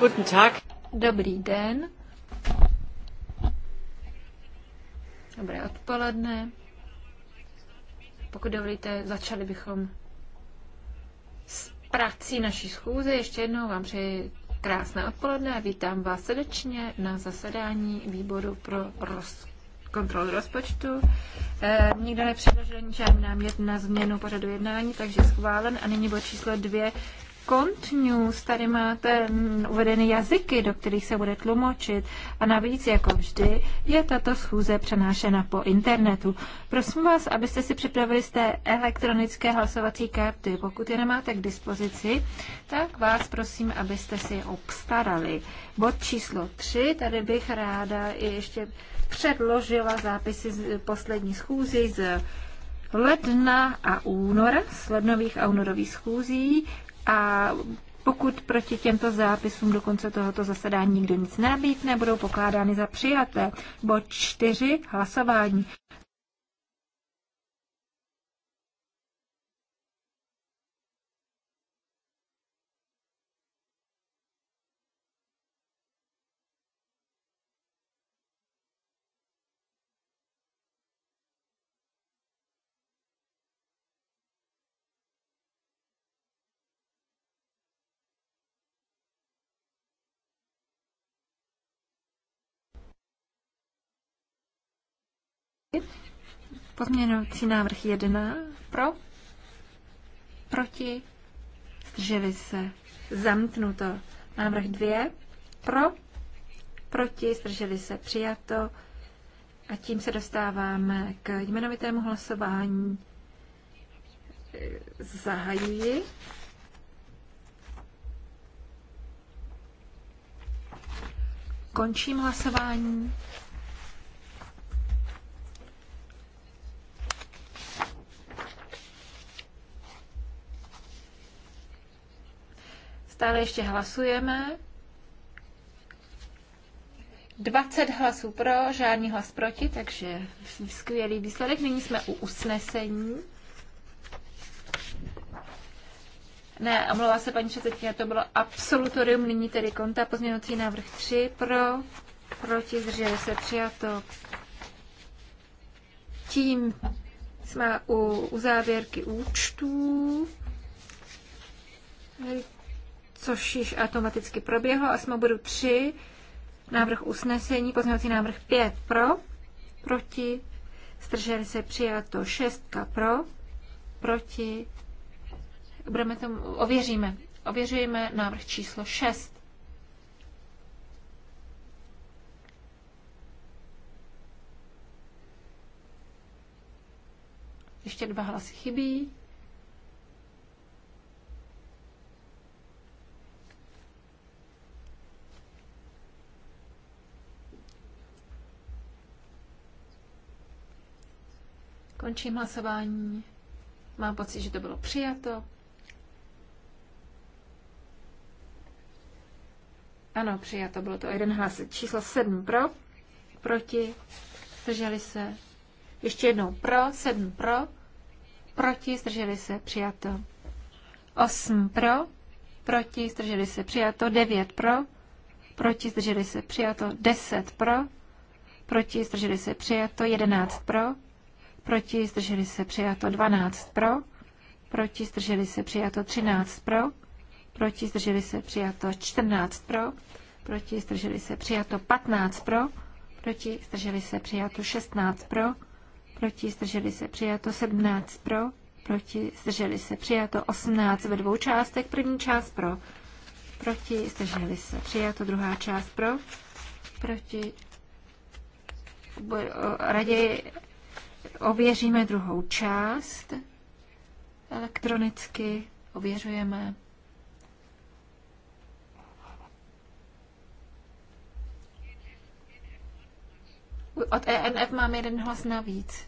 guten Tag. Dobrý den. Dobré odpoledne. Pokud dovolíte, začali bychom s prací naší schůze. Ještě jednou vám přeji krásné odpoledne a vítám vás srdečně na zasedání výboru pro rozkaz kontrol rozpočtu. E, nikdo nepředložil žádný námět na změnu pořadu jednání, takže schválen. A nyní bod číslo dvě. Kont News, tady máte mm, uvedeny jazyky, do kterých se bude tlumočit a navíc, jako vždy, je tato schůze přenášena po internetu. Prosím vás, abyste si připravili z té elektronické hlasovací karty. Pokud je nemáte k dispozici, tak vás prosím, abyste si je obstarali. Bod číslo tři tady bych ráda ještě předložila zápisy z poslední schůzy z ledna a února, z lednových a únorových schůzí a pokud proti těmto zápisům do konce tohoto zasedání nikdo nic nabít, nebudou pokládány za přijaté. Bod 4. Hlasování. Pozměňovací návrh 1 pro, proti, zdrželi se, zamknuto. Návrh 2 pro, proti, zdrželi se, přijato. A tím se dostáváme k jmenovitému hlasování. Zahajuji. Končím hlasování. Stále ještě hlasujeme. 20 hlasů pro, žádný hlas proti, takže skvělý výsledek. Nyní jsme u usnesení. Ne, omlouvá se paní předsedkyně, to bylo absolutorium, nyní tedy konta pozměnovací návrh 3 pro, proti, zdrželi se přijato. Tím jsme u, u závěrky účtů což již automaticky proběhlo, a jsme budu tři. návrh usnesení, pozměňovací návrh 5 pro, proti, zdrželi se přijato 6 pro, proti, budeme tomu, ověříme, ověříme návrh číslo 6. Ještě dva hlasy chybí. Končím hlasování. Mám pocit, že to bylo přijato. Ano, přijato. Bylo to jeden hlas. Číslo 7 pro, proti, zdrželi se. Ještě jednou pro, 7 pro, proti, zdrželi se, přijato. 8 pro, proti, zdrželi se, přijato. 9 pro, proti, zdrželi se, přijato. 10 pro, proti, zdrželi se, přijato. 11 pro, proti, zdrželi se přijato 12 pro, proti, zdrželi se přijato 13 pro, proti, zdrželi se přijato 14 pro, proti, zdrželi se přijato 15 pro, proti, zdrželi se přijato 16 pro, proti, zdrželi se přijato 17 pro, proti, zdrželi se přijato 18 ve dvou částech, první část pro, proti, zdrželi se přijato druhá část pro, proti, raději Ověříme druhou část. Elektronicky ověřujeme. Od ENF mám jeden hlas navíc.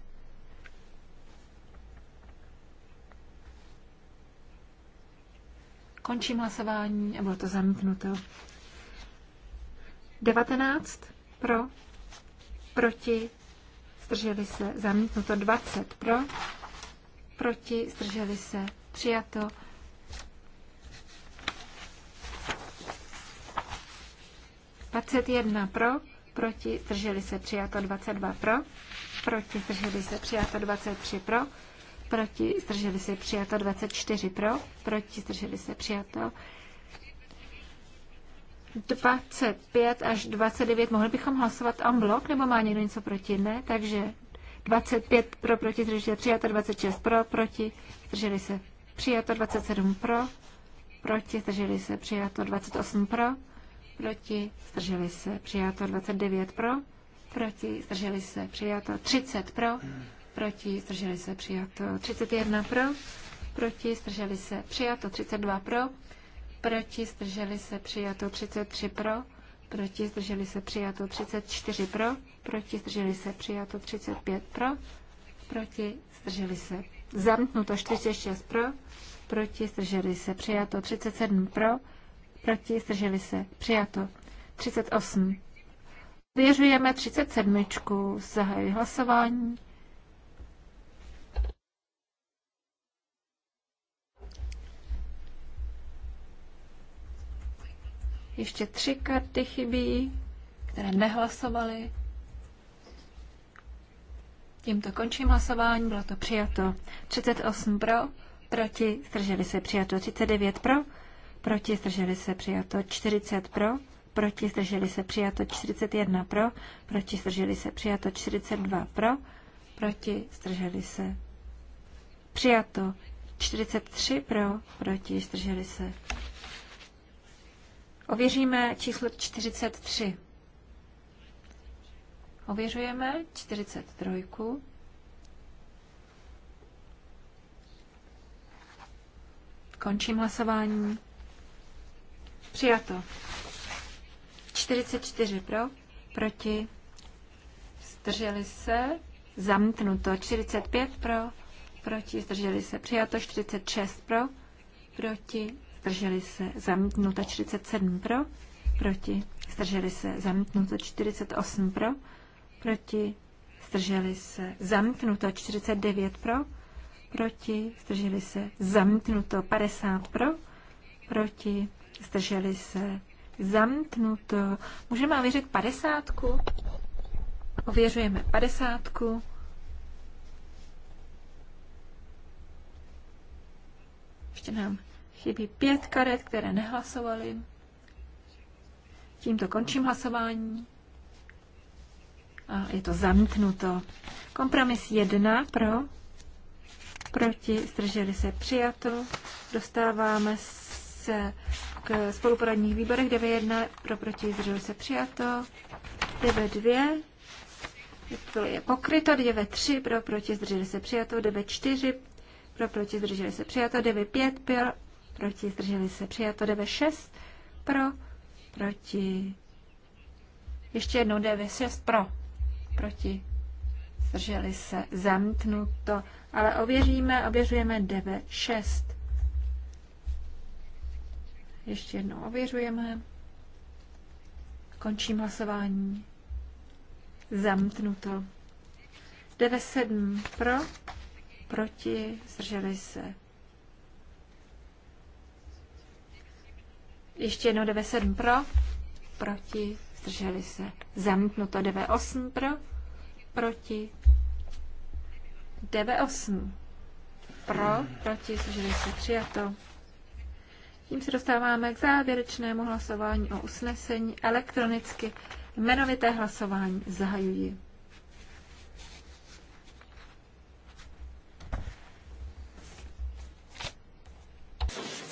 Končím hlasování a bylo to zamítnuto. 19 pro, proti, zdrželi se, zamítnuto 20 pro, proti, zdrželi se, přijato. Dvacet jedna pro, proti, zdrželi se, přijato 22 pro, proti, zdrželi se, přijato 23 pro, proti, zdrželi se, přijato 24 pro, proti, zdrželi se, přijato 25 až 29. Mohli bychom hlasovat en blok, nebo má někdo něco proti? Ne, takže 25 pro, proti, zdrželi se přijato, 26 pro, proti, zdrželi se přijato, 27 pro, proti, zdrželi se přijato, 28 pro, proti, zdrželi se přijato, 29 pro, proti, zdrželi se přijato, 30 pro, proti, zdrželi se přijato, 31 pro, proti, zdrželi se přijato, 32 pro, proti, zdrželi se přijato 33 pro, proti, zdrželi se přijato 34 pro, proti, zdrželi se přijato 35 pro, proti, zdrželi se zamknuto 46 pro, proti, zdrželi se přijato 37 pro, proti, zdrželi se přijato 38. Věřujeme 37. Zahajuji hlasování. Ještě tři karty chybí, které nehlasovaly. Tímto končím hlasování, bylo to přijato. 38 pro, proti, strželi se přijato. 39 pro, proti, strželi se přijato. 40 pro, proti, strželi se přijato. 41 pro, proti, strželi se přijato. 42 pro, proti, strželi se přijato. 43 pro, proti, strželi se Ověříme číslo 43. Ověřujeme 43. Končím hlasování. Přijato. 44 pro, proti, zdrželi se, zamknuto. 45 pro, proti, zdrželi se, přijato. 46 pro, proti, zdrželi se, zamítnuto 47 pro, proti, zdrželi se, zamítnuto 48 pro, proti, zdrželi se, zamítnuto 49 pro, proti, zdrželi se, zamítnuto 50 pro, proti, zdrželi se, zamítnuto. Můžeme ověřit 50 Ověřujeme 50 Ještě nám Chybí pět karet, které nehlasovaly. Tímto končím hlasování. A je to zamítnuto. Kompromis 1 pro, proti, strželi se přijato. Dostáváme se k spoluporadních výborech 9.1 pro proti, zdrželi se přijato. 9.2 to je pokryto, 9.3 pro proti, zdrželi se přijato. 9.4 pro proti, zdrželi se přijato. 9.5 proti, zdrželi se přijato, DV6 pro, proti, ještě jednou DV6 pro, proti, zdrželi se zamknuto, ale ověříme, ověřujeme DV6. Ještě jednou ověřujeme. Končím hlasování. Zamknuto. sedm pro, proti, zdrželi se. Ještě jednou 97 pro, proti, zdrželi se. Zamítnuto 98 pro, proti, 98 pro, proti, zdrželi se. Přijato. Tím se dostáváme k závěrečnému hlasování o usnesení elektronicky. Jmenovité hlasování zahajuji.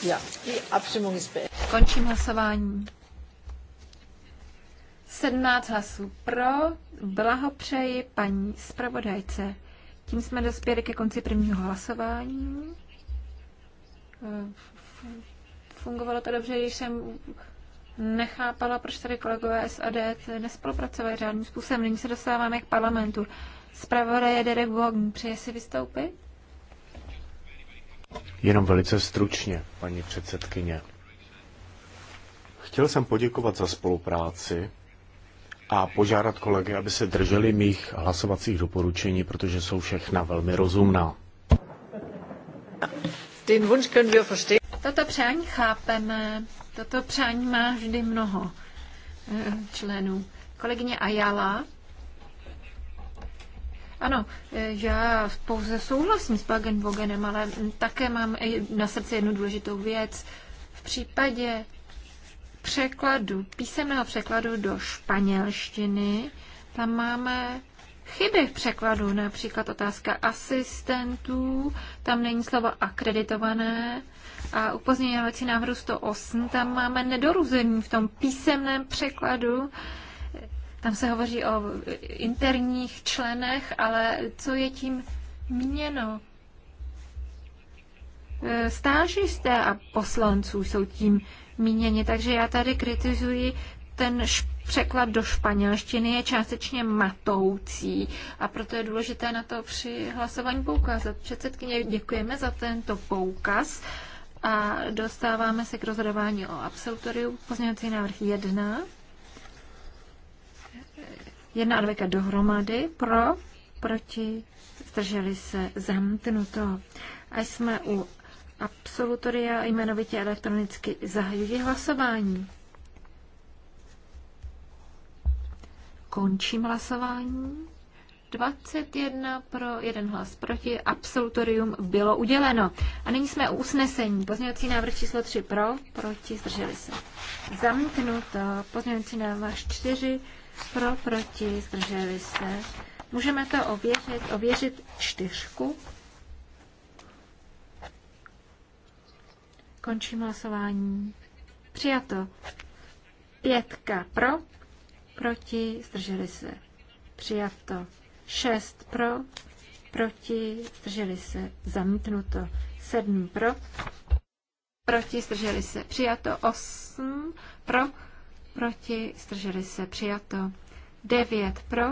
Ja, die Abstimmung ist beendet. Končím hlasování. 17 hlasů pro, blahopřeji paní zpravodajce. Tím jsme dospěli ke konci prvního hlasování. Fungovalo to dobře, když jsem nechápala, proč tady kolegové SAD nespolupracovali řádným způsobem. Nyní se dostáváme k parlamentu. Zpravodaj je Derek Vogn. Přeje si vystoupit? Jenom velice stručně, paní předsedkyně. Chtěl jsem poděkovat za spolupráci a požádat kolegy, aby se drželi mých hlasovacích doporučení, protože jsou všechna velmi rozumná. Den Wunsch können wir verstehen. Toto přání chápeme, toto přání má vždy mnoho eh, členů. Kolegyně Ayala, ano, e, já pouze souhlasím s Bagenbogenem, ale také mám na srdci jednu důležitou věc. V případě překladu, písemného překladu do španělštiny, tam máme chyby v překladu, například otázka asistentů, tam není slovo akreditované, a u pozměňovací návrhu 108 tam máme nedoruzení v tom písemném překladu, tam se hovoří o interních členech, ale co je tím měno? E, stážisté a poslanců jsou tím míněni, takže já tady kritizuji ten překlad do španělštiny je částečně matoucí a proto je důležité na to při hlasování poukázat. Předsedkyně, děkujeme za tento poukaz a dostáváme se k rozhodování o absolutoriu. Pozměňovací návrh 1. Jedna a dohromady pro, proti, zdrželi se zamknuto. A jsme u absolutoria jmenovitě elektronicky zahajují hlasování. Končím hlasování. 21 pro, jeden hlas proti, absolutorium bylo uděleno. A nyní jsme u usnesení. Pozměňovací návrh číslo 3 pro, proti, zdrželi se. Zamknuto. Pozměňovací návrh 4 pro, proti, zdrželi se. Můžeme to ověřit, ověřit čtyřku. Končím hlasování. Přijato. Pětka pro, proti, zdrželi se. Přijato. Šest pro, proti, zdrželi se. Zamítnuto. Sedm pro, proti, zdrželi se. Přijato. Osm pro, proti, zdrželi se, přijato. 9 pro,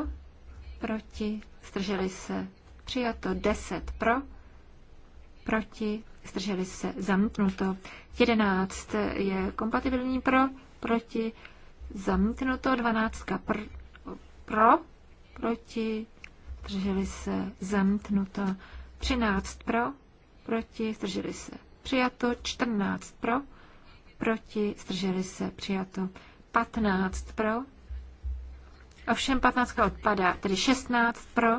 proti, zdrželi se, přijato. 10 pro, proti, zdrželi se, zamknuto. 11 je kompatibilní pro, proti, zamknuto. 12 pr, pro, proti, zdrželi se, zamknuto. 13 pro, proti, zdrželi se, přijato. 14 pro, proti, zdrželi se, přijato. 15 pro. Ovšem 15 odpadá, tedy 16 pro,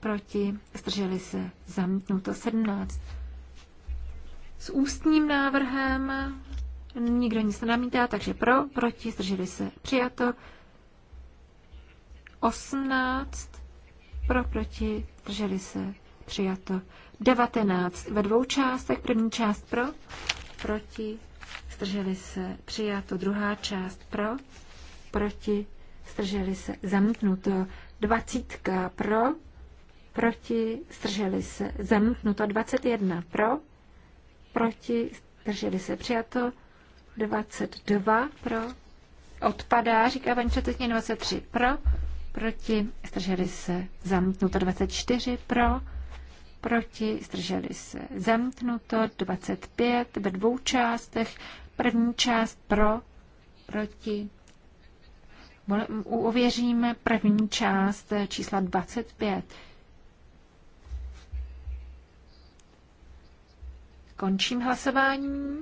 proti, zdrželi se, zamítnuto 17. S ústním návrhem nikdo nic nenamítá, takže pro, proti, zdrželi se, přijato. 18 pro, proti, zdrželi se, přijato. 19 ve dvou částech, první část pro, proti, zdrželi se, přijato. Druhá část pro, proti, zdrželi se, zamknuto, Dvacítka pro, proti, zdrželi se, dvacet jedna pro, proti, zdrželi se, přijato. dvacet dva pro, odpadá, říká paní předsedkyně tři pro, proti, zdrželi se, dvacet čtyři pro, proti, zdrželi se, zamknuto, 25 ve dvou částech, První část pro, proti. Uvěříme první část eh, čísla 25. Končím hlasování.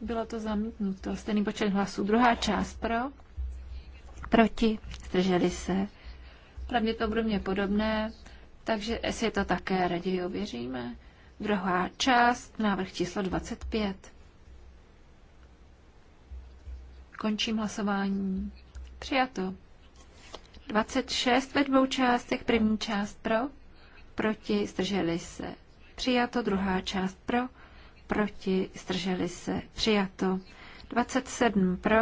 Bylo to zamítnuto. Stejný počet hlasů. Druhá část pro, proti, zdrželi se. Pravděpodobně podobné, takže je to také raději ověříme. Druhá část, návrh číslo 25. Končím hlasování. Přijato. 26 ve dvou částech. První část pro, proti, zdrželi se. Přijato. Druhá část pro, proti, zdrželi se. Přijato. 27 pro,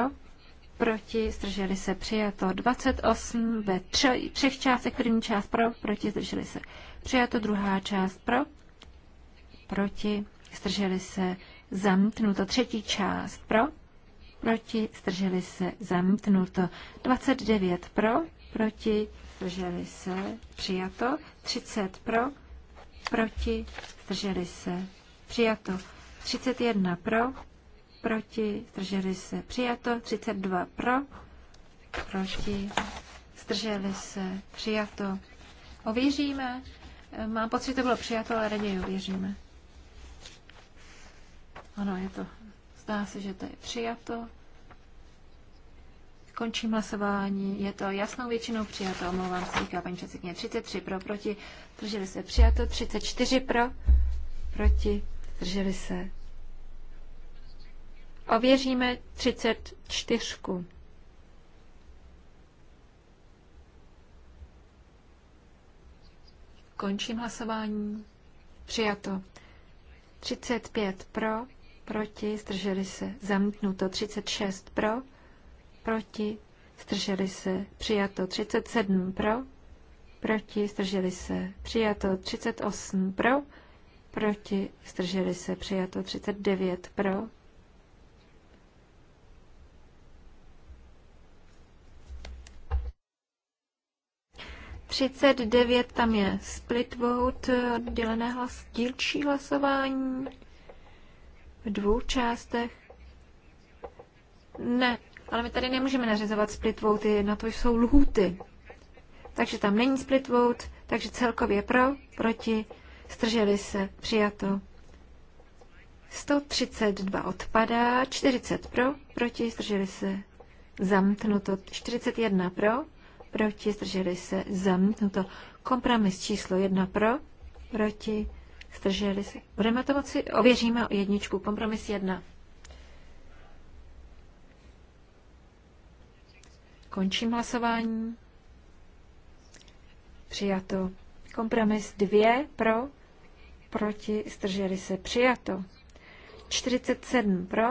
proti, zdrželi se. Přijato. 28 ve tři, třech částech. První část pro, proti, zdrželi se. Přijato. Druhá část pro, proti, zdrželi se. Zamítnuto. Třetí část pro, proti, zdrželi se, zamítnuto. 29 pro, proti, zdrželi se, přijato. 30 pro, proti, zdrželi se, přijato. 31 pro, proti, zdrželi se, přijato. 32 pro, proti, zdrželi se, přijato. Ověříme. Mám pocit, že to bylo přijato, ale raději ověříme. Ano, je to Zdá se, že to je přijato. Končím hlasování. Je to jasnou většinou přijato. Omlouvám se, říká paní předsedkyně. 33 pro, proti. Drželi se přijato. 34 pro, proti. Drželi se. Ověříme 34. Končím hlasování. Přijato. 35 pro, proti, zdrželi se, zamítnuto 36 pro, proti, zdrželi se, přijato 37 pro, proti, zdrželi se, přijato 38 pro, proti, zdrželi se, přijato 39 pro, Třicet devět tam je split vote, oddělené hlas, dílčí hlasování v dvou částech? Ne, ale my tady nemůžeme nařizovat split vote, na to jsou lhůty. Takže tam není split vote, takže celkově pro, proti, strželi se, přijato. 132 odpadá, 40 pro, proti, strželi se, zamknuto. 41 pro, proti, strželi se, zamknuto. Kompromis číslo 1 pro, proti, Zdrželi se. Budeme to moci, ověříme o jedničku. Kompromis jedna. Končím hlasování. Přijato. Kompromis dvě pro, proti, zdrželi se. Přijato. 47 pro,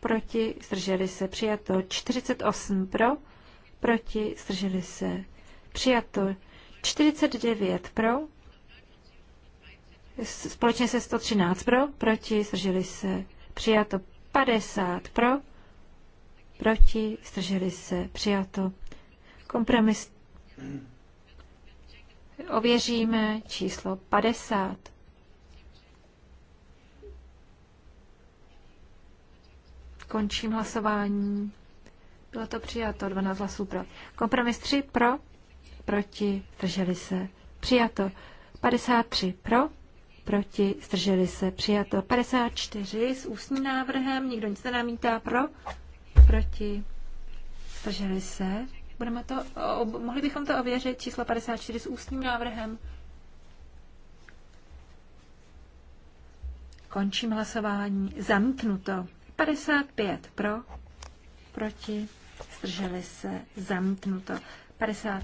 proti, zdrželi se. Přijato. 48 pro, proti, zdrželi se. Přijato. 49 pro, společně se 113 pro, proti, zdrželi se, přijato 50 pro, proti, zdrželi se, přijato. Kompromis ověříme číslo 50. Končím hlasování. Bylo to přijato, 12 hlasů pro. Kompromis 3 pro, proti, zdrželi se, přijato. 53 pro, proti, zdrželi se, přijato. 54 s ústním návrhem, nikdo nic nenamítá, pro, proti, zdrželi se. Budeme to, ob, mohli bychom to ověřit, číslo 54 s ústním návrhem. Končím hlasování. Zamítnuto. 55 pro, proti, zdrželi se, zamítnuto. 50.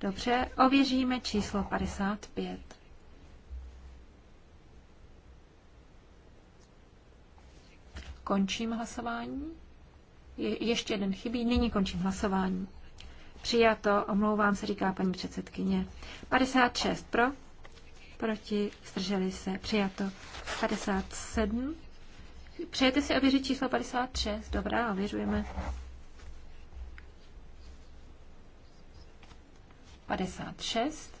Dobře, ověříme číslo 55. Končím hlasování. Je, ještě jeden chybí. Nyní končím hlasování. Přijato, omlouvám se, říká paní předsedkyně. 56 pro, proti, zdrželi se, přijato. 57. Přejete si ověřit číslo 56? Dobrá, ověřujeme. 56.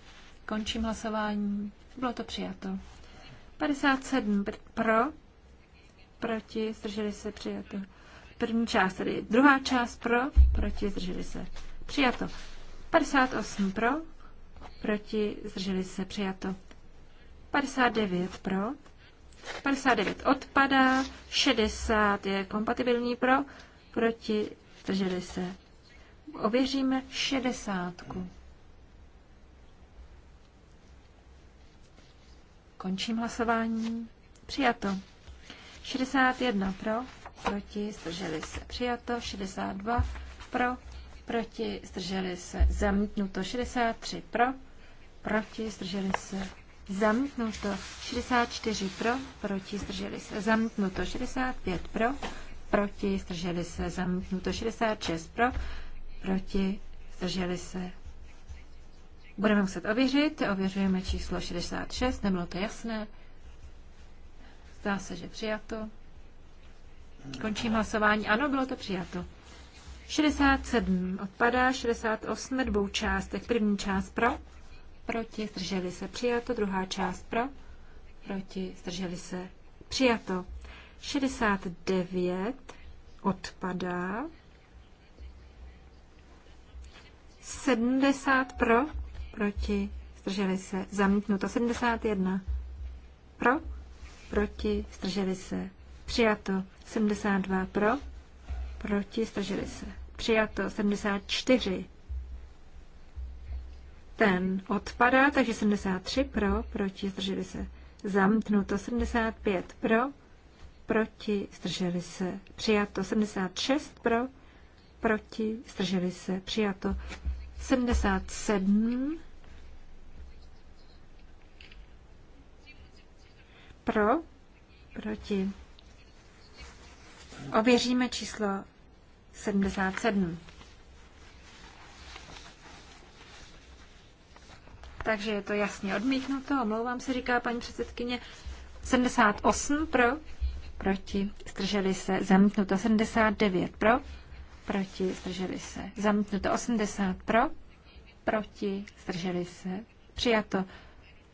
Končím hlasování. Bylo to přijato. 57 pro, proti, zdrželi se, přijato. První část tedy, druhá část pro, proti, zdrželi se, přijato. 58 pro, proti, zdrželi se, přijato. 59 pro, 59 odpadá, 60 je kompatibilní pro, proti, zdrželi se. Ověříme 60. Končím hlasování. Přijato. 61 pro, proti, zdrželi se přijato, 62 pro, proti, zdrželi se zamítnuto, 63 pro, proti, zdrželi se zamítnuto, 64 pro, proti, zdrželi se zamítnuto, 65 pro, proti, zdrželi se zamítnuto, 66 pro, proti, zdrželi se Budeme muset ověřit, ověřujeme číslo 66, nebylo to jasné. Zdá se, že přijato. Končím hlasování. Ano, bylo to přijato. 67 odpadá, 68 dvou částek. První část pro, proti, zdrželi se, přijato. Druhá část pro, proti, zdrželi se, přijato. 69 odpadá. 70 pro, proti, zdrželi se, zamítnuto. 71 pro, proti, zdrželi se, přijato 72 pro, proti, zdrželi se, přijato 74. Ten odpadá, takže 73 pro, proti, zdrželi se, zamknuto 75 pro, proti, zdrželi se, přijato 76 pro, proti, zdrželi se, přijato 77 Pro? Proti? Ověříme číslo 77. Takže je to jasně odmítnuto. Omlouvám se, říká paní předsedkyně. 78 pro, proti, strželi se, zamítnuto. 79 pro, proti, strželi se, zamítnuto. 80 pro, proti, strželi se, přijato.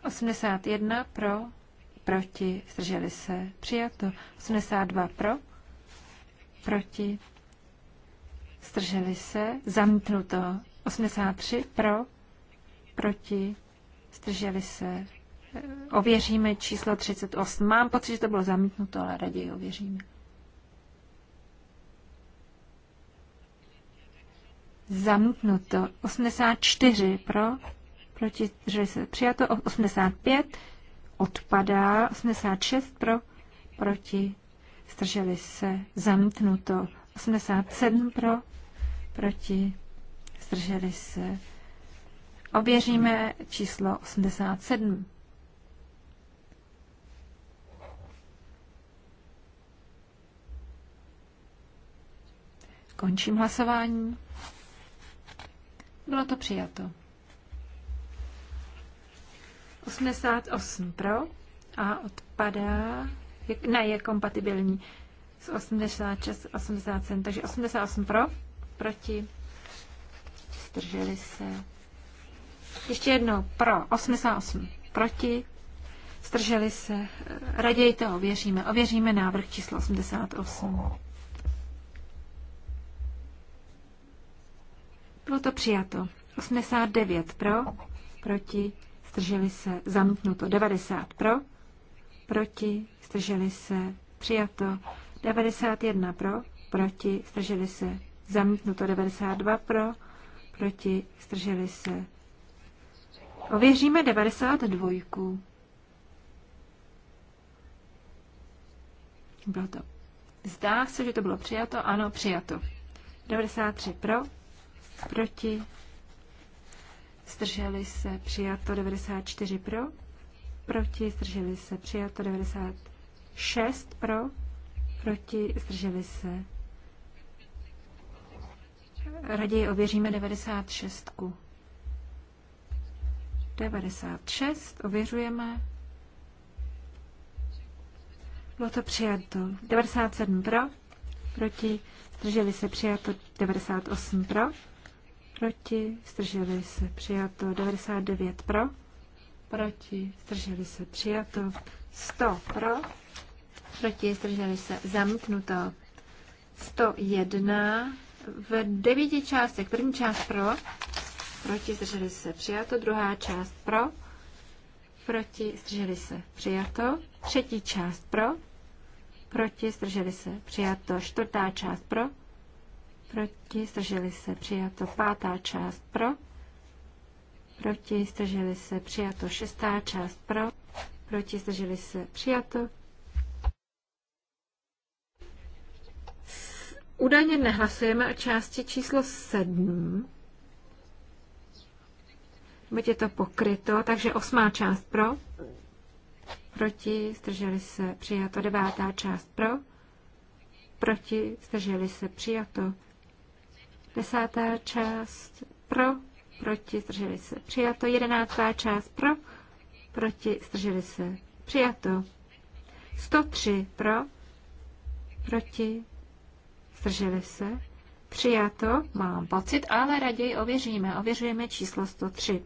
81 pro, proti, zdrželi se, přijato. 82 pro, proti, zdrželi se, zamítnuto. 83 pro, proti, zdrželi se. Eh, ověříme číslo 38. Mám pocit, že to bylo zamítnuto, ale raději ověříme. Zamítnuto. 84 pro, proti, zdrželi se, přijato. 85 odpadá. 86 pro, proti, strželi se, zamítnuto. 87 pro, proti, strželi se. Ověříme číslo 87. Končím hlasování. Bylo to přijato. 88 pro a odpadá, jak, ne, je kompatibilní s 86, 87, takže 88 pro, proti, zdrželi se. Ještě jednou, pro, 88, proti, zdrželi se. Raději to ověříme. Ověříme návrh číslo 88. Bylo to přijato. 89 pro, proti, zdrželi se, zamknuto 90 pro, proti, zdrželi se, přijato 91 pro, proti, zdrželi se, zamítnuto 92 pro, proti, zdrželi se. Ověříme 92. Bylo to. Zdá se, že to bylo přijato. Ano, přijato. 93 pro, proti, zdrželi se přijato 94 pro, proti zdrželi se přijato 96 pro, proti zdrželi se. Raději ověříme 96. -ku. 96 ověřujeme. Bylo to přijato 97 pro, proti zdrželi se přijato 98 pro proti, zdrželi se přijato 99 pro, proti, zdrželi se přijato 100 pro, proti, zdrželi se zamknuto 101 v devíti částech. První část pro, proti, zdrželi se přijato, druhá část pro, proti, zdrželi se přijato, třetí část pro, proti, zdrželi se přijato, čtvrtá část pro, proti, zdrželi se, přijato pátá část pro, proti, zdrželi se, přijato šestá část pro, proti, zdrželi se, přijato. Údajně nehlasujeme o části číslo 7, byť je to pokryto, takže osmá část pro, proti, zdrželi se, přijato devátá část pro, proti, zdrželi se, přijato. Desátá část pro, proti, zdrželi se. Přijato. Jedenáctá část pro, proti, zdrželi se. Přijato. 103 pro, proti, zdrželi se. Přijato, mám pocit, ale raději ověříme. Ověřujeme číslo 103.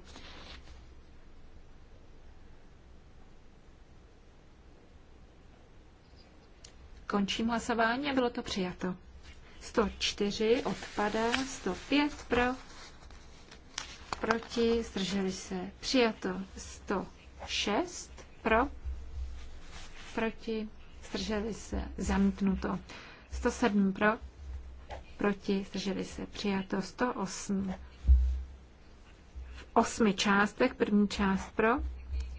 Končím hlasování a bylo to přijato. 104 odpadá, 105 pro, proti, zdrželi se, přijato 106 pro, proti, zdrželi se, zamítnuto 107 pro, proti, zdrželi se, přijato 108 v osmi částech, první část pro,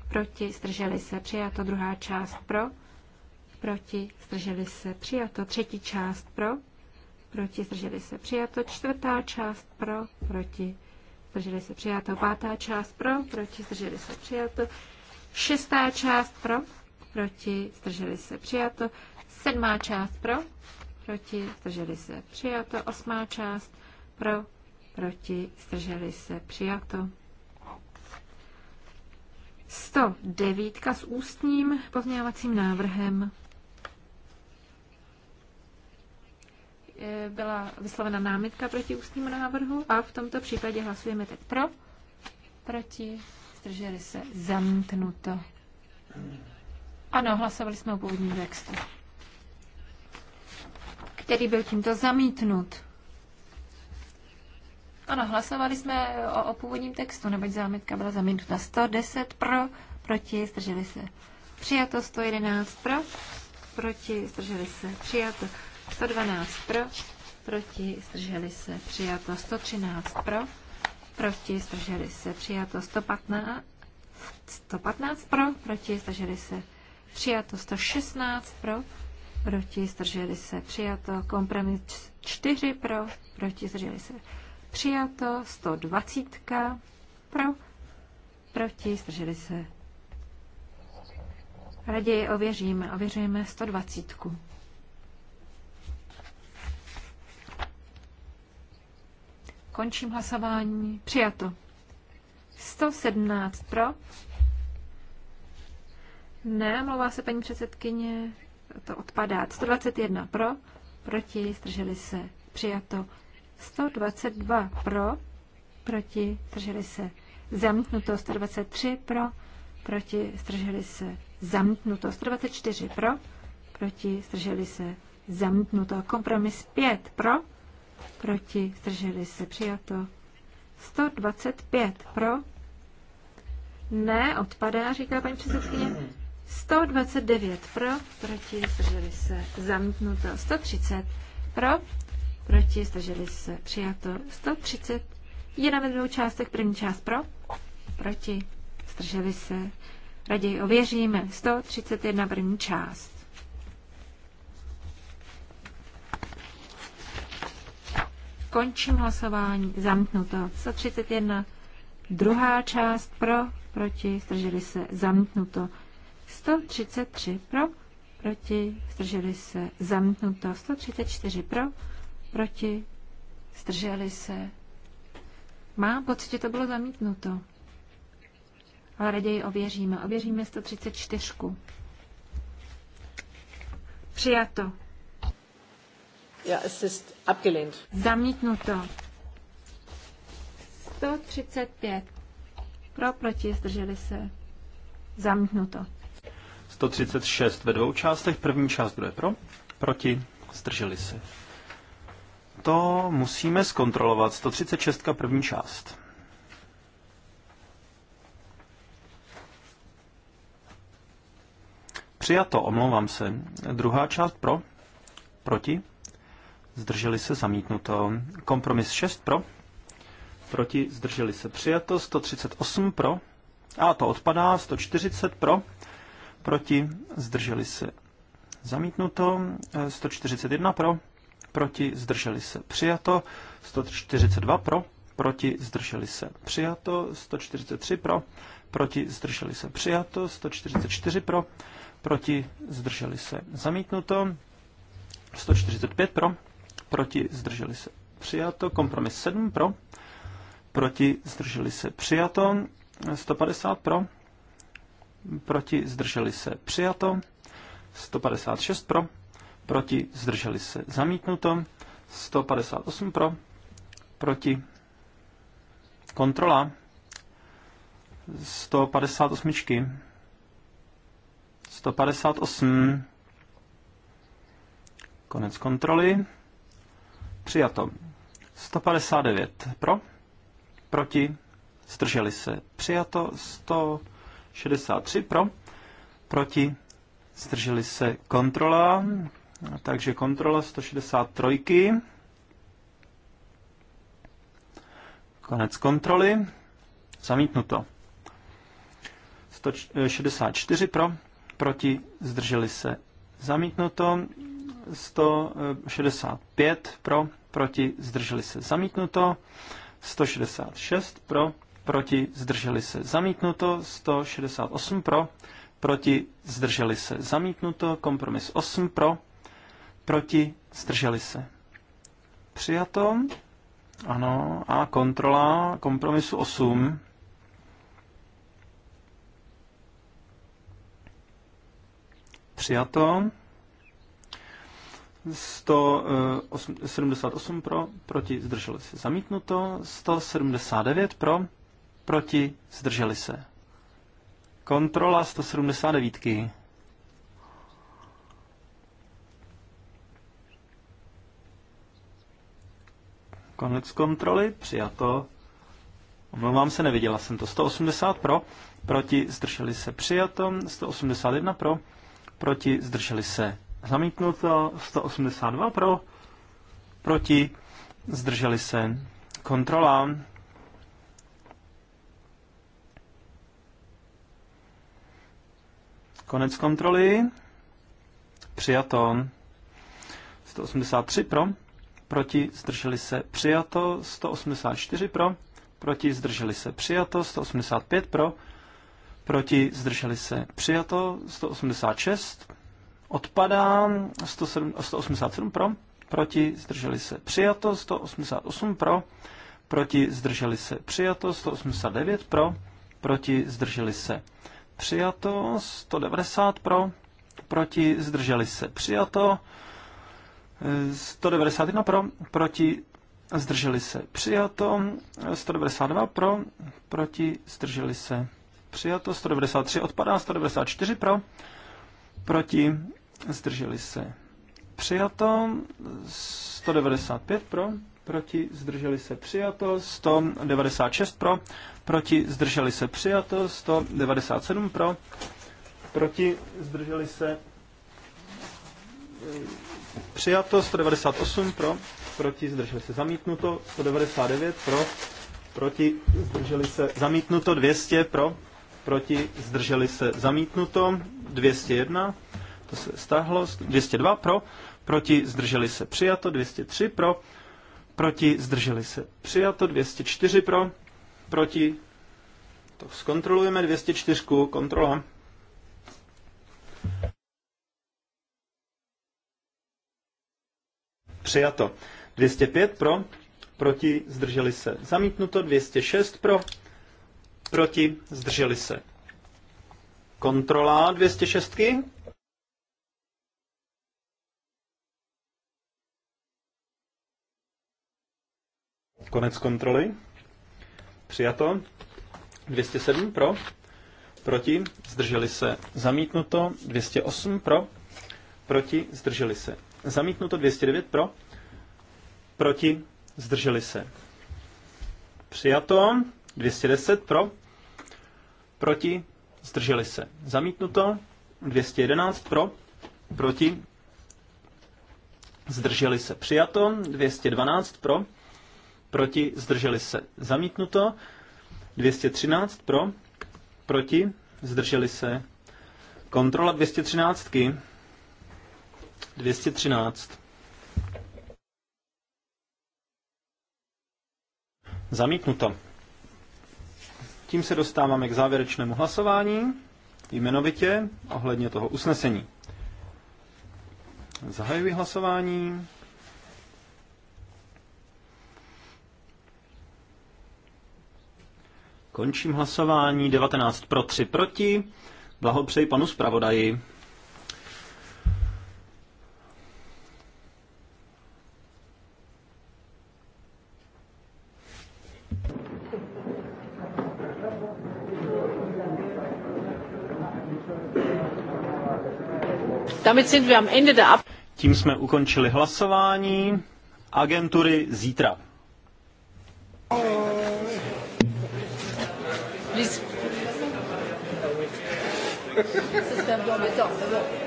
proti, zdrželi se, přijato druhá část pro, proti, zdrželi se, přijato třetí část pro, proti, zdrželi se přijato. Čtvrtá část pro, proti, zdrželi se přijato. Pátá část pro, proti, zdrželi se přijato. Šestá část pro, proti, zdrželi se přijato. Sedmá část pro, proti, zdrželi se přijato. Osmá část pro, proti, zdrželi se přijato. 109 s ústním pozměňovacím návrhem. E, byla vyslovena námitka proti ústnímu návrhu a v tomto případě hlasujeme teď pro, proti, zdrželi se, Zamknuto. Ano, hlasovali jsme o původním textu, který byl tímto zamítnut. Ano, hlasovali jsme o, o původním textu, neboť zámitka byla zamítnuta 110 pro, proti, zdrželi se. Přijato 111 pro, proti, zdrželi se, přijato. 112 pro, proti, zdrželi se, přijato. 113 pro, proti, zdrželi se, přijato. 115, 115 pro, proti, zdrželi se, přijato. 116 pro, proti, zdrželi se, přijato. Kompromis 4 pro, proti, zdrželi se, přijato. 120 pro, proti, zdrželi se, Raději ověříme. Ověříme 120. Končím hlasování. Přijato. 117 pro. Ne, mluvá se paní předsedkyně. To odpadá. 121 pro. Proti. Zdrželi se. Přijato. 122 pro. Proti. Zdrželi se. Zamítnuto. 123 pro proti, strželi se, zamknuto 124 pro, proti, strželi se, zamknuto Kompromis 5 pro, proti, strželi se, přijato. 125 pro, ne, odpadá, říká paní předsedkyně. 129 pro, proti, strželi se, zamknuto 130 pro, proti, strželi se, přijato. 130, je na dvou částech, první část pro, proti, zdrželi se. Raději ověříme. 131 první část. Končím hlasování. Zamítnuto. 131 druhá část pro, proti, zdrželi se. Zamítnuto. 133 pro, proti, zdrželi se. Zamítnuto. 134 pro, proti, zdrželi se. Mám pocit, že to bylo zamítnuto ale raději ověříme. Ověříme 134. Přijato. Ja, es ist abgelehnt. Zamítnuto. 135. Pro, proti, zdrželi se. Zamítnuto. 136 ve dvou částech. První část, bude je pro? Proti, zdrželi se. To musíme zkontrolovat. 136 první část. Přijato, omlouvám se. Druhá část pro? Proti? Zdrželi se zamítnuto. Kompromis 6 pro? Proti? Zdrželi se přijato. 138 pro? A to odpadá. 140 pro? Proti? Zdrželi se zamítnuto. 141 pro? Proti? Zdrželi se přijato. 142 pro? Proti? Zdrželi se přijato. 143 pro? Proti? Zdrželi se přijato. 144 pro? proti, zdrželi se. Zamítnuto. 145 pro, proti, zdrželi se. Přijato. Kompromis 7 pro, proti, zdrželi se. Přijato. 150 pro, proti, zdrželi se. Přijato. 156 pro, proti, zdrželi se. Zamítnuto. 158 pro, proti, kontrola 158. 158. Konec kontroly. Přijato. 159 pro, proti, zdrželi se. Přijato 163 pro, proti, zdrželi se kontrola, takže kontrola 163. Konec kontroly. Zamítnuto. 164 pro, proti, zdrželi se zamítnuto, 165 pro, proti, zdrželi se zamítnuto, 166 pro, proti, zdrželi se zamítnuto, 168 pro, proti, zdrželi se zamítnuto, kompromis 8 pro, proti, zdrželi se. Přijato, ano, a kontrola kompromisu 8. Přijato. 178 eh, pro, proti zdrželi se zamítnuto, 179 pro, proti zdrželi se. Kontrola 179. -ky. Konec kontroly, přijato. Omlouvám se, neviděla jsem to. 180 pro, proti zdrželi se přijato, 181 pro, proti, zdrželi se. Zamítnuto 182 pro, proti, zdrželi se. Kontrola. Konec kontroly. Přijato. 183 pro, proti, zdrželi se. Přijato. 184 pro, proti, zdrželi se. Přijato. 185 pro, proti, zdrželi se, přijato, 186, odpadá, 187 pro, proti, zdrželi se, přijato, 188 pro, proti, zdrželi se, přijato, 189 pro, proti, zdrželi se, přijato, 190 pro, proti, zdrželi se, přijato, 191 pro, proti, zdrželi se, přijato, 192 pro, proti, zdrželi se, přijato, 193 odpadá, 194 pro, proti, zdrželi se přijato, 195 pro, proti, zdrželi se přijato, 196 pro, proti, zdrželi se přijato, 197 pro, proti, zdrželi se přijato, 198 pro, proti, zdrželi se zamítnuto, 199 pro, proti, zdrželi se zamítnuto, 200 pro, proti, zdrželi se zamítnuto, 201, to se stáhlo, 202 pro, proti, zdrželi se přijato, 203 pro, proti, zdrželi se přijato, 204 pro, proti, to zkontrolujeme, 204, kontrola. Přijato. 205 pro, proti, zdrželi se zamítnuto, 206 pro, Proti? Zdrželi se. Kontrola 206. Konec kontroly. Přijato. 207 pro. Proti. Zdrželi se. Zamítnuto. 208 pro. Proti. Zdrželi se. Zamítnuto. 209 pro. Proti. Zdrželi se. Přijato. 210 pro, proti, zdrželi se. Zamítnuto, 211 pro, proti, zdrželi se. Přijato, 212 pro, proti, zdrželi se. Zamítnuto, 213 pro, proti, zdrželi se. Kontrola 213. -ky. 213. Zamítnuto. Tím se dostáváme k závěrečnému hlasování, jmenovitě ohledně toho usnesení. Zahajuji hlasování. Končím hlasování 19 pro 3 proti. Blahopřeji panu zpravodaji. Tím jsme ukončili hlasování. Agentury zítra. Please.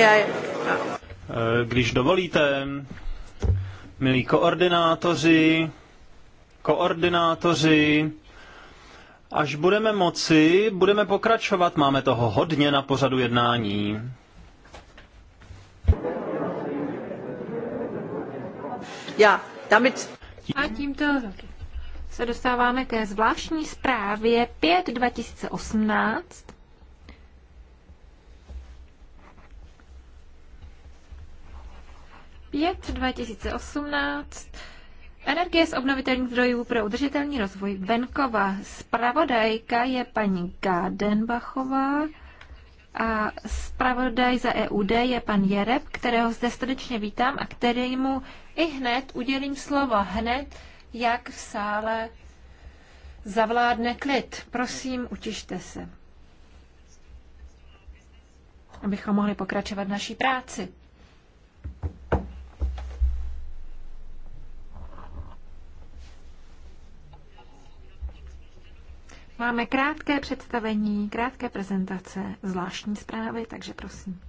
Eh, když dovolíte, milí koordinátoři, koordinátoři, až budeme moci, budeme pokračovat. Máme toho hodně na pořadu jednání. Já, damit... A tímto se dostáváme ke zvláštní zprávě 5 2018 5 2018 Energie z obnovitelných zdrojů pro udržitelný rozvoj venkova. Spravodajka je paní Gardenbachová a spravodaj za EUD je pan Jereb, kterého zde srdečně vítám a kterému i hned udělím slovo, hned jak v sále zavládne klid. Prosím, utište se, abychom mohli pokračovat v naší práci. Máme krátké představení, krátké prezentace zvláštní zprávy, takže prosím.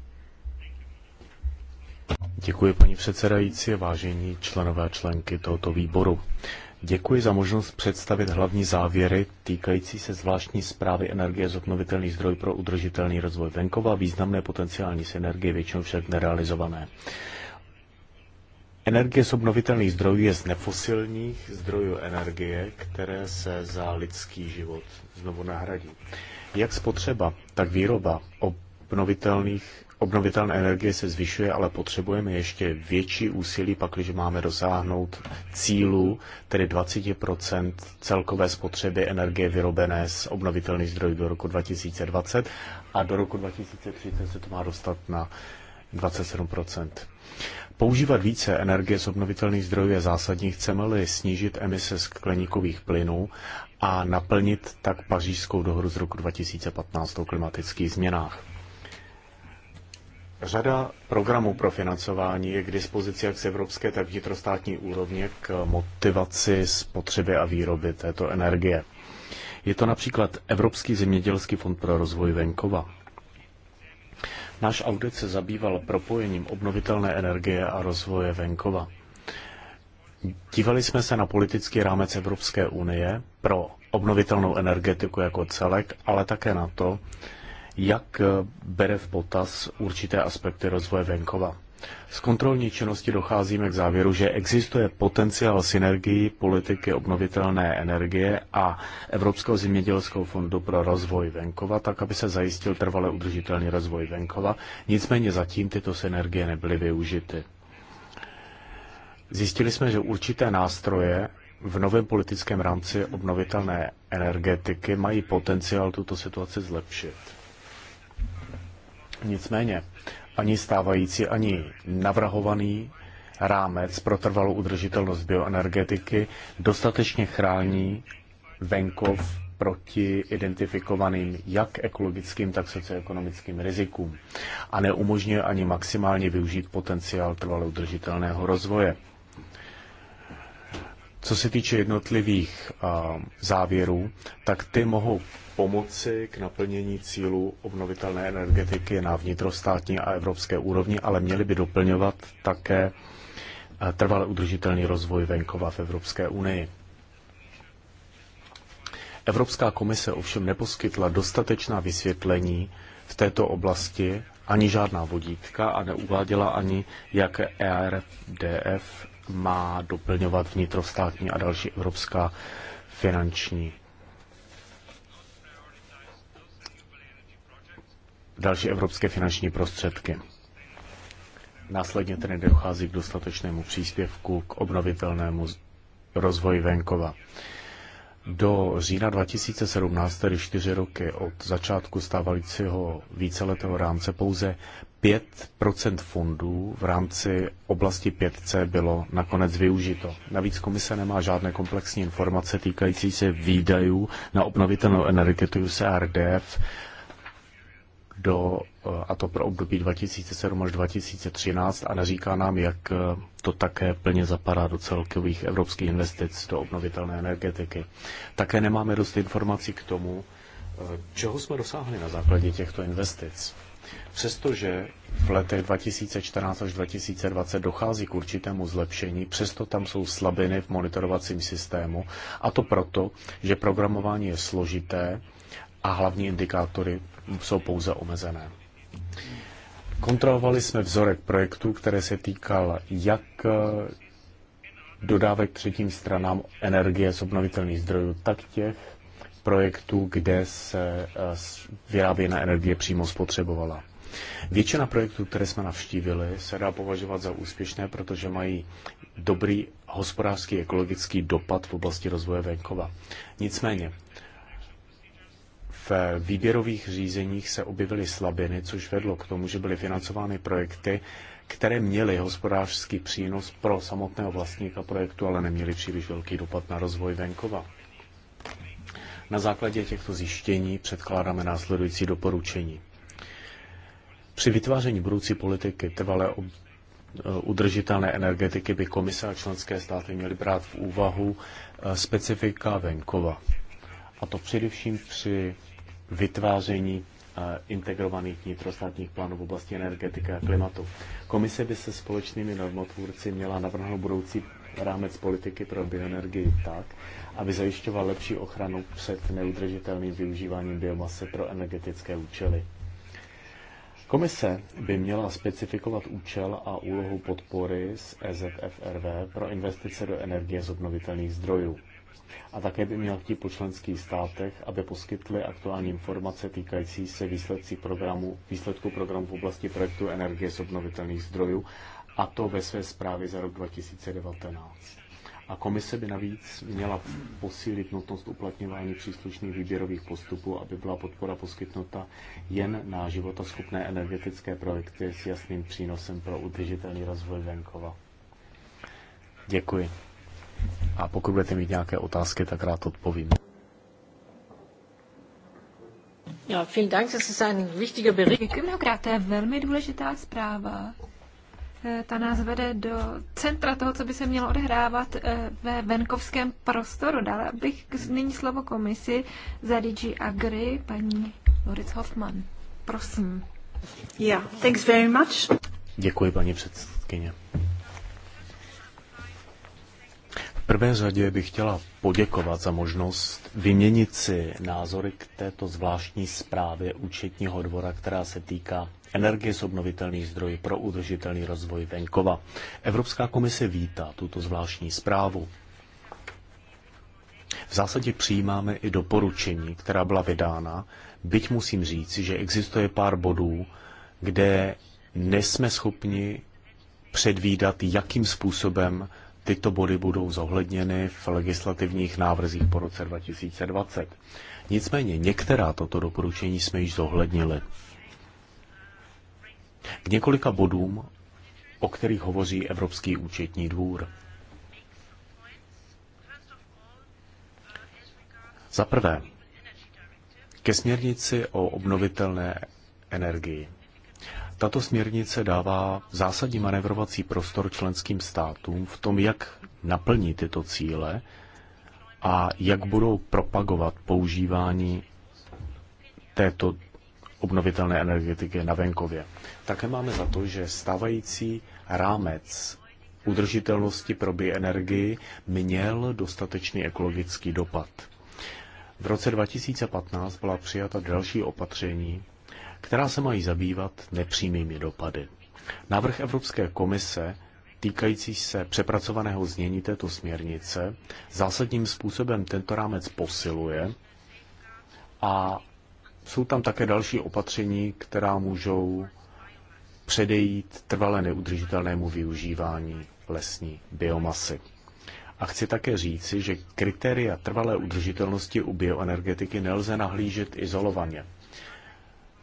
Děkuji paní předsedající, vážení členové a členky tohoto výboru. Děkuji za možnost představit hlavní závěry týkající se zvláštní zprávy energie z obnovitelných zdrojů pro udržitelný rozvoj venkova, významné potenciální synergie, většinou však nerealizované. Energie z obnovitelných zdrojů je z nefosilních zdrojů energie, které se za lidský život znovu nahradí. Jak spotřeba, tak výroba obnovitelných Obnovitelné energie se zvyšuje, ale potřebujeme ještě větší úsilí, pakliže máme dosáhnout cílu, tedy 20 celkové spotřeby energie vyrobené z obnovitelných zdrojů do roku 2020 a do roku 2030 se to má dostat na 27 Používat více energie z obnovitelných zdrojů je zásadní, chceme-li snížit emise skleníkových plynů a naplnit tak pařížskou dohodu z roku 2015 o klimatických změnách. Řada programů pro financování je k dispozici jak z evropské, tak vnitrostátní úrovně k motivaci spotřeby a výroby této energie. Je to například Evropský zemědělský fond pro rozvoj venkova. Náš audit se zabýval propojením obnovitelné energie a rozvoje venkova. Dívali jsme se na politický rámec Evropské unie pro obnovitelnou energetiku jako celek, ale také na to, jak bere v potaz určité aspekty rozvoje venkova. Z kontrolní činnosti docházíme k závěru, že existuje potenciál synergii politiky obnovitelné energie a Evropského zemědělského fondu pro rozvoj venkova, tak aby se zajistil trvale udržitelný rozvoj venkova. Nicméně zatím tyto synergie nebyly využity. Zjistili jsme, že určité nástroje v novém politickém rámci obnovitelné energetiky mají potenciál tuto situaci zlepšit. Nicméně, ani stávající, ani navrhovaný rámec pro trvalou udržitelnost bioenergetiky dostatečně chrání venkov proti identifikovaným jak ekologickým, tak socioekonomickým rizikům a neumožňuje ani maximálně využít potenciál trvalou udržitelného rozvoje. Co se týče jednotlivých závěrů, tak ty mohou pomoci k naplnění cílu obnovitelné energetiky na vnitrostátní a evropské úrovni, ale měly by doplňovat také trvale udržitelný rozvoj venkova v Evropské unii. Evropská komise ovšem neposkytla dostatečná vysvětlení v této oblasti ani žádná vodítka a neuváděla ani, jak ERDF má doplňovat vnitrostátní a další evropská finanční další evropské finanční prostředky. Následně tedy dochází k dostatečnému příspěvku k obnovitelnému rozvoji venkova. Do října 2017, tedy čtyři roky od začátku stávajícího víceletého rámce, pouze 5 fondů v rámci oblasti 5C bylo nakonec využito. Navíc komise nemá žádné komplexní informace týkající se výdajů na obnovitelnou energetiku CRDF do, eh, a to pro období 2007 až 2013 a neříká nám, jak eh, to také plně zapadá do celkových evropských investic do obnovitelné energetiky. Také nemáme dost informací k tomu, eh, čeho jsme dosáhli na základě těchto investic. Přestože v letech 2014 až 2020 dochází k určitému zlepšení, přesto tam jsou slabiny v monitorovacím systému a to proto, že programování je složité a hlavní indikátory jsou pouze omezené. Kontrolovali jsme vzorek projektu, které se týkal jak eh, dodávek třetím stranám energie z obnovitelných zdrojů, tak těch projektů, kde se eh, vyráběná energie přímo spotřebovala. Většina projektů, které jsme navštívili, se dá považovat za úspěšné, protože mají dobrý hospodářský ekologický dopad v oblasti rozvoje venkova. Nicméně, v výběrových řízeních se objevily slabiny, což vedlo k tomu, že byly financovány projekty, které měly hospodářský přínos pro samotného vlastníka projektu, ale neměly příliš velký dopad na rozvoj venkova. Na základě těchto zjištění předkládáme následující doporučení. Při vytváření budoucí politiky trvalé udržitelné energetiky by komise a členské státy měly brát v úvahu eh, specifika venkova. A to především při vytváření eh, integrovaných vnitrostátních plánů v oblasti energetiky a klimatu. Komise by se společnými normotvůrci měla navrhnout budoucí rámec politiky pro bioenergii tak, aby zajišťoval lepší ochranu před neudržitelným využíváním biomasy pro energetické účely. Komise by měla specifikovat účel a úlohu podpory z EZFRV pro investice do energie z obnovitelných zdrojů. A také by měl chtít po členských státech, aby poskytly aktuální informace týkající se výsledcí programu, výsledku programu v oblasti projektu energie z obnovitelných zdrojů, a to ve své zprávě za rok 2019. A komise by navíc měla posílit nutnost uplatňování příslušných výběrových postupů, aby byla podpora poskytnuta jen na životaschopné energetické projekty s jasným přínosem pro udržitelný rozvoj venkova. Děkuji. A pokud budete mít nějaké otázky, tak rád odpovím. Ja, vielen Dank, das ist ein wichtiger Bericht. Děkuji mnohokrát, to je velmi důležitá zpráva. Eh, ta nás vede do centra toho, co by se mělo odehrávat eh, ve venkovském prostoru. Dále bych nyní slovo komisi za DG Agri, paní Loris Hoffman. Prosím. Yeah, thanks very much. Děkuji, paní předsedkyně prvé řadě bych chtěla poděkovat za možnost vyměnit si názory k této zvláštní zprávě účetního dvora, která se týká energie z obnovitelných zdrojů pro udržitelný rozvoj venkova. Evropská komise vítá tuto zvláštní zprávu. V zásadě přijímáme i doporučení, která byla vydána, byť musím říct, že existuje pár bodů, kde nesme schopni předvídat, jakým způsobem tyto body budou zohledněny v legislativních návrzích po roce 2020. Nicméně některá toto doporučení jsme již zohlednili. K několika bodům, o kterých hovoří Evropský účetní dvůr. Za prvé, ke směrnici o obnovitelné energii. Tato směrnice dává zásadní manevrovací prostor členským státům v tom, jak naplní tyto cíle a jak budou propagovat používání této obnovitelné energetiky na venkově. Také máme za to, že stávající rámec udržitelnosti pro bioenergii měl dostatečný ekologický dopad. V roce 2015 byla přijata další opatření která se mají zabývat nepřímými dopady. Návrh Evropské komise týkající se přepracovaného znění této směrnice zásadním způsobem tento rámec posiluje a jsou tam také další opatření, která můžou předejít trvale neudržitelnému využívání lesní biomasy. A chci také říci, že kritéria trvalé udržitelnosti u bioenergetiky nelze nahlížet izolovaně.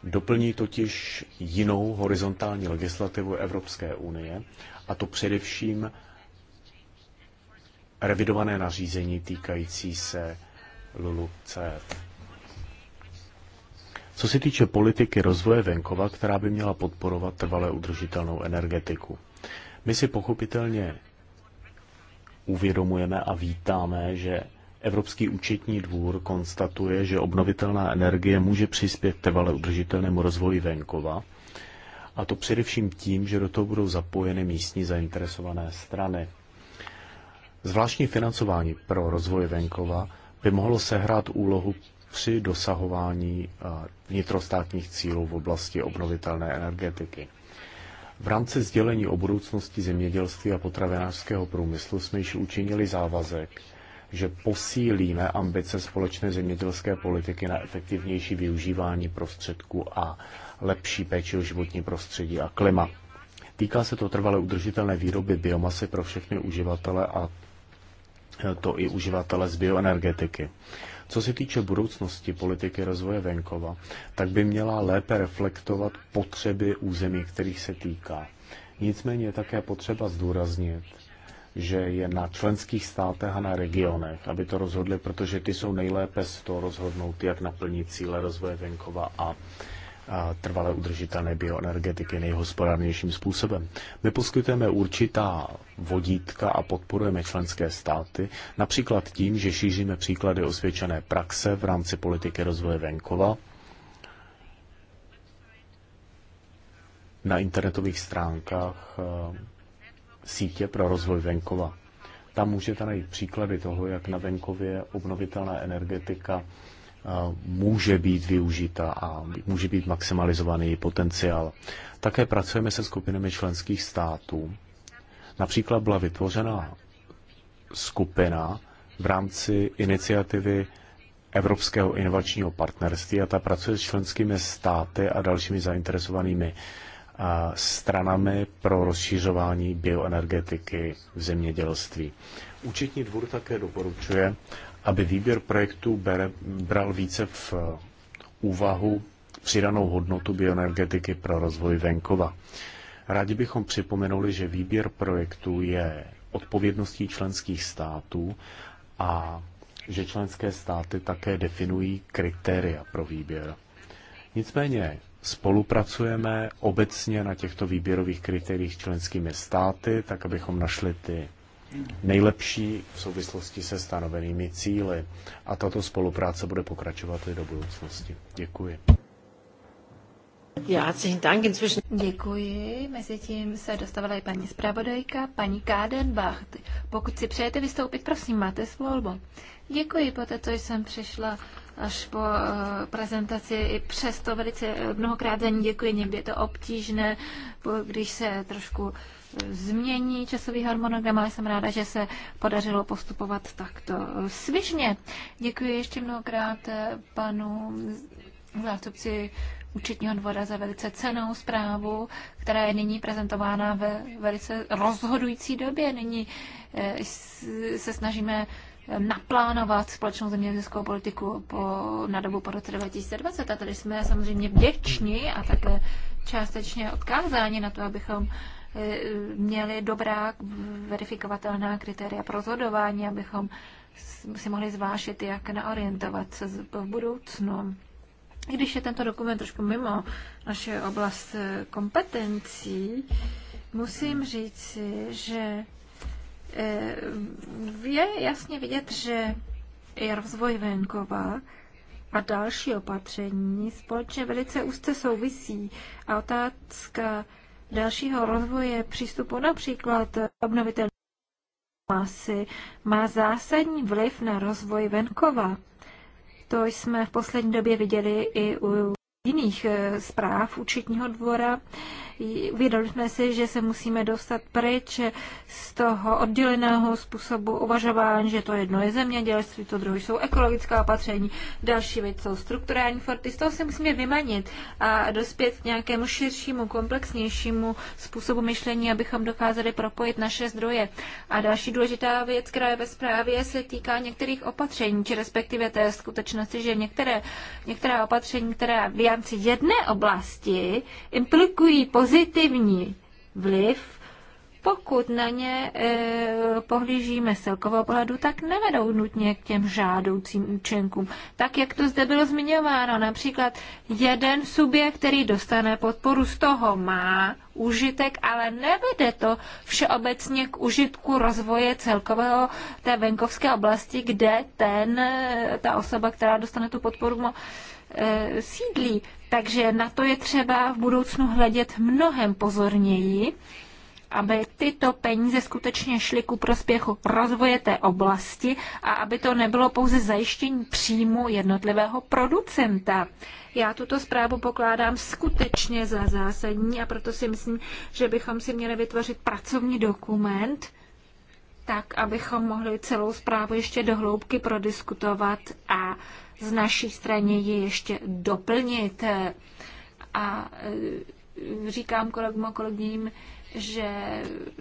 Doplní totiž jinou horizontální legislativu Evropské unie, a to především revidované nařízení týkající se LULUCF. Co se týče politiky rozvoje venkova, která by měla podporovat trvale udržitelnou energetiku. My si pochopitelně uvědomujeme a vítáme, že Evropský účetní dvůr konstatuje, že obnovitelná energie může přispět trvale udržitelnému rozvoji venkova, a to především tím, že do toho budou zapojeny místní zainteresované strany. Zvláštní financování pro rozvoj venkova by mohlo sehrát úlohu při dosahování vnitrostátních cílů v oblasti obnovitelné energetiky. V rámci sdělení o budoucnosti zemědělství a potravinářského průmyslu jsme již učinili závazek, že posílíme ambice společné zemědělské politiky na efektivnější využívání prostředků a lepší péči o životní prostředí a klima. Týká se to trvale udržitelné výroby biomasy pro všechny uživatele a to i uživatele z bioenergetiky. Co se týče budoucnosti politiky rozvoje venkova, tak by měla lépe reflektovat potřeby území, kterých se týká. Nicméně je také potřeba zdůraznit, že je na členských státech a na regionech, aby to rozhodli, protože ty jsou nejlépe z toho rozhodnout, jak naplnit cíle rozvoje venkova a trvalé udržitelné bioenergetiky nejhospodárnějším způsobem. My poskytujeme určitá vodítka a podporujeme členské státy, například tím, že šíříme příklady osvědčené praxe v rámci politiky rozvoje venkova na internetových stránkách sítě pro rozvoj venkova. Tam můžete najít příklady toho, jak na venkově obnovitelná energetika eh, může být využita a může být maximalizovaný její potenciál. Také pracujeme se skupinami členských států. Například byla vytvořena skupina v rámci iniciativy Evropského inovačního partnerství a ta pracuje s členskými státy a dalšími zainteresovanými stranami pro rozšířování bioenergetiky v zemědělství. Účetní dvůr také doporučuje, aby výběr projektů bral více v eh, úvahu přidanou hodnotu bioenergetiky pro rozvoj venkova. Rádi bychom připomenuli, že výběr projektů je odpovědností členských států a že členské státy také definují kritéria pro výběr. Nicméně spolupracujeme obecně na těchto výběrových kritériích členskými státy, tak abychom našli ty nejlepší v souvislosti se stanovenými cíly. A tato spolupráce bude pokračovat i do budoucnosti. Děkuji. Děkuji. Mezitím se dostavila i paní zpravodajka, paní Kádenbach. Pokud si přejete vystoupit, prosím, máte slovo. Děkuji. Poté, co jsem přišla až po eh, prezentaci. I přesto velice eh, mnohokrát za ní děkuji, někdy je to obtížné, když se trošku eh, změní časový harmonogram, ale jsem ráda, že se podařilo postupovat takto svižně. Děkuji ještě mnohokrát panu zástupci účetního dvora za velice cenou zprávu, která je nyní prezentována ve velice rozhodující době. Nyní se snažíme naplánovat společnou zemědělskou politiku po, na dobu po roce 2020. A tady jsme samozřejmě vděční a také částečně odkázáni na to, abychom eh, měli dobrá verifikovatelná kritéria pro rozhodování, abychom si mohli zvážit, jak naorientovat se v budoucnu. I když je tento dokument trošku mimo naše oblast eh, kompetencí, musím říci, že Eh, je jasně vidět, že i rozvoj venkova a další opatření společně velice úzce souvisí. A otázka dalšího rozvoje přístupu například obnovitelné masy má zásadní vliv na rozvoj venkova. To jsme v poslední době viděli i u jiných eh, zpráv účetního dvora. Uvědomili jsme si, že se musíme dostat pryč z toho odděleného způsobu uvažování, že to jedno je zemědělství, to druhé jsou ekologická opatření, další věc jsou strukturální forty. Z toho se musíme vymanit a dospět k nějakému širšímu, komplexnějšímu způsobu myšlení, abychom dokázali propojit naše zdroje. A další důležitá věc, která je ve zprávě, se týká některých opatření, či respektive té skutečnosti, že některé, některá opatření, která rámci jedné oblasti implikují pozitivní vliv, pokud na ně e, pohlížíme z celkového pohledu, tak nevedou nutně k těm žádoucím účinkům. Tak, jak to zde bylo zmiňováno, například jeden subjekt, který dostane podporu, z toho má užitek, ale nevede to všeobecně k užitku rozvoje celkového té venkovské oblasti, kde ten, e, ta osoba, která dostane tu podporu, Eh, sídlí. Takže na to je třeba v budoucnu hledět mnohem pozorněji, aby tyto peníze skutečně šly ku prospěchu rozvoje té oblasti a aby to nebylo pouze zajištění příjmu jednotlivého producenta. Já tuto zprávu pokládám skutečně za zásadní a proto si myslím, že bychom si měli vytvořit pracovní dokument, tak abychom mohli celou zprávu ještě dohloubky prodiskutovat a z naší strany ji ještě doplnit. A e, říkám kolegům a kolegyním, že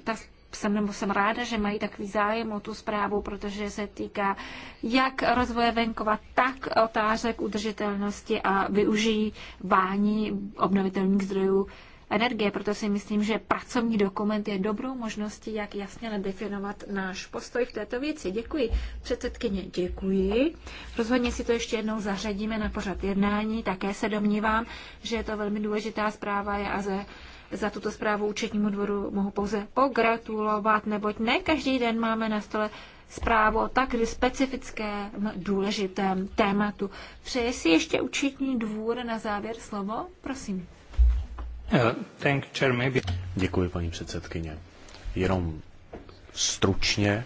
tak jsem, nebo jsem ráda, že mají takový zájem o tu zprávu, protože se týká jak rozvoje venkova, tak otázek udržitelnosti a využívání obnovitelných zdrojů energie. Proto si myslím, že pracovní dokument je dobrou možností, jak jasně nadefinovat náš postoj v této věci. Děkuji. Předsedkyně, děkuji. Rozhodně si to ještě jednou zařadíme na pořad jednání. Také se domnívám, že je to velmi důležitá zpráva je a ze za tuto zprávu účetnímu dvoru mohu pouze pogratulovat, neboť ne každý den máme na stole zprávu o tak specifickém důležitém tématu. Přeje si ještě účetní dvůr na závěr slovo? Prosím. Děkuji, paní předsedkyně. Jenom stručně.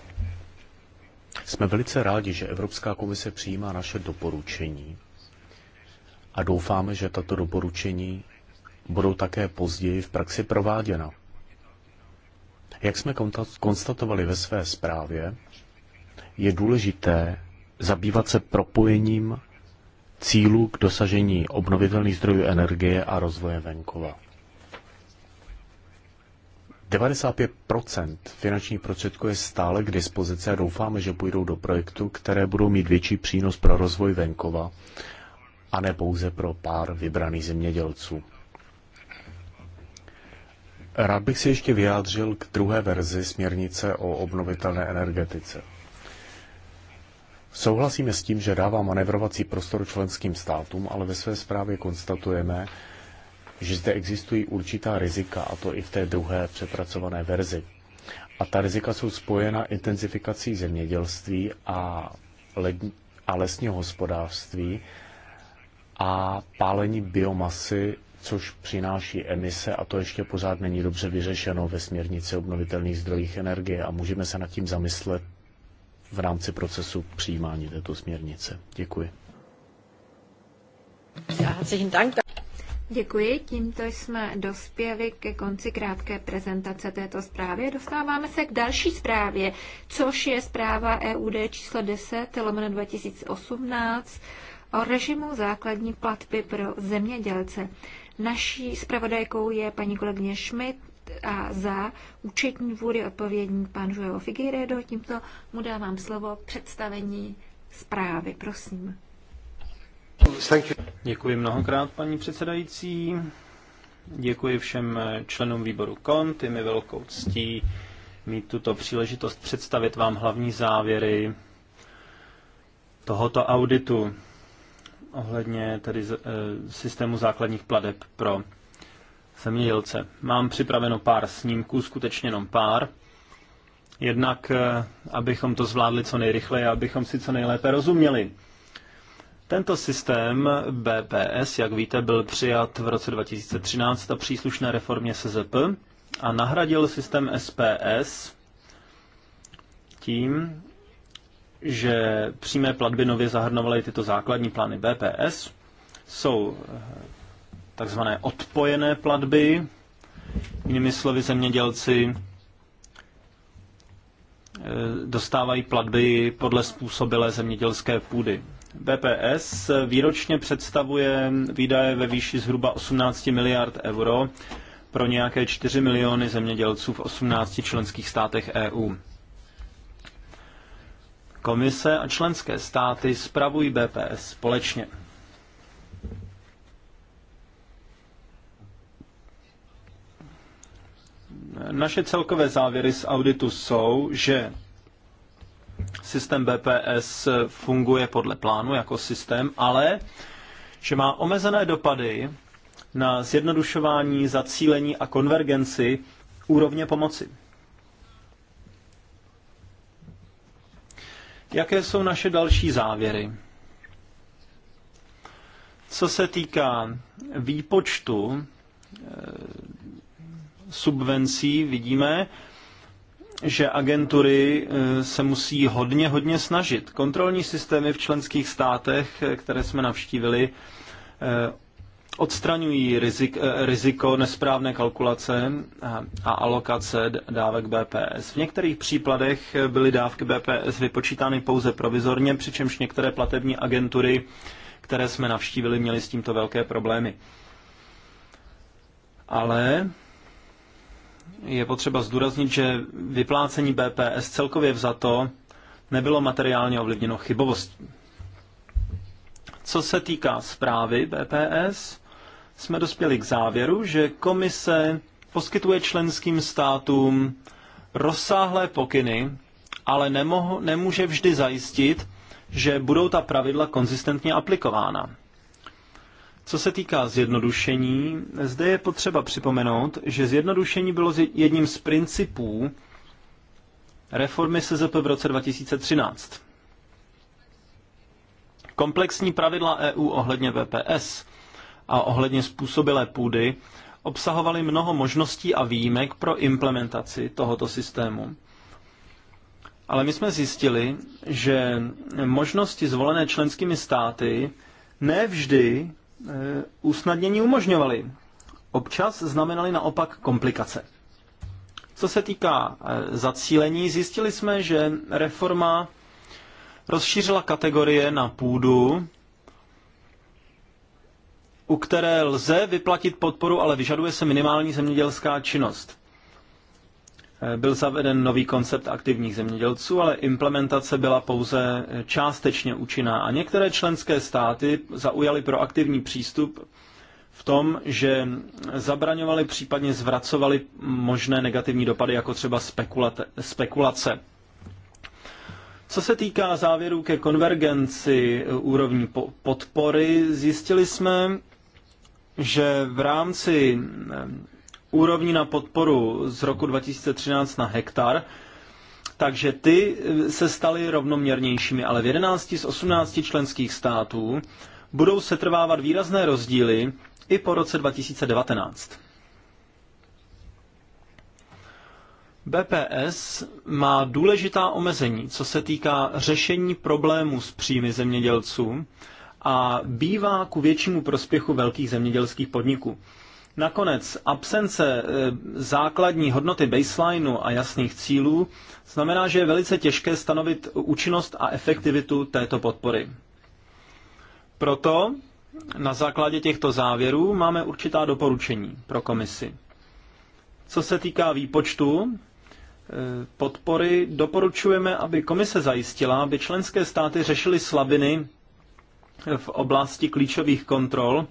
Jsme velice rádi, že Evropská komise přijímá naše doporučení a doufáme, že tato doporučení budou také později v praxi prováděna. Jak jsme konstatovali ve své zprávě, je důležité zabývat se propojením cílů k dosažení obnovitelných zdrojů energie a rozvoje venkova. 95% finančních prostředků je stále k dispozici a doufáme, že půjdou do projektů, které budou mít větší přínos pro rozvoj venkova a ne pouze pro pár vybraných zemědělců. Rád bych se ještě vyjádřil k druhé verzi směrnice o obnovitelné energetice. Souhlasíme s tím, že dává manevrovací prostor členským státům, ale ve své zprávě konstatujeme, že zde existují určitá rizika, a to i v té druhé přepracované verzi. A ta rizika jsou spojena intenzifikací zemědělství a, led, a lesního hospodářství a pálení biomasy, což přináší emise a to ještě pořád není dobře vyřešeno ve směrnici obnovitelných zdrojích energie a můžeme se nad tím zamyslet v rámci procesu přijímání této směrnice. Děkuji. Děkuji, tímto jsme dospěli ke konci krátké prezentace této zprávy. Dostáváme se k další zprávě, což je zpráva EUD číslo 10 lomeno 2018 o režimu základní platby pro zemědělce. Naší zpravodajkou je paní kolegyně Schmidt a za účetní dvůr je odpovědní pan Joao Figueiredo. Tímto mu dávám slovo představení zprávy. Prosím. Děkuji mnohokrát, paní předsedající. Děkuji všem členům výboru KONT. Je mi velkou ctí mít tuto příležitost představit vám hlavní závěry tohoto auditu ohledně tedy eh, systému základních pladeb pro zemědělce. Mám připraveno pár snímků, skutečně jenom pár. Jednak, eh, abychom to zvládli co nejrychleji, abychom si co nejlépe rozuměli tento systém BPS, jak víte, byl přijat v roce 2013 a příslušné reformě SZP a nahradil systém SPS tím, že přímé platby nově zahrnovaly tyto základní plány BPS. Jsou eh, takzvané odpojené platby, jinými slovy zemědělci eh, dostávají platby podle způsobilé zemědělské půdy. BPS výročně představuje výdaje ve výši zhruba 18 miliard euro pro nějaké 4 miliony zemědělců v 18 členských státech EU. Komise a členské státy spravují BPS společně. Naše celkové závěry z auditu jsou, že systém BPS funguje podle plánu jako systém, ale že má omezené dopady na zjednodušování, zacílení a konvergenci úrovně pomoci. Jaké jsou naše další závěry? Co se týká výpočtu eh, subvencí, vidíme, že agentury eh, se musí hodně, hodně snažit. Kontrolní systémy v členských státech, eh, které jsme navštívili, eh, odstraňují rizik, riziko nesprávné kalkulace a alokace dávek BPS. V některých případech byly dávky BPS vypočítány pouze provizorně, přičemž některé platební agentury, které jsme navštívili, měly s tímto velké problémy. Ale je potřeba zdůraznit, že vyplácení BPS celkově vzato nebylo materiálně ovlivněno chybovostí. Co se týká zprávy BPS, jsme dospěli k závěru, že komise poskytuje členským státům rozsáhlé pokyny, ale nemůže vždy zajistit, že budou ta pravidla konzistentně aplikována. Co se týká zjednodušení, zde je potřeba připomenout, že zjednodušení bylo jedním z principů reformy SZP v roce 2013. Komplexní pravidla EU ohledně VPS a ohledně způsobilé půdy obsahovaly mnoho možností a výjimek pro implementaci tohoto systému. Ale my jsme zjistili, že možnosti zvolené členskými státy nevždy Eh, usnadnění umožňovaly. Občas znamenaly naopak komplikace. Co se týká eh, zacílení, zjistili jsme, že reforma rozšířila kategorie na půdu, u které lze vyplatit podporu, ale vyžaduje se minimální zemědělská činnost byl zaveden nový koncept aktivních zemědělců, ale implementace byla pouze částečně účinná a některé členské státy zaujaly proaktivní přístup v tom, že zabraňovali, případně zvracovali možné negativní dopady, jako třeba spekulace. Co se týká závěrů ke konvergenci úrovní podpory, zjistili jsme, že v rámci úrovní na podporu z roku 2013 na hektar, takže ty se staly rovnoměrnějšími, ale v 11 z 18 členských států budou se trvávat výrazné rozdíly i po roce 2019. BPS má důležitá omezení, co se týká řešení problémů s příjmy zemědělců a bývá ku většímu prospěchu velkých zemědělských podniků. Nakonec absence eh, základní hodnoty baselineu a jasných cílů znamená, že je velice těžké stanovit účinnost a efektivitu této podpory. Proto na základě těchto závěrů máme určitá doporučení pro komisi. Co se týká výpočtu eh, podpory, doporučujeme, aby komise zajistila, aby členské státy řešily slabiny v oblasti klíčových kontrol,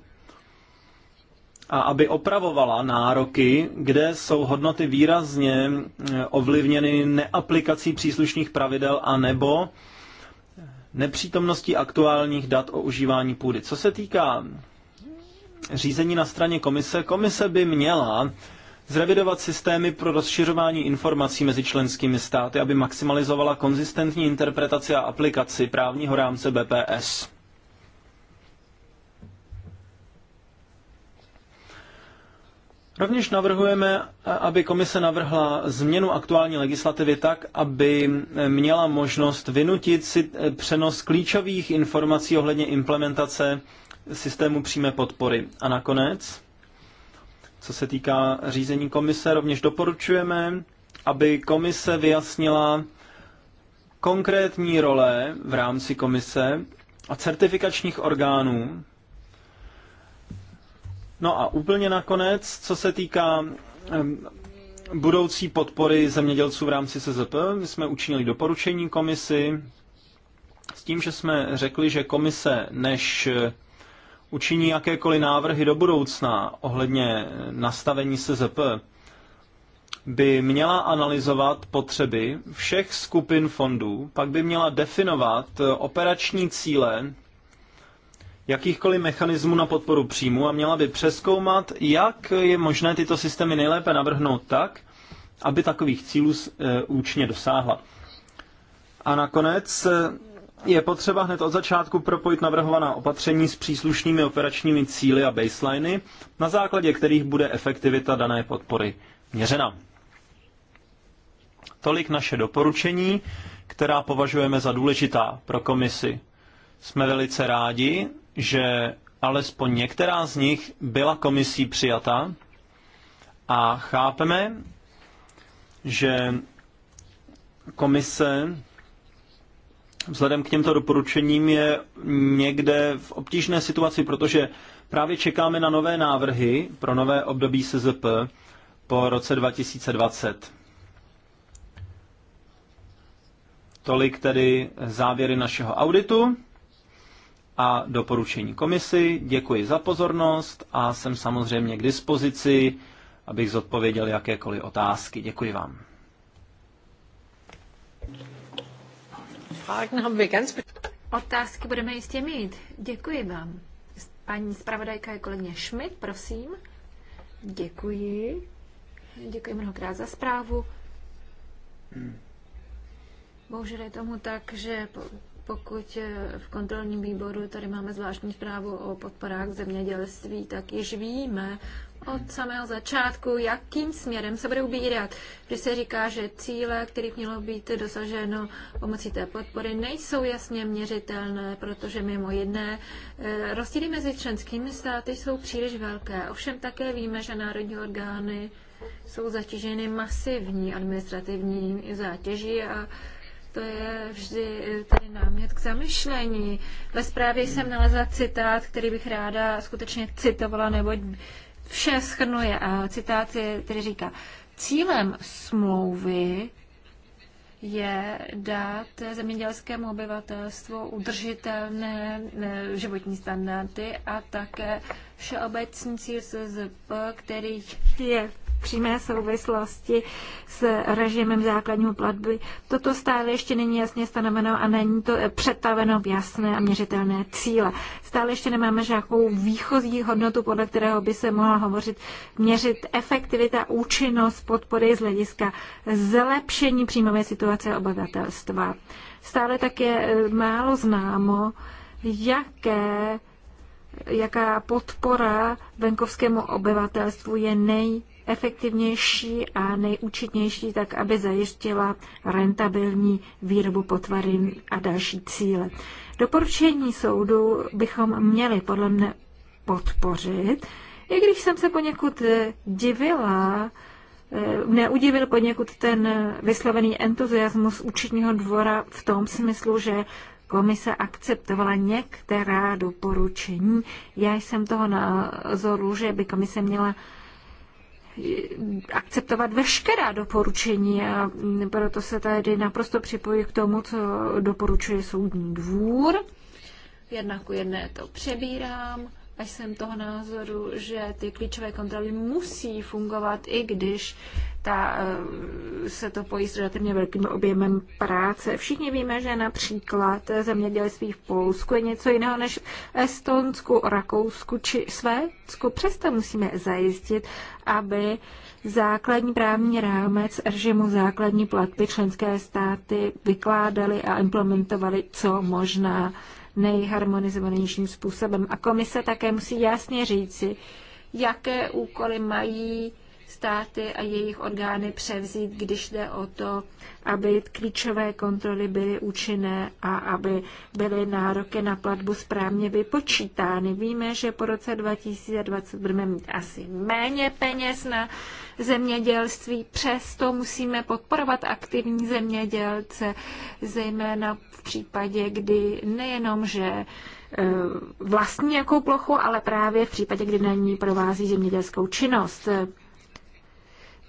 a aby opravovala nároky, kde jsou hodnoty výrazně eh, ovlivněny neaplikací příslušných pravidel a nebo nepřítomností aktuálních dat o užívání půdy. Co se týká řízení na straně komise, komise by měla zrevidovat systémy pro rozšiřování informací mezi členskými státy, aby maximalizovala konzistentní interpretaci a aplikaci právního rámce BPS. Rovněž navrhujeme, aby komise navrhla změnu aktuální legislativy tak, aby měla možnost vynutit si eh, přenos klíčových informací ohledně implementace systému přímé podpory. A nakonec, co se týká řízení komise, rovněž doporučujeme, aby komise vyjasnila konkrétní role v rámci komise a certifikačních orgánů No a úplně nakonec, co se týká budoucí podpory zemědělců v rámci CZP, my jsme učinili doporučení komisi s tím, že jsme řekli, že komise, než eh, učiní jakékoliv návrhy do budoucna ohledně eh, nastavení CZP, by měla analyzovat potřeby všech skupin fondů, pak by měla definovat eh, operační cíle jakýchkoliv mechanismů na podporu příjmu a měla by přeskoumat, jak je možné tyto systémy nejlépe navrhnout tak, aby takových cílů e, účně dosáhla. A nakonec e, je potřeba hned od začátku propojit navrhovaná opatření s příslušnými operačními cíly a baseliny, na základě kterých bude efektivita dané podpory měřena. Tolik naše doporučení, která považujeme za důležitá pro komisi. Jsme velice rádi, že alespoň některá z nich byla komisí přijata a chápeme, že komise vzhledem k těmto doporučením je někde v obtížné situaci, protože právě čekáme na nové návrhy pro nové období SZP po roce 2020. Tolik tedy závěry našeho auditu a doporučení komisi. Děkuji za pozornost a jsem samozřejmě k dispozici, abych zodpověděl jakékoliv otázky. Děkuji vám. Otázky budeme jistě mít. Děkuji vám. Paní zpravodajka je kolegyně Schmidt, prosím. Děkuji. Děkuji mnohokrát za zprávu. Hmm. Bohužel je tomu tak, že pokud eh, v kontrolním výboru tady máme zvláštní zprávu o podporách v zemědělství, tak již víme od samého začátku, jakým směrem se bude ubírat. Když se říká, že cíle, kterých mělo být dosaženo pomocí té podpory, nejsou jasně měřitelné, protože mimo jiné eh, rozdíly mezi členskými státy jsou příliš velké. Ovšem také víme, že národní orgány jsou zatíženy masivní administrativní zátěží a to je vždy eh, tady námět k zamyšlení. Ve zprávě jsem nalezla citát, který bych ráda skutečně citovala, nebo vše schrnuje. A citát je, který říká, cílem smlouvy je dát zemědělskému obyvatelstvu udržitelné eh, životní standardy a také všeobecní cíl SZP, který je přímé souvislosti s režimem základního platby. Toto stále ještě není jasně stanoveno a není to přetaveno v jasné a měřitelné cíle. Stále ještě nemáme žádnou výchozí hodnotu, podle kterého by se mohla hovořit, měřit efektivita, účinnost podpory z hlediska zlepšení příjmové situace obyvatelstva. Stále tak je e, málo známo, jaké jaká podpora venkovskému obyvatelstvu je nej efektivnější a nejúčinnější, tak aby zajistila rentabilní výrobu potvarin a další cíle. Doporučení soudu bychom měli podle mne podpořit, i když jsem se poněkud eh, divila, eh, neudivil poněkud ten eh, vyslovený entuziasmus účetního dvora v tom smyslu, že komise akceptovala některá doporučení. Já jsem toho názoru, že by komise měla akceptovat veškerá doporučení a proto se tady naprosto připojí k tomu, co doporučuje soudní dvůr. Jednak jedné to přebírám a jsem toho názoru, že ty klíčové kontroly musí fungovat, i když ta, eh, se to pojí s relativně velkým objemem práce. Všichni víme, že například zemědělství v Polsku je něco jiného než Estonsku, Rakousku či Svédsku. Přesto musíme zajistit, aby základní právní rámec režimu základní platby členské státy vykládali a implementovali co možná nejharmonizovanějším způsobem. A komise také musí jasně říci, jaké úkoly mají státy a jejich orgány převzít, když jde o to, aby klíčové kontroly byly účinné a aby byly nároky na platbu správně vypočítány. Víme, že po roce 2020 budeme mít asi méně peněz na zemědělství, přesto musíme podporovat aktivní zemědělce, zejména v případě, kdy nejenom, že e, vlastní nějakou plochu, ale právě v případě, kdy na ní provází zemědělskou činnost.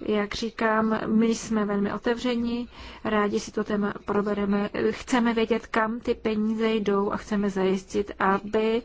Jak říkám, my jsme velmi otevření, rádi si to téma probereme. Chceme vědět, kam ty peníze jdou a chceme zajistit, aby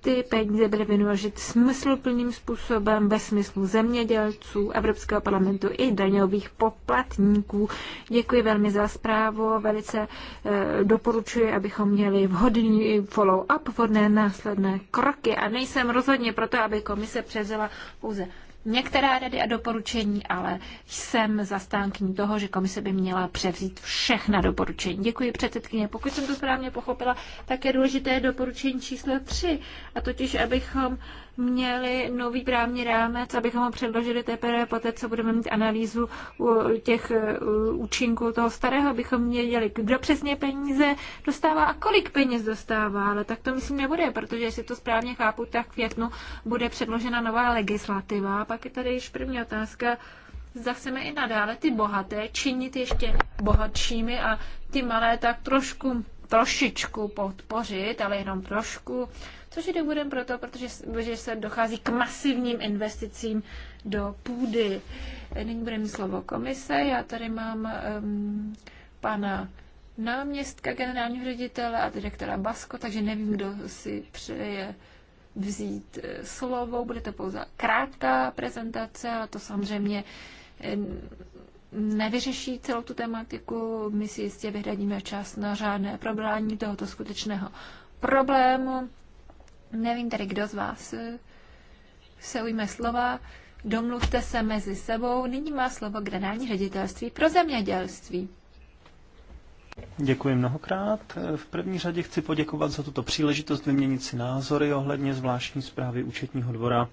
ty peníze byly vynuložit smysluplným způsobem ve smyslu zemědělců, Evropského parlamentu i daňových poplatníků. Děkuji velmi za zprávu, velice eh, doporučuji, abychom měli vhodný follow-up, vhodné následné kroky a nejsem rozhodně proto, aby komise převzala pouze některá rady a doporučení, ale jsem zastánkyní toho, že komise by měla převzít všechna doporučení. Děkuji předsedkyně. Pokud jsem to správně pochopila, tak je důležité doporučení číslo 3, a totiž abychom měli nový právní rámec, abychom ho předložili teprve poté, co budeme mít analýzu těch e, účinků toho starého, abychom měli, kdo přesně peníze dostává a kolik peněz dostává, ale tak to myslím nebude, protože jestli to správně chápu, tak v květnu bude předložena nová legislativa, pak pak je tady již první otázka, zda chceme i nadále ty bohaté činit ještě bohatšími a ty malé tak trošku, trošičku podpořit, ale jenom trošku, což je důvodem proto, protože že se dochází k masivním investicím do půdy. Nyní bude mít slovo komise, já tady mám um, pana náměstka generálního ředitele a direktora Basko, takže nevím, kdo si přeje vzít eh, slovo, bude to pouze krátká prezentace, ale to samozřejmě eh, nevyřeší celou tu tematiku. My si jistě vyhradíme čas na řádné probrání tohoto skutečného problému. Nevím tedy, kdo z vás eh, se ujme slova. Domluvte se mezi sebou. Nyní má slovo generální ředitelství pro zemědělství. Děkuji mnohokrát. V první řadě chci poděkovat za tuto příležitost vyměnit si názory ohledně zvláštní zprávy účetního dvora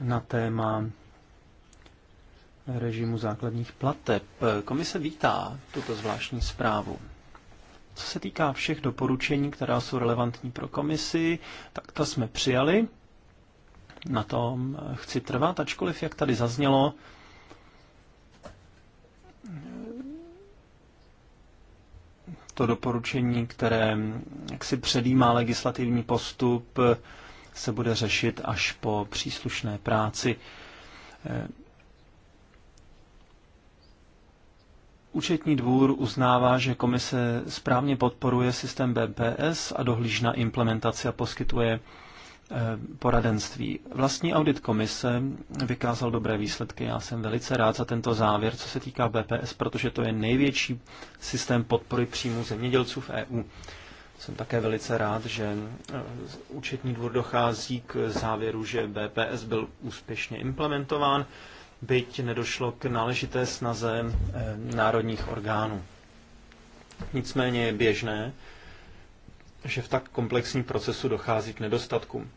na téma režimu základních plateb. Komise vítá tuto zvláštní zprávu. Co se týká všech doporučení, která jsou relevantní pro komisi, tak to jsme přijali. Na tom chci trvat, ačkoliv, jak tady zaznělo, to doporučení, které jak si předjímá legislativní postup, se bude řešit až po příslušné práci. Účetní dvůr uznává, že komise správně podporuje systém BPS a dohlíží na implementaci a poskytuje Eh, poradenství. Vlastní audit komise vykázal dobré výsledky. Já jsem velice rád za tento závěr, co se týká BPS, protože to je největší systém podpory příjmů zemědělců v EU. Jsem také velice rád, že eh, účetní dvůr dochází k závěru, že BPS byl úspěšně implementován, byť nedošlo k náležité snaze eh, národních orgánů. Nicméně je běžné, že v tak komplexním procesu dochází k nedostatkům.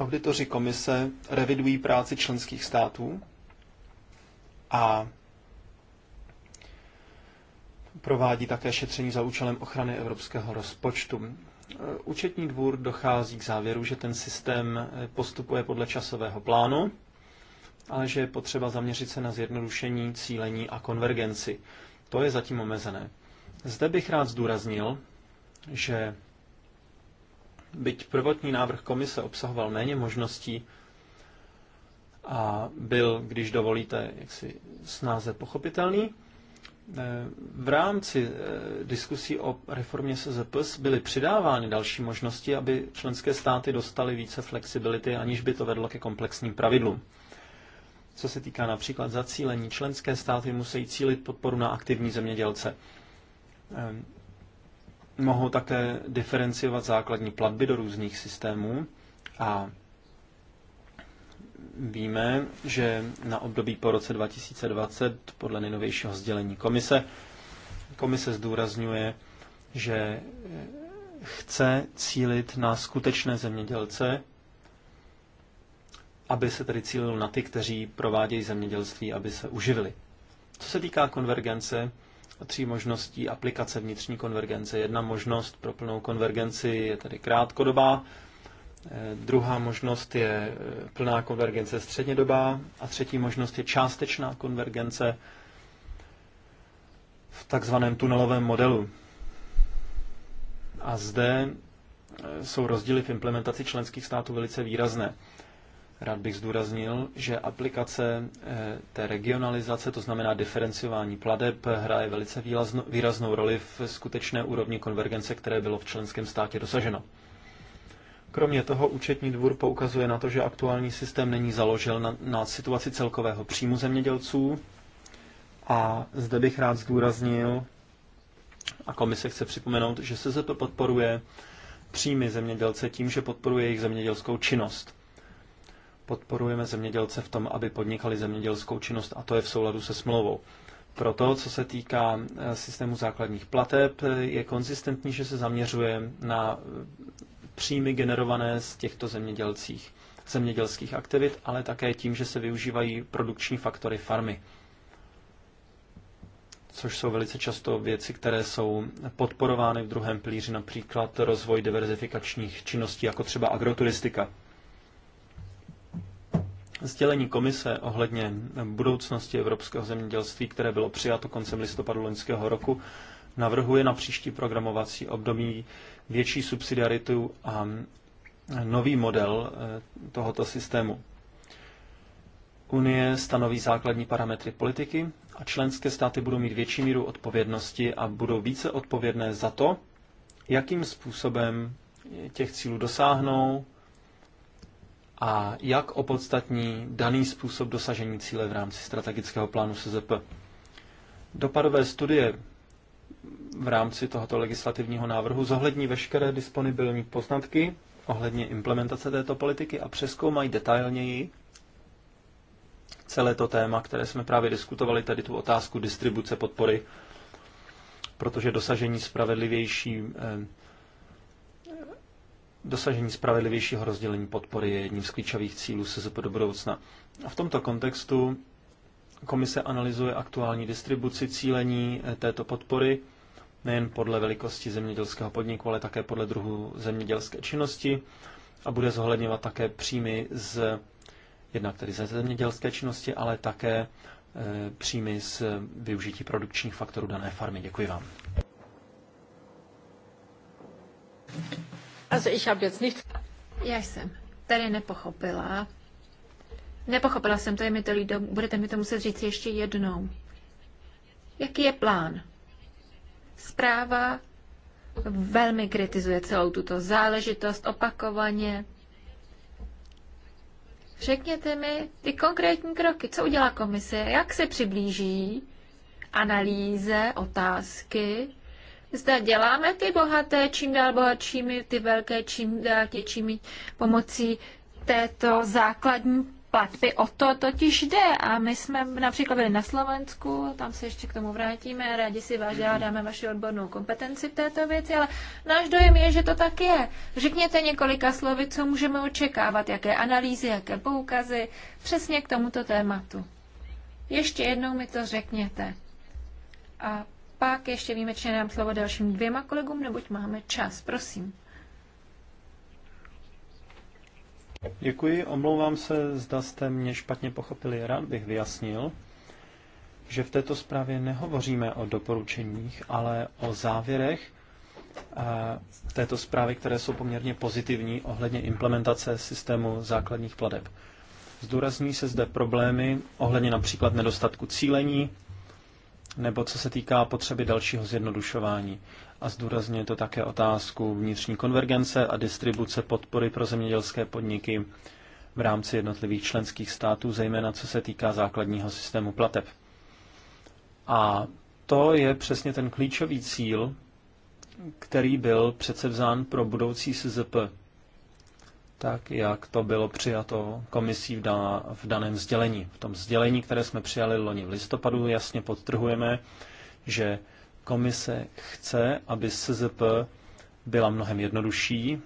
Auditoři komise revidují práci členských států a provádí také šetření za účelem ochrany evropského rozpočtu. Účetní dvůr dochází k závěru, že ten systém postupuje podle časového plánu, ale že je potřeba zaměřit se na zjednodušení, cílení a konvergenci. To je zatím omezené. Zde bych rád zdůraznil, že Byť prvotní návrh komise obsahoval méně možností a byl, když dovolíte, jaksi snáze pochopitelný, eh, v rámci eh, diskusí o reformě SZP byly přidávány další možnosti, aby členské státy dostaly více flexibility, aniž by to vedlo ke komplexním pravidlům. Co se týká například zacílení, členské státy musí cílit podporu na aktivní zemědělce. Ehm, mohou také diferenciovat základní platby do různých systémů a víme, že na období po roce 2020 podle nejnovějšího sdělení komise komise zdůrazňuje, že eh, chce cílit na skutečné zemědělce, aby se tedy cílil na ty, kteří provádějí zemědělství, aby se uživili. Co se týká konvergence, tří možností aplikace vnitřní konvergence. Jedna možnost pro plnou konvergenci je tedy krátkodobá, eh, druhá možnost je eh, plná konvergence střednědobá a třetí možnost je částečná konvergence v takzvaném tunelovém modelu. A zde eh, jsou rozdíly v implementaci členských států velice výrazné. Rád bych zdůraznil, že aplikace eh, té regionalizace, to znamená diferenciování pladeb, hraje velice výraznou roli v skutečné úrovni konvergence, které bylo v členském státě dosaženo. Kromě toho účetní dvůr poukazuje na to, že aktuální systém není založen na, na situaci celkového příjmu zemědělců. A zde bych rád zdůraznil, a komise chce připomenout, že to podporuje příjmy zemědělce tím, že podporuje jejich zemědělskou činnost. Podporujeme zemědělce v tom, aby podnikali zemědělskou činnost a to je v souladu se smlouvou. Proto, co se týká eh, systému základních plateb, eh, je konzistentní, že se zaměřuje na eh, příjmy generované z těchto zemědělcích, zemědělských aktivit, ale také tím, že se využívají produkční faktory farmy což jsou velice často věci, které jsou podporovány v druhém pilíři, například rozvoj diverzifikačních činností, jako třeba agroturistika sdělení komise ohledně budoucnosti evropského zemědělství, které bylo přijato koncem listopadu loňského roku, navrhuje na příští programovací období větší subsidiaritu a nový model eh, tohoto systému. Unie stanoví základní parametry politiky a členské státy budou mít větší míru odpovědnosti a budou více odpovědné za to, jakým způsobem těch cílů dosáhnou, a jak opodstatní daný způsob dosažení cíle v rámci strategického plánu SZP. Dopadové studie v rámci tohoto legislativního návrhu zohlední veškeré disponibilní poznatky ohledně implementace této politiky a přeskoumají detailněji celé to téma, které jsme právě diskutovali, tady tu otázku distribuce podpory, protože dosažení spravedlivější eh, Dosažení spravedlivějšího rozdělení podpory je jedním z klíčových cílů SZP do budoucna. A v tomto kontextu komise analyzuje aktuální distribuci cílení eh, této podpory nejen podle velikosti zemědělského podniku, ale také podle druhu zemědělské činnosti a bude zohledňovat také příjmy z jednak tedy ze zemědělské činnosti, ale také eh, příjmy z využití produkčních faktorů dané farmy. Děkuji vám. Já jsem tady nepochopila. Nepochopila jsem, tady mi to lído, budete mi to muset říct ještě jednou. Jaký je plán? Zpráva velmi kritizuje celou tuto záležitost opakovaně. Řekněte mi ty konkrétní kroky, co udělá komise, jak se přiblíží analýze, otázky, zda děláme ty bohaté čím dál bohatšími, ty velké čím dál těčími pomocí této základní platby. O to totiž jde a my jsme například byli na Slovensku, tam se ještě k tomu vrátíme, rádi si vás žádáme vaši odbornou kompetenci v této věci, ale náš dojem je, že to tak je. Řekněte několika slovy, co můžeme očekávat, jaké analýzy, jaké poukazy, přesně k tomuto tématu. Ještě jednou mi to řekněte. A pak ještě výjimečně dám slovo dalším dvěma kolegům, neboť máme čas. Prosím. Děkuji, omlouvám se, zda jste mě špatně pochopili. Rád bych vyjasnil, že v této zprávě nehovoříme o doporučeních, ale o závěrech eh, této zprávy, které jsou poměrně pozitivní ohledně implementace systému základních pladeb. Zdůrazní se zde problémy ohledně například nedostatku cílení, nebo co se týká potřeby dalšího zjednodušování. A zdůrazňuje to také otázku vnitřní konvergence a distribuce podpory pro zemědělské podniky v rámci jednotlivých členských států, zejména co se týká základního systému plateb. A to je přesně ten klíčový cíl, který byl předsevzán pro budoucí SZP tak jak to bylo přijato komisí v, da, v daném sdělení. V tom sdělení, které jsme přijali loni v listopadu, jasně podtrhujeme, že komise chce, aby SZP byla mnohem jednodušší,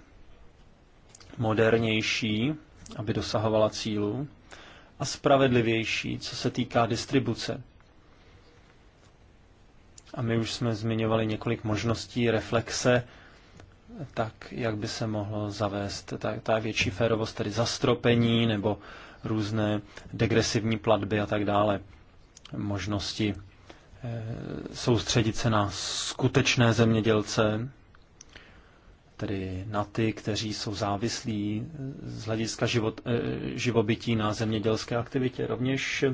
modernější, aby dosahovala cílu a spravedlivější, co se týká distribuce. A my už jsme zmiňovali několik možností reflexe tak, jak by se mohlo zavést ta, ta větší férovost, tedy zastropení nebo různé degresivní platby a tak dále. Možnosti eh, soustředit se na skutečné zemědělce, tedy na ty, kteří jsou závislí eh, z hlediska život, eh, živobytí na zemědělské aktivitě. Rovněž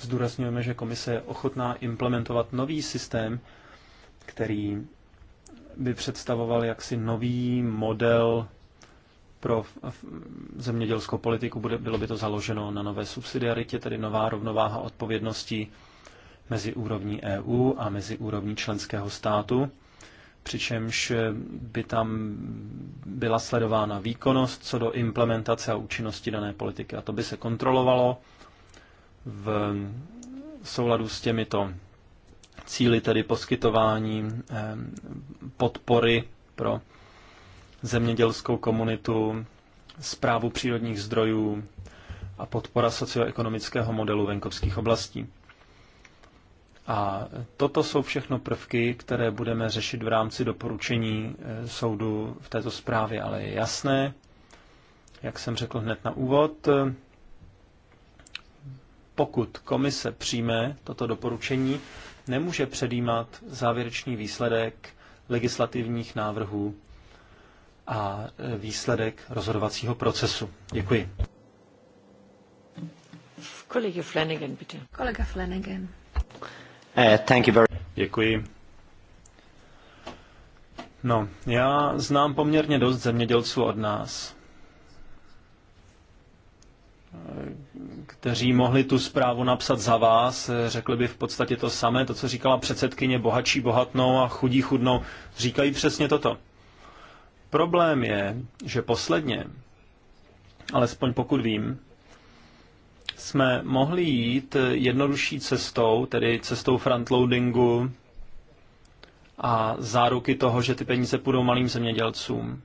zdůrazňujeme, že komise je ochotná implementovat nový systém, který by představoval jaksi nový model pro zemědělskou politiku. Bude, bylo by to založeno na nové subsidiaritě, tedy nová rovnováha odpovědností mezi úrovní EU a mezi úrovní členského státu, přičemž eh, by tam byla sledována výkonnost co do implementace a účinnosti dané politiky. A to by se kontrolovalo v souladu s těmito cíli, tedy poskytování eh, podpory pro zemědělskou komunitu, zprávu přírodních zdrojů a podpora socioekonomického modelu venkovských oblastí. A toto jsou všechno prvky, které budeme řešit v rámci doporučení eh, soudu v této zprávě, ale je jasné, jak jsem řekl hned na úvod, eh, pokud komise přijme toto doporučení, nemůže předjímat závěrečný výsledek legislativních návrhů a e, výsledek rozhodovacího procesu. Děkuji. Kolega Flanagan, bitte. Kolega Flanagan. Uh, thank you very... Děkuji. No, já znám poměrně dost zemědělců od nás kteří mohli tu zprávu napsat za vás, řekli by v podstatě to samé, to, co říkala předsedkyně bohatší bohatnou a chudí chudnou, říkají přesně toto. Problém je, že posledně, alespoň pokud vím, jsme mohli jít jednodušší cestou, tedy cestou frontloadingu a záruky toho, že ty peníze půjdou malým zemědělcům.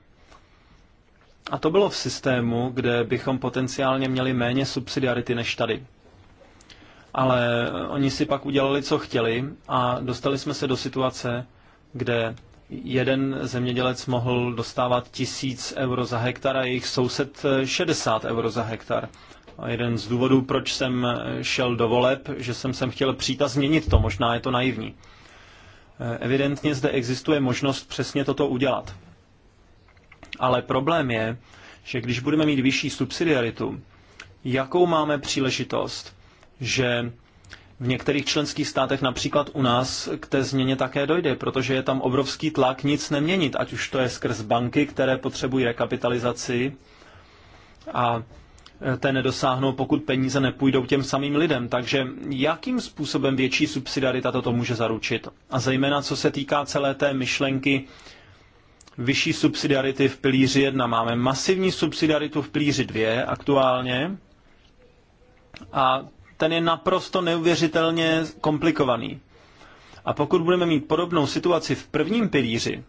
A to bylo v systému, kde bychom potenciálně měli méně subsidiarity než tady. Ale oni si pak udělali, co chtěli a dostali jsme se do situace, kde jeden zemědělec mohl dostávat tisíc euro za hektar a jejich soused 60 euro za hektar. A jeden z důvodů, proč jsem šel do voleb, že jsem sem chtěl přijít a změnit to, možná je to naivní. Evidentně zde existuje možnost přesně toto udělat. Ale problém je, že když budeme mít vyšší subsidiaritu, jakou máme příležitost, že v některých členských státech, například u nás, k té změně také dojde, protože je tam obrovský tlak nic neměnit, ať už to je skrz banky, které potřebují rekapitalizaci a e, té nedosáhnou, pokud peníze nepůjdou těm samým lidem. Takže jakým způsobem větší subsidiarita toto může zaručit? A zejména co se týká celé té myšlenky vyšší subsidiarity v pilíři 1. Máme masivní subsidiaritu v pilíři 2 aktuálně a ten je naprosto neuvěřitelně komplikovaný. A pokud budeme mít podobnou situaci v prvním pilíři,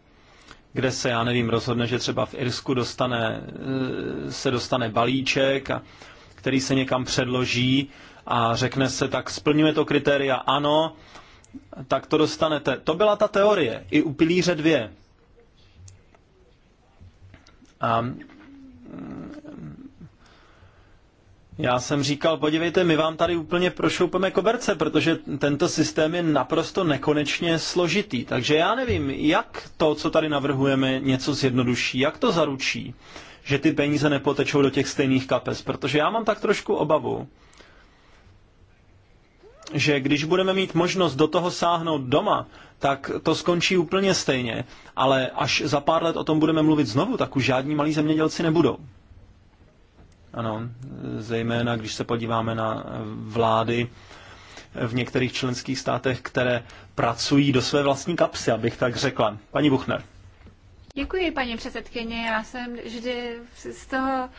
kde se, já nevím, rozhodne, že třeba v Irsku dostane, eh, se dostane balíček, a, který se někam předloží a řekne se, tak splňuje to kritéria, ano, tak to dostanete. To byla ta teorie i u pilíře 2. A mm, já jsem říkal, podívejte, my vám tady úplně prošoupeme koberce, protože tento systém je naprosto nekonečně složitý. Takže já nevím, jak to, co tady navrhujeme, něco zjednoduší, jak to zaručí, že ty peníze nepotečou do těch stejných kapes, protože já mám tak trošku obavu, že když budeme mít možnost do toho sáhnout doma, tak to skončí úplně stejně. Ale až za pár let o tom budeme mluvit znovu, tak už žádní malí zemědělci nebudou. Ano, zejména když se podíváme na vlády v některých členských státech, které pracují do své vlastní kapsy, abych tak řekla. Paní Buchner. Děkuji, paní předsedkyně. Já jsem vždy z toho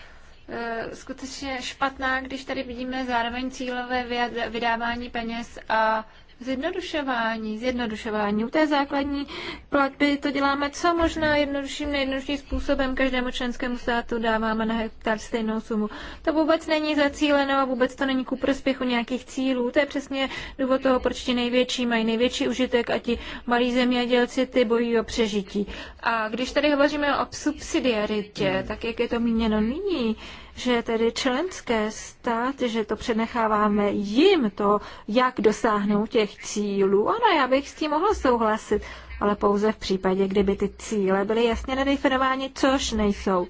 eh, skutečně špatná, když tady vidíme zároveň cílové vydávání peněz a zjednodušování, zjednodušování. U té základní platby to děláme co možná jednodušším, nejjednodušším způsobem. Každému členskému státu dáváme na hektar stejnou sumu. To vůbec není zacíleno a vůbec to není ku prospěchu nějakých cílů. To je přesně důvod toho, proč ti největší mají největší užitek a ti malí zemědělci ty bojují o přežití. A když tady hovoříme o subsidiaritě, tak jak je to míněno nyní, že tedy členské státy, že to přenecháváme jim to, jak dosáhnou těch cílů. Ano, já bych s tím mohla souhlasit, ale pouze v případě, kdyby ty cíle byly jasně nedefinovány, což nejsou.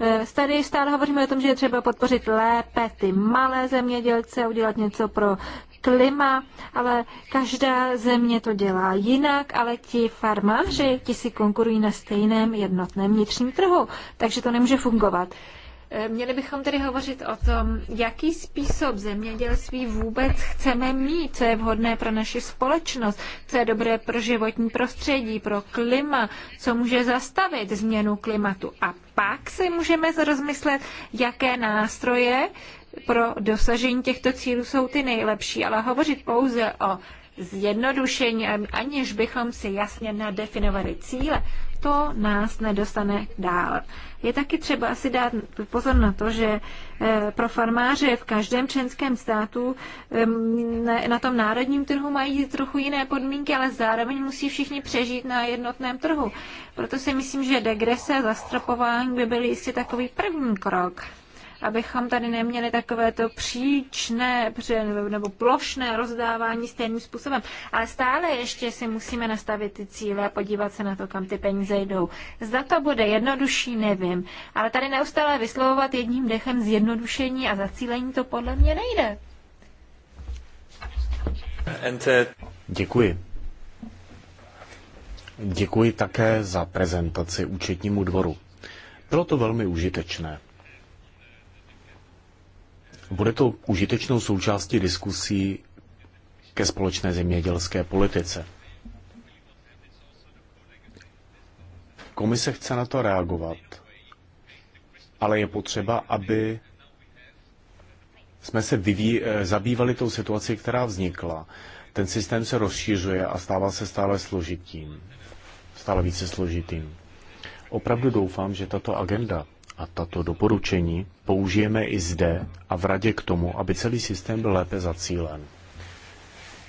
E, tady stále hovoříme o tom, že je třeba podpořit lépe ty malé zemědělce, udělat něco pro klima, ale každá země to dělá jinak, ale ti farmáři, ti si konkurují na stejném jednotném vnitřním trhu, takže to nemůže fungovat. Eh, měli bychom tedy hovořit o tom, jaký způsob zemědělství vůbec chceme mít, co je vhodné pro naši společnost, co je dobré pro životní prostředí, pro klima, co může zastavit změnu klimatu. A pak si můžeme rozmyslet, jaké nástroje pro dosažení těchto cílů jsou ty nejlepší, ale hovořit pouze o zjednodušení, aniž bychom si jasně nadefinovali cíle, to nás nedostane dál. Je taky třeba si dát pozor na to, že eh, pro farmáře v každém členském státu na tom národním trhu mají trochu jiné podmínky, ale zároveň musí všichni přežít na jednotném trhu. Proto si myslím, že degrese a zastropování by byly jistě takový první krok abychom tady neměli takové to příčné nebo plošné rozdávání stejným způsobem. Ale stále ještě si musíme nastavit ty cíle a podívat se na to, kam ty peníze jdou. Zda to bude jednodušší, nevím. Ale tady neustále vyslovovat jedním dechem zjednodušení a zacílení to podle mě nejde. Uh, Děkuji. Děkuji také za prezentaci účetnímu dvoru. Bylo to velmi užitečné. Bude to užitečnou součástí diskusí ke společné zemědělské politice. Komise chce na to reagovat, ale je potřeba, aby jsme se vyví, eh, zabývali tou situací, která vznikla. Ten systém se rozšířuje a stává se stále složitým, stále více složitým. Opravdu doufám, že tato agenda a tato doporučení použijeme i zde a v radě k tomu, aby celý systém byl lépe zacílen.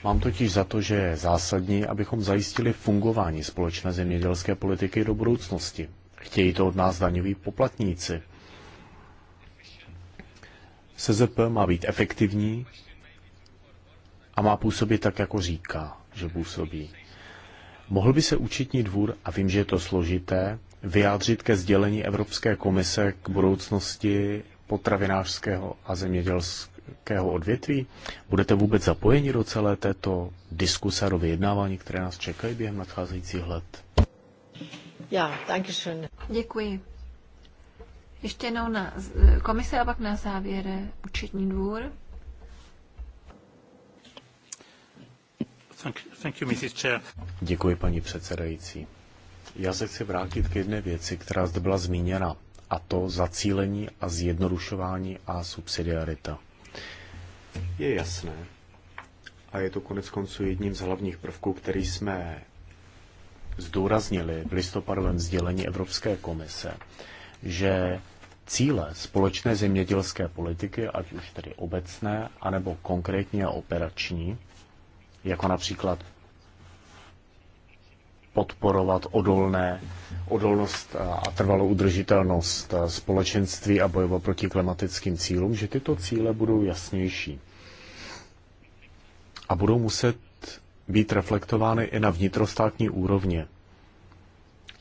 Mám totiž za to, že je zásadní, abychom zajistili fungování společné zemědělské politiky do budoucnosti. Chtějí to od nás daňoví poplatníci. SZP má být efektivní a má působit tak, jako říká, že působí. Mohl by se účetní dvůr, a vím, že je to složité, vyjádřit ke sdělení Evropské komise k budoucnosti potravinářského a zemědělského odvětví? Budete vůbec zapojeni do celé této diskuse, do vyjednávání, které nás čekají během nadcházejících let? Já, Děkuji. Ještě jednou na komise a pak na závěr účetní dvůr. thank you, Mrs. Chair. Děkuji, paní předsedající. Já se chci vrátit k jedné věci, která zde byla zmíněna, a to zacílení a zjednodušování a subsidiarita. Je jasné, a je to konec konců jedním z hlavních prvků, který jsme zdůraznili v listopadovém sdělení Evropské komise, že cíle společné zemědělské politiky, ať už tedy obecné, anebo konkrétně operační, jako například podporovat odolné, odolnost a trvalou udržitelnost společenství a bojovat proti klimatickým cílům, že tyto cíle budou jasnější a budou muset být reflektovány i na vnitrostátní úrovně,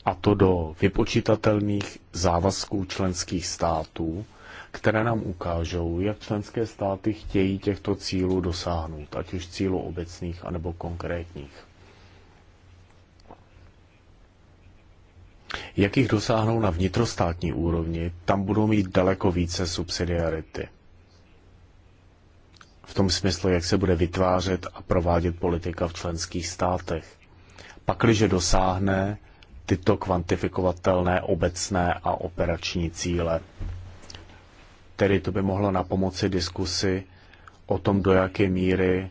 a to do vypočítatelných závazků členských států, které nám ukážou, jak členské státy chtějí těchto cílů dosáhnout, ať už cílů obecných anebo konkrétních. jak jich dosáhnou na vnitrostátní úrovni, tam budou mít daleko více subsidiarity. V tom smyslu, jak se bude vytvářet a provádět politika v členských státech. Pakliže dosáhne tyto kvantifikovatelné obecné a operační cíle. Tedy to by mohlo na pomoci diskusi o tom, do jaké míry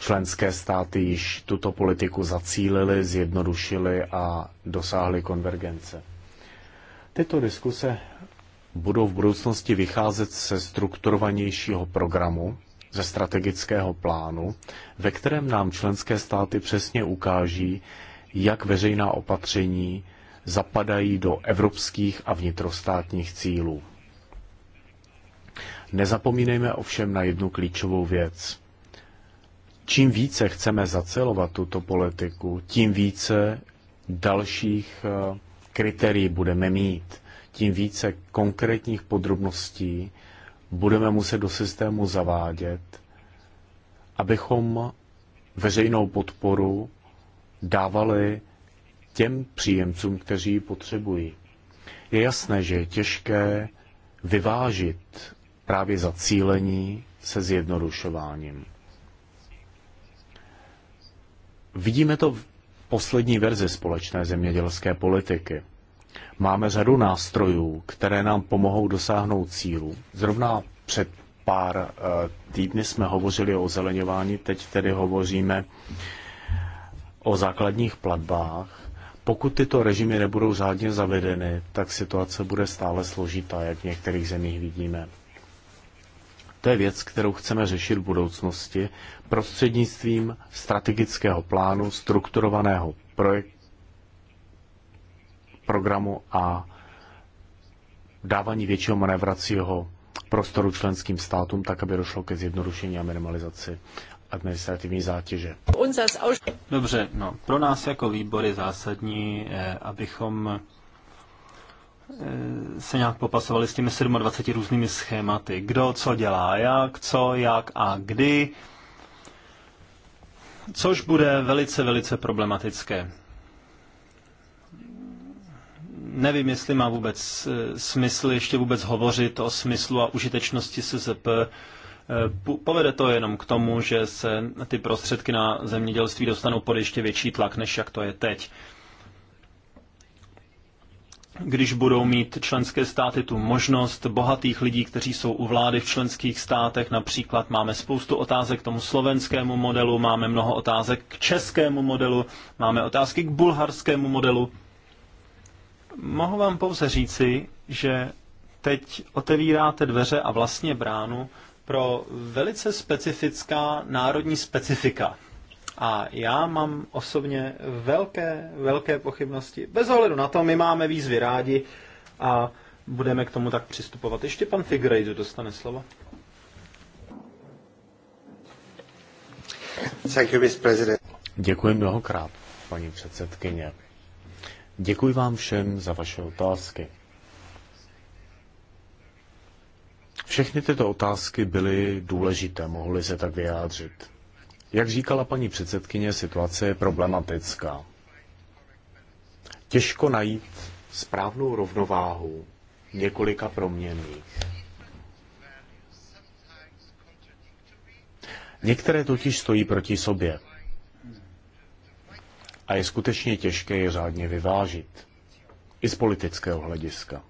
členské státy již tuto politiku zacílili, zjednodušili a dosáhli konvergence. Tyto diskuse budou v budoucnosti vycházet ze strukturovanějšího programu, ze strategického plánu, ve kterém nám členské státy přesně ukáží, jak veřejná opatření zapadají do evropských a vnitrostátních cílů. Nezapomínejme ovšem na jednu klíčovou věc. Čím více chceme zacelovat tuto politiku, tím více dalších eh, kritérií budeme mít, tím více konkrétních podrobností budeme muset do systému zavádět, abychom veřejnou podporu dávali těm příjemcům, kteří ji potřebují. Je jasné, že je těžké vyvážit právě zacílení se zjednodušováním. Vidíme to v poslední verzi společné zemědělské politiky. Máme řadu nástrojů, které nám pomohou dosáhnout cílů. Zrovna před pár eh, týdny jsme hovořili o zeleňování, teď tedy hovoříme o základních platbách. Pokud tyto režimy nebudou řádně zavedeny, tak situace bude stále složitá, jak v některých zemích vidíme. To je věc, kterou chceme řešit v budoucnosti prostřednictvím strategického plánu, strukturovaného projektu, programu a dávání většího manévracího prostoru členským státům, tak aby došlo ke zjednodušení a minimalizaci administrativní zátěže. Dobře, no, pro nás jako výbor je zásadní, eh, abychom Eh, se nějak popasovali s těmi 27 různými schématy. Kdo co dělá, jak, co, jak a kdy. Což bude velice, velice problematické. Nevím, jestli má vůbec eh, smysl ještě vůbec hovořit o smyslu a užitečnosti SZP. Eh, povede to jenom k tomu, že se ty prostředky na zemědělství dostanou pod ještě větší tlak, než jak to je teď když budou mít členské státy tu možnost bohatých lidí, kteří jsou u vlády v členských státech. Například máme spoustu otázek k tomu slovenskému modelu, máme mnoho otázek k českému modelu, máme otázky k bulharskému modelu. Mohu vám pouze říci, že teď otevíráte dveře a vlastně bránu pro velice specifická národní specifika. A já mám osobně velké, velké pochybnosti. Bez ohledu na to, my máme výzvy rádi a budeme k tomu tak přistupovat. Ještě pan Figueiredo dostane slovo. Thank you, Děkuji mnohokrát, paní předsedkyně. Děkuji vám všem za vaše otázky. Všechny tyto otázky byly důležité, mohly se tak vyjádřit. Jak říkala paní předsedkyně, situace je problematická. Těžko najít správnou rovnováhu několika proměnných. Některé totiž stojí proti sobě a je skutečně těžké je řádně vyvážit. I z politického hlediska.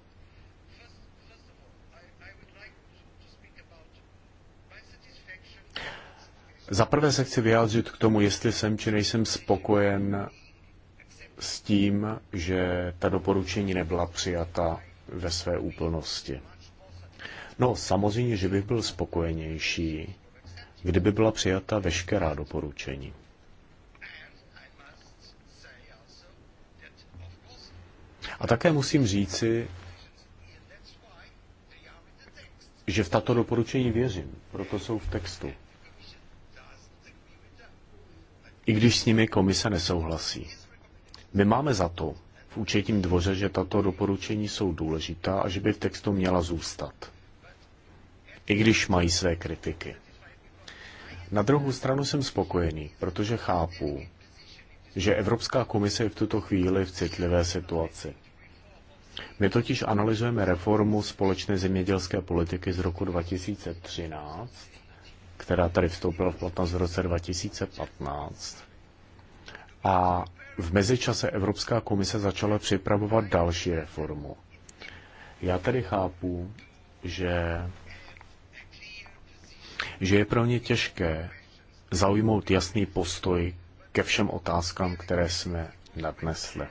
prvé se chci vyjádřit k tomu, jestli jsem či nejsem spokojen s tím, že ta doporučení nebyla přijata ve své úplnosti. No, samozřejmě, že bych byl spokojenější, kdyby byla přijata veškerá doporučení. A také musím říci, že v tato doporučení věřím, proto jsou v textu i když s nimi komise nesouhlasí. My máme za to v účetním dvoře, že tato doporučení jsou důležitá a že by v textu měla zůstat. I když mají své kritiky. Na druhou stranu jsem spokojený, protože chápu, že Evropská komise je v tuto chvíli v citlivé situaci. My totiž analyzujeme reformu společné zemědělské politiky z roku 2013 která tady vstoupila v platnost v roce 2015. A v mezičase Evropská komise začala připravovat další reformu. Já tedy chápu, že, že je pro ně těžké zaujmout jasný postoj ke všem otázkám, které jsme nadnesli.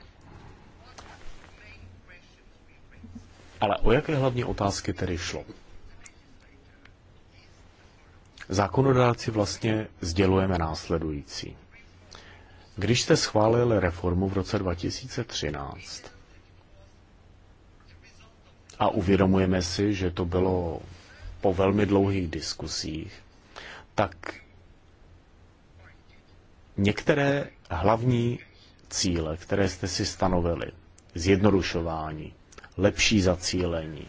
Ale o jaké hlavní otázky tedy šlo? zákonodáci vlastně sdělujeme následující. Když jste schválili reformu v roce 2013 a uvědomujeme si, že to bylo po velmi dlouhých diskusích, tak některé hlavní cíle, které jste si stanovili, zjednodušování, lepší zacílení,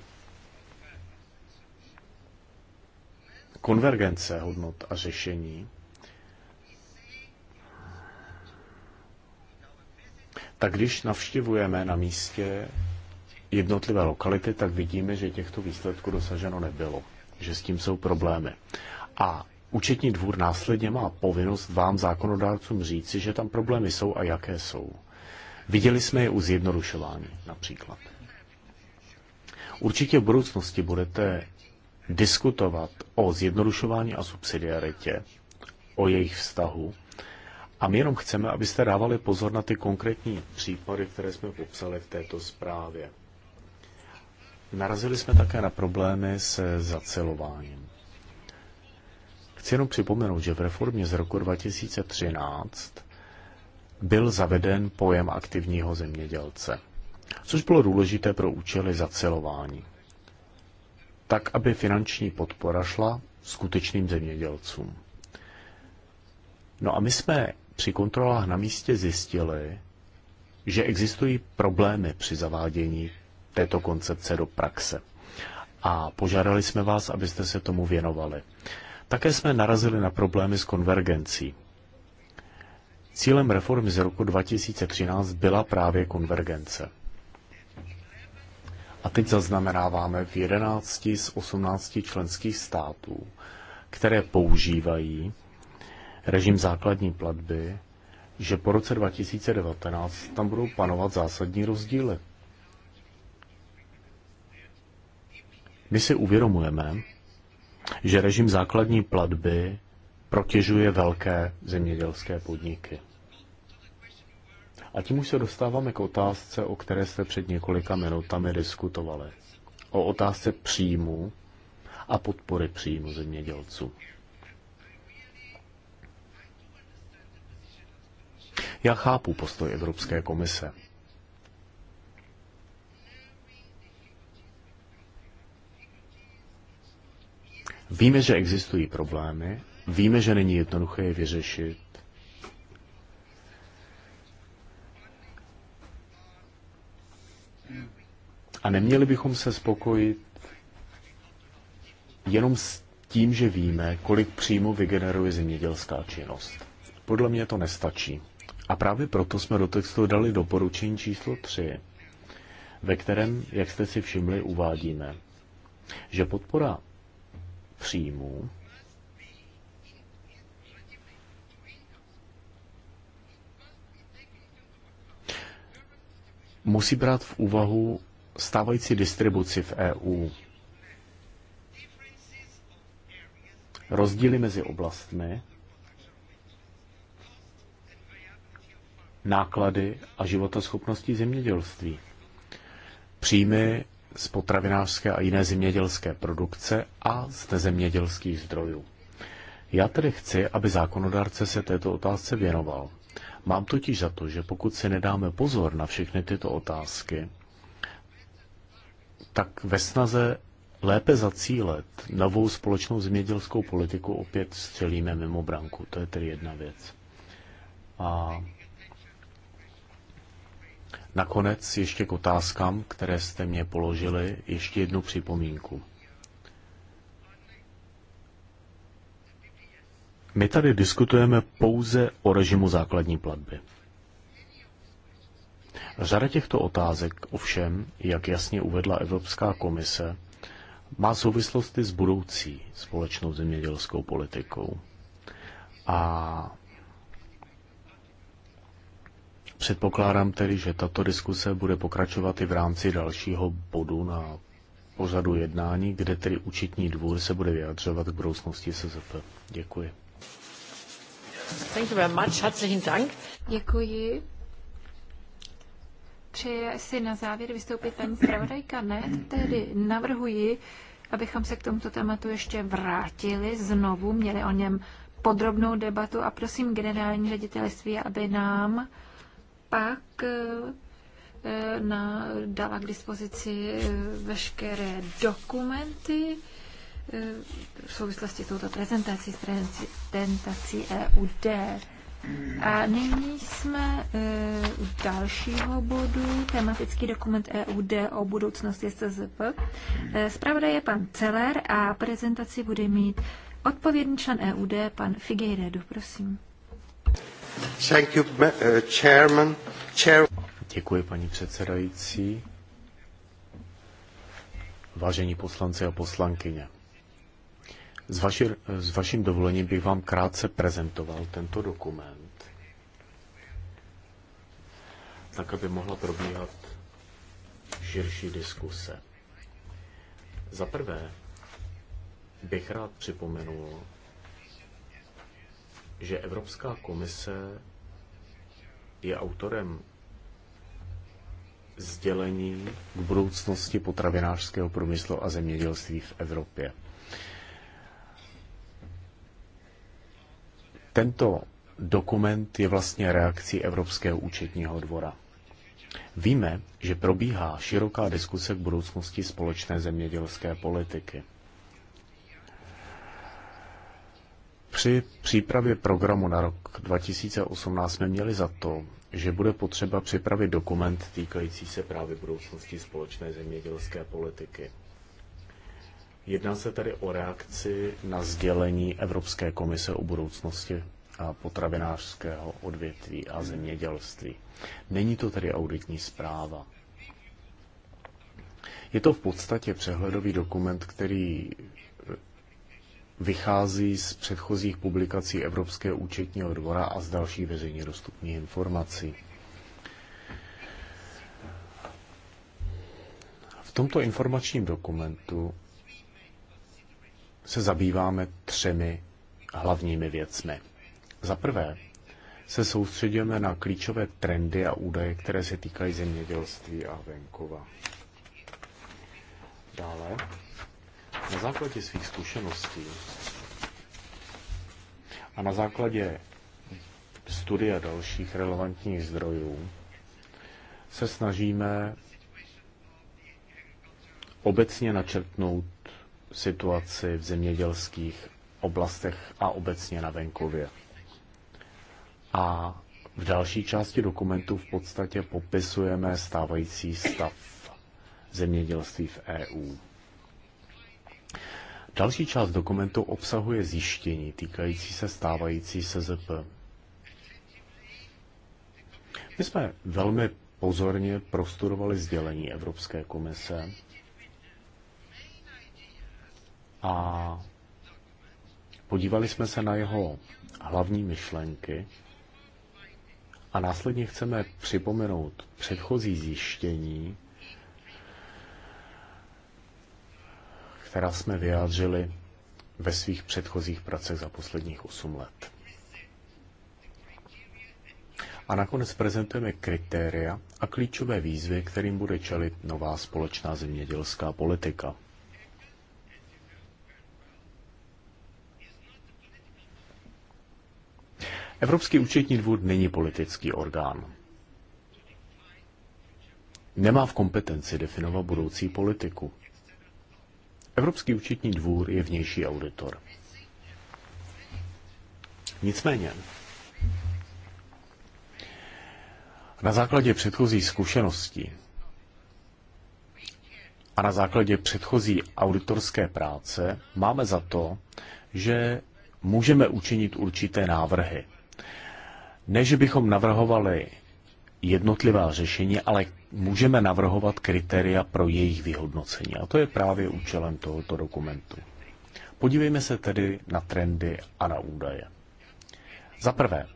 konvergence hodnot a řešení, tak když navštěvujeme na místě jednotlivé lokality, tak vidíme, že těchto výsledků dosaženo nebylo, že s tím jsou problémy. A účetní dvůr následně má povinnost vám zákonodárcům říci, že tam problémy jsou a jaké jsou. Viděli jsme je u zjednodušování například. Určitě v budoucnosti budete diskutovat o zjednodušování a subsidiaritě, o jejich vztahu. A my jenom chceme, abyste dávali pozor na ty konkrétní případy, které jsme popsali v této zprávě. Narazili jsme také na problémy se zacelováním. Chci jenom připomenout, že v reformě z roku 2013 byl zaveden pojem aktivního zemědělce, což bylo důležité pro účely zacelování tak aby finanční podpora šla skutečným zemědělcům. No a my jsme při kontrolách na místě zjistili, že existují problémy při zavádění této koncepce do praxe. A požádali jsme vás, abyste se tomu věnovali. Také jsme narazili na problémy s konvergencí. Cílem reformy z roku 2013 byla právě konvergence. A teď zaznamenáváme v 11 z 18 členských států, které používají režim základní platby, že po roce 2019 tam budou panovat zásadní rozdíly. My si uvědomujeme, že režim základní platby protěžuje velké zemědělské podniky. A tím už se dostáváme k otázce, o které jste před několika minutami diskutovali. O otázce příjmu a podpory příjmu zemědělců. Já chápu postoj Evropské komise. Víme, že existují problémy, víme, že není jednoduché je vyřešit, A neměli bychom se spokojit jenom s tím, že víme, kolik příjmu vygeneruje zemědělská činnost. Podle mě to nestačí. A právě proto jsme do textu dali doporučení číslo 3, ve kterém, jak jste si všimli, uvádíme, že podpora příjmů musí brát v úvahu stávající distribuci v EU. Rozdíly mezi oblastmi, náklady a životoschopností zemědělství, příjmy z potravinářské a jiné zemědělské produkce a z nezemědělských zdrojů. Já tedy chci, aby zákonodárce se této otázce věnoval. Mám totiž za to, že pokud si nedáme pozor na všechny tyto otázky, tak ve snaze lépe zacílet novou společnou zemědělskou politiku opět střelíme mimo branku. To je tedy jedna věc. A nakonec ještě k otázkám, které jste mě položili, ještě jednu připomínku. My tady diskutujeme pouze o režimu základní platby. Řada těchto otázek ovšem, jak jasně uvedla Evropská komise, má souvislosti s budoucí společnou zemědělskou politikou. A předpokládám tedy, že tato diskuse bude pokračovat i v rámci dalšího bodu na pořadu jednání, kde tedy účetní dvůr se bude vyjadřovat k budoucnosti SZP. Děkuji. Thank you very much. Herzlichen Dank. Děkuji. Přeje si na závěr vystoupit paní zpravodajka? Ne, tedy navrhuji, abychom se k tomuto tématu ještě vrátili znovu, měli o něm podrobnou debatu a prosím generální ředitelství, aby nám pak eh, na, dala k dispozici eh, veškeré dokumenty eh, v souvislosti s touto prezentací, s prezentací EUD. A nyní jsme eh, u dalšího bodu, tematický dokument EUD o budoucnosti SZP. Eh, zpravodaj je pan Celer a prezentaci bude mít odpovědný člen EUD, pan Figueiredo, prosím. Thank you, eh, chairman. Chair... Děkuji, paní předsedající. Vážení poslanci a poslankyně, s, vaši, s vaším dovolením bych vám krátce prezentoval tento dokument, tak aby mohla probíhat širší diskuse. Za prvé bych rád připomenul, že Evropská komise je autorem sdělení k budoucnosti potravinářského průmyslu a zemědělství v Evropě. Tento dokument je vlastně reakcí Evropského účetního dvora. Víme, že probíhá široká diskuse k budoucnosti společné zemědělské politiky. Při přípravě programu na rok 2018 jsme měli za to, že bude potřeba připravit dokument týkající se právě budoucnosti společné zemědělské politiky. Jedná se tady o reakci na sdělení Evropské komise o budoucnosti a potravinářského odvětví a zemědělství. Není to tedy auditní zpráva. Je to v podstatě přehledový dokument, který vychází z předchozích publikací Evropského účetního dvora a z dalších veřejně dostupných informací. V tomto informačním dokumentu se zabýváme třemi hlavními věcmi. Za prvé se soustředíme na klíčové trendy a údaje, které se týkají zemědělství a venkova. Dále, na základě svých zkušeností a na základě studia dalších relevantních zdrojů se snažíme obecně načrtnout situaci v zemědělských oblastech a obecně na venkově. A v další části dokumentu v podstatě popisujeme stávající stav zemědělství v EU. Další část dokumentu obsahuje zjištění týkající se stávající SZP. My jsme velmi pozorně prostudovali sdělení Evropské komise a podívali jsme se na jeho hlavní myšlenky a následně chceme připomenout předchozí zjištění, která jsme vyjádřili ve svých předchozích pracech za posledních 8 let. A nakonec prezentujeme kritéria a klíčové výzvy, kterým bude čelit nová společná zemědělská politika. Evropský účetní dvůr není politický orgán. Nemá v kompetenci definovat budoucí politiku. Evropský účetní dvůr je vnější auditor. Nicméně, na základě předchozí zkušeností a na základě předchozí auditorské práce máme za to, že můžeme učinit určité návrhy ne, že bychom navrhovali jednotlivá řešení, ale můžeme navrhovat kritéria pro jejich vyhodnocení. A to je právě účelem tohoto dokumentu. Podívejme se tedy na trendy a na údaje. Za prvé,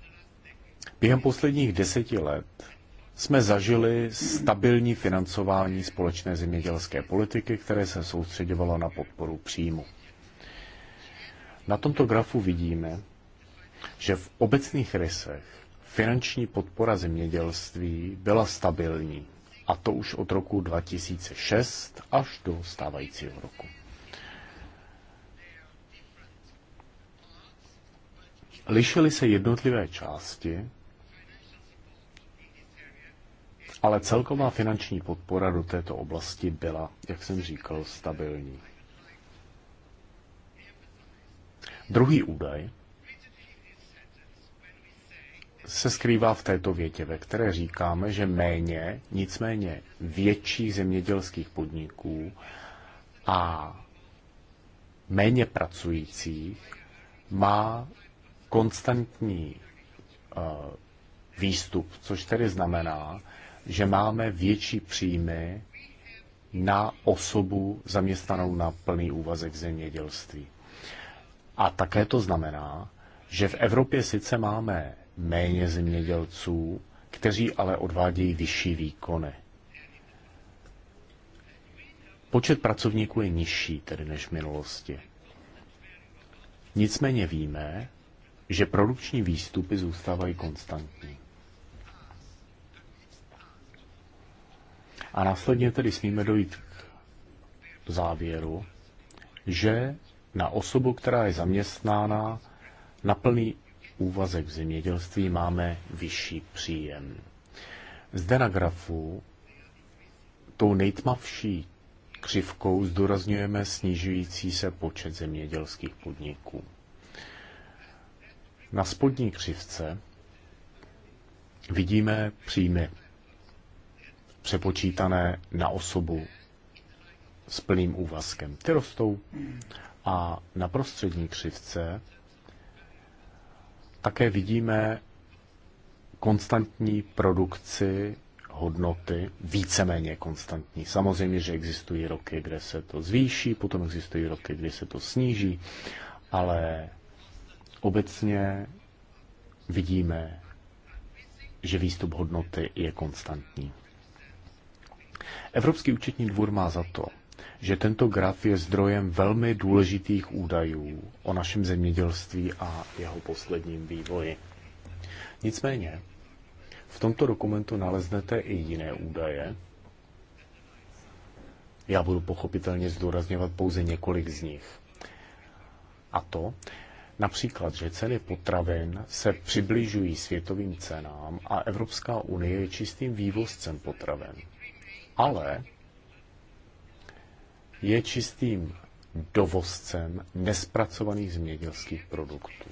během posledních deseti let jsme zažili stabilní financování společné zemědělské politiky, které se soustředovalo na podporu příjmu. Na tomto grafu vidíme, že v obecných rysech finanční podpora zemědělství byla stabilní, a to už od roku 2006 až do stávajícího roku. Lišily se jednotlivé části, ale celková finanční podpora do této oblasti byla, jak jsem říkal, stabilní. Druhý údaj, se skrývá v této větě, ve které říkáme, že méně, nicméně větších zemědělských podniků a méně pracujících má konstantní eh, výstup, což tedy znamená, že máme větší příjmy na osobu zaměstnanou na plný úvazek zemědělství. A také to znamená, že v Evropě sice máme méně zemědělců, kteří ale odvádějí vyšší výkony. Počet pracovníků je nižší tedy než v minulosti. Nicméně víme, že produkční výstupy zůstávají konstantní. A následně tedy smíme dojít k závěru, že na osobu, která je zaměstnána na plný úvazek v zemědělství máme vyšší příjem. Zde na grafu tou nejtmavší křivkou zdůrazňujeme snižující se počet zemědělských podniků. Na spodní křivce vidíme příjmy přepočítané na osobu s plným úvazkem. Ty rostou a na prostřední křivce také vidíme konstantní produkci hodnoty, víceméně konstantní. Samozřejmě, že existují roky, kde se to zvýší, potom existují roky, kdy se to sníží, ale obecně vidíme, že výstup hodnoty je konstantní. Evropský účetní dvůr má za to, že tento graf je zdrojem velmi důležitých údajů o našem zemědělství a jeho posledním vývoji. Nicméně, v tomto dokumentu naleznete i jiné údaje. Já budu pochopitelně zdůrazňovat pouze několik z nich. A to, Například, že ceny potravin se přibližují světovým cenám a Evropská unie je čistým vývozcem potravin. Ale je čistým dovozcem nespracovaných zemědělských produktů.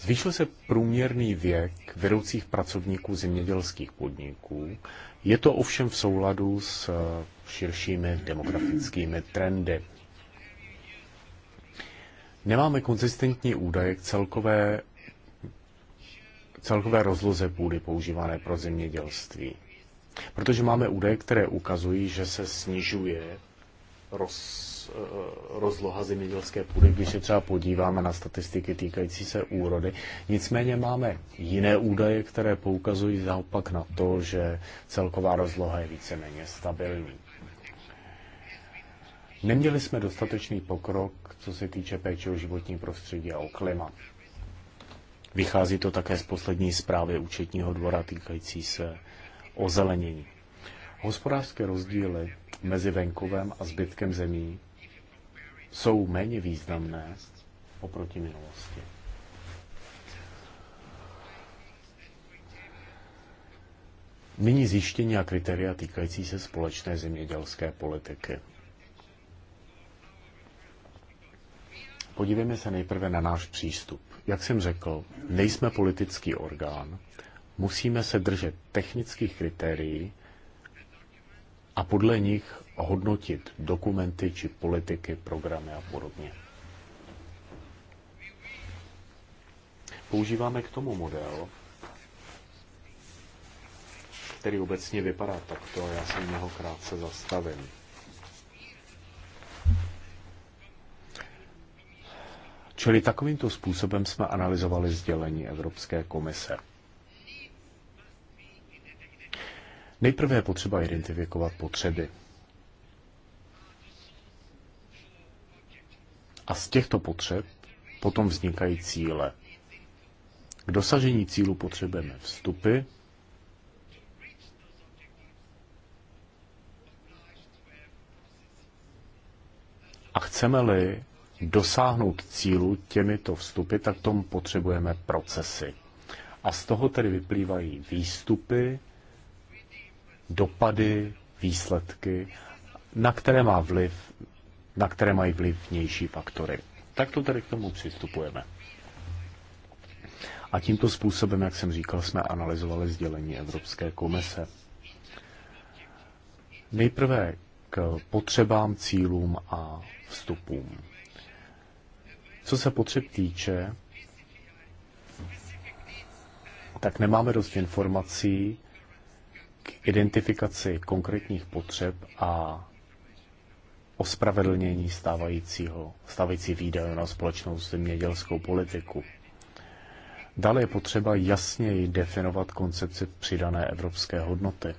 Zvýšil se průměrný věk vedoucích pracovníků zemědělských podniků. Je to ovšem v souladu s eh, širšími demografickými trendy. Nemáme konzistentní údaje k celkové, celkové rozloze půdy používané pro zemědělství. Protože máme údaje, které ukazují, že se snižuje roz, eh, rozloha zemědělské půdy, když se třeba podíváme na statistiky týkající se úrody. Nicméně máme jiné údaje, které poukazují naopak na to, že celková rozloha je víceméně stabilní. Neměli jsme dostatečný pokrok, co se týče péče o životní prostředí a o klima. Vychází to také z poslední zprávy účetního dvora týkající se ozelenění. Hospodářské rozdíly mezi venkovem a zbytkem zemí jsou méně významné oproti minulosti. Nyní zjištění a kritéria týkající se společné zemědělské politiky. Podívejme se nejprve na náš přístup. Jak jsem řekl, nejsme politický orgán, musíme se držet technických kritérií a podle nich hodnotit dokumenty či politiky, programy a podobně. Používáme k tomu model, který obecně vypadá takto, já se něho krátce zastavím. Čili takovýmto způsobem jsme analyzovali sdělení Evropské komise. Nejprve je potřeba identifikovat potřeby. A z těchto potřeb potom vznikají cíle. K dosažení cílu potřebujeme vstupy, a chceme-li dosáhnout cílu těmito vstupy, tak tomu potřebujeme procesy. A z toho tedy vyplývají výstupy, dopady, výsledky, na které má vliv, na které mají vliv vnější faktory. Tak to tedy k tomu přistupujeme. A tímto způsobem, jak jsem říkal, jsme analyzovali sdělení Evropské komise. Nejprve k potřebám, cílům a vstupům. Co se potřeb týče, tak nemáme dost informací k identifikaci konkrétních potřeb a ospravedlnění stávajícího, stávající výdaje na společnou zemědělskou politiku. Dále je potřeba jasněji definovat koncepci přidané evropské hodnoty.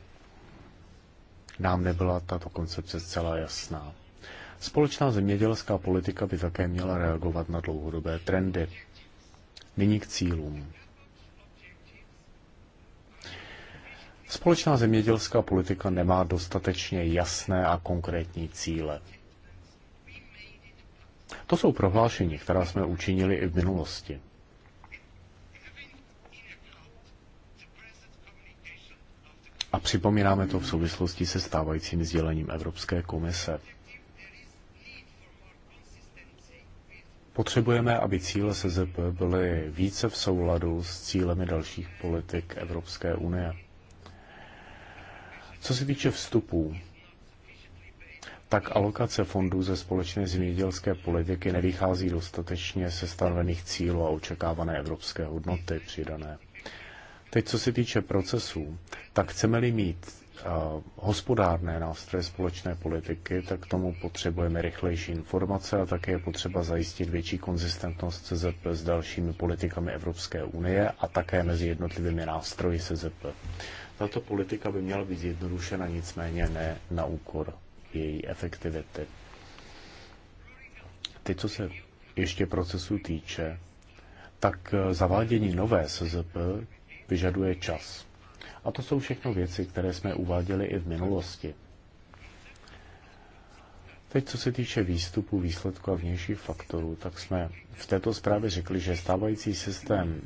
Nám nebyla tato koncepce zcela jasná. Společná zemědělská politika by také měla reagovat na dlouhodobé trendy. Nyní k cílům. Společná zemědělská politika nemá dostatečně jasné a konkrétní cíle. To jsou prohlášení, která jsme učinili i v minulosti. A připomínáme to v souvislosti se stávajícím sdělením Evropské komise. Potřebujeme, aby cíle SZP byly více v souladu s cílemi dalších politik Evropské unie. Co se týče vstupů, tak alokace fondů ze společné zemědělské politiky nevychází dostatečně se stanovených cílů a očekávané evropské hodnoty přidané. Teď, co se týče procesů, tak chceme-li mít uh, hospodárné nástroje společné politiky, tak k tomu potřebujeme rychlejší informace a také je potřeba zajistit větší konzistentnost CZP s dalšími politikami Evropské unie a také mezi jednotlivými nástroji CZP. Tato politika by měla být zjednodušena, nicméně ne na úkor její efektivity. Ty, co se ještě procesu týče, tak eh, zavádění nové SZP vyžaduje čas. A to jsou všechno věci, které jsme uváděli i v minulosti. Teď, co se týče výstupu, výsledku a vnějších faktorů, tak jsme v této zprávě řekli, že stávající systém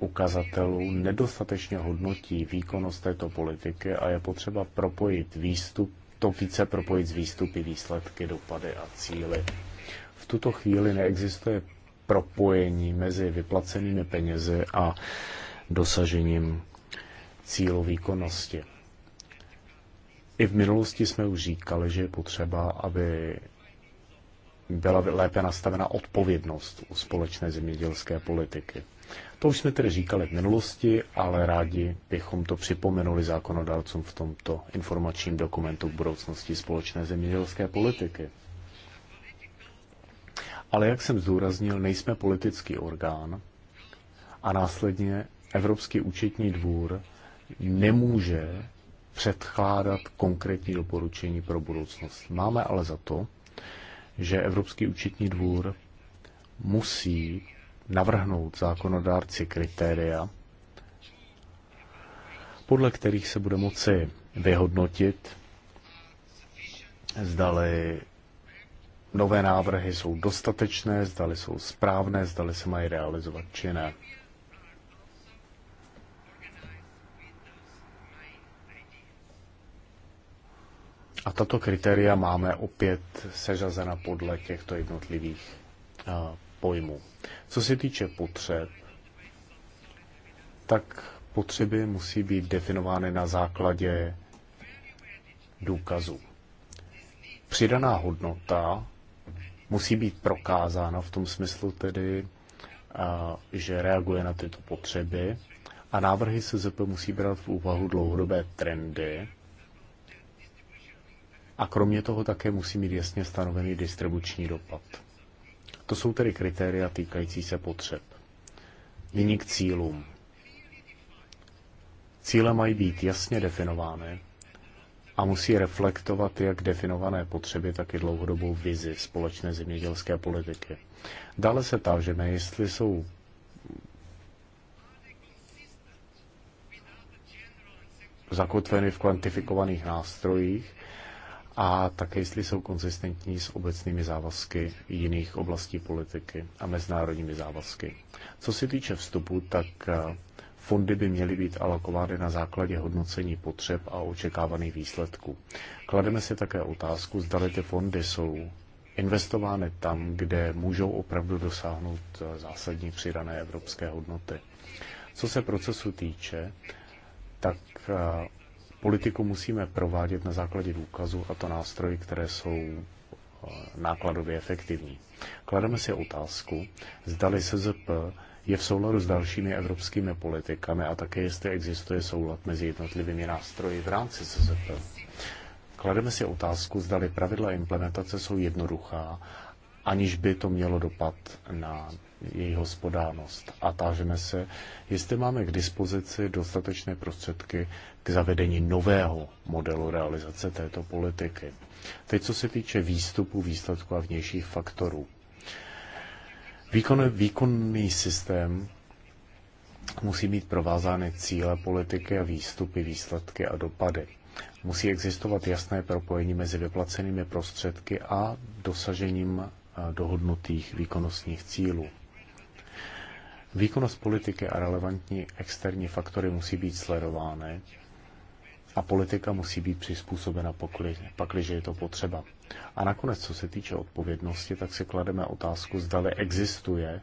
ukazatelů nedostatečně hodnotí výkonnost této politiky a je potřeba propojit výstup, to více propojit z výstupy, výsledky, dopady a cíly. V tuto chvíli neexistuje propojení mezi vyplacenými penězi a dosažením cílu výkonnosti. I v minulosti jsme už říkali, že je potřeba, aby byla lépe nastavena odpovědnost u společné zemědělské politiky. To už jsme tedy říkali v minulosti, ale rádi bychom to připomenuli zákonodárcům v tomto informačním dokumentu k budoucnosti společné zemědělské politiky. Ale jak jsem zdůraznil, nejsme politický orgán a následně Evropský účetní dvůr nemůže předkládat konkrétní doporučení pro budoucnost. Máme ale za to, že Evropský účetní dvůr musí navrhnout zákonodárci kritéria, podle kterých se bude moci vyhodnotit, zdali nové návrhy jsou dostatečné, zdali jsou správné, zdali se mají realizovat či ne. A tato kritéria máme opět seřazena podle těchto jednotlivých eh, pojmů. Co se týče potřeb, tak potřeby musí být definovány na základě důkazů. Přidaná hodnota musí být prokázána v tom smyslu tedy, že reaguje na tyto potřeby a návrhy SZP musí brát v úvahu dlouhodobé trendy a kromě toho také musí mít jasně stanovený distribuční dopad. To jsou tedy kritéria týkající se potřeb. Nyní k cílům. Cíle mají být jasně definovány a musí reflektovat jak definované potřeby, tak i dlouhodobou vizi společné zemědělské politiky. Dále se tážeme, jestli jsou zakotveny v kvantifikovaných nástrojích a také jestli jsou konzistentní s obecnými závazky jiných oblastí politiky a mezinárodními závazky. Co se týče vstupu, tak eh, fondy by měly být alokovány na základě hodnocení potřeb a očekávaných výsledků. Klademe si také otázku, zda ty fondy jsou investovány tam, kde můžou opravdu dosáhnout eh, zásadní přidané evropské hodnoty. Co se procesu týče, tak eh, Politiku musíme provádět na základě důkazu a to nástroji, které jsou eh, nákladově efektivní. Klademe si otázku, zdali SZP je v souladu s dalšími evropskými politikami a také jestli existuje soulad mezi jednotlivými nástroji v rámci SZP. Klademe si otázku, zdali pravidla implementace jsou jednoduchá aniž by to mělo dopad na její hospodárnost. A tážeme se, jestli máme k dispozici dostatečné prostředky k zavedení nového modelu realizace této politiky. Teď, co se týče výstupu, výsledku a vnějších faktorů. Výkon, výkonný systém musí být provázány cíle politiky a výstupy, výsledky a dopady. Musí existovat jasné propojení mezi vyplacenými prostředky a dosažením dohodnutých výkonnostních cílů. Výkonnost politiky a relevantní externí faktory musí být sledovány a politika musí být přizpůsobena, pakliže je to potřeba. A nakonec, co se týče odpovědnosti, tak si klademe otázku, zdali existuje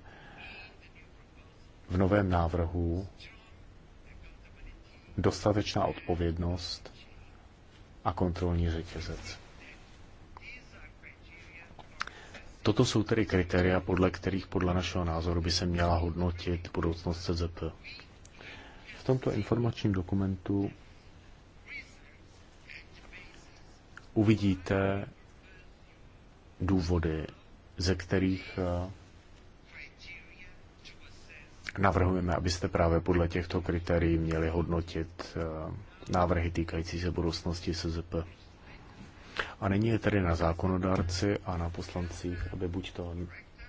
v novém návrhu dostatečná odpovědnost a kontrolní řetězec. Toto jsou tedy kritéria, podle kterých podle našeho názoru by se měla hodnotit budoucnost CZP. V tomto informačním dokumentu uvidíte důvody, ze kterých eh, navrhujeme, abyste právě podle těchto kritérií měli hodnotit eh, návrhy týkající se budoucnosti SZP. A nyní je tedy na zákonodárci a na poslancích, aby buď to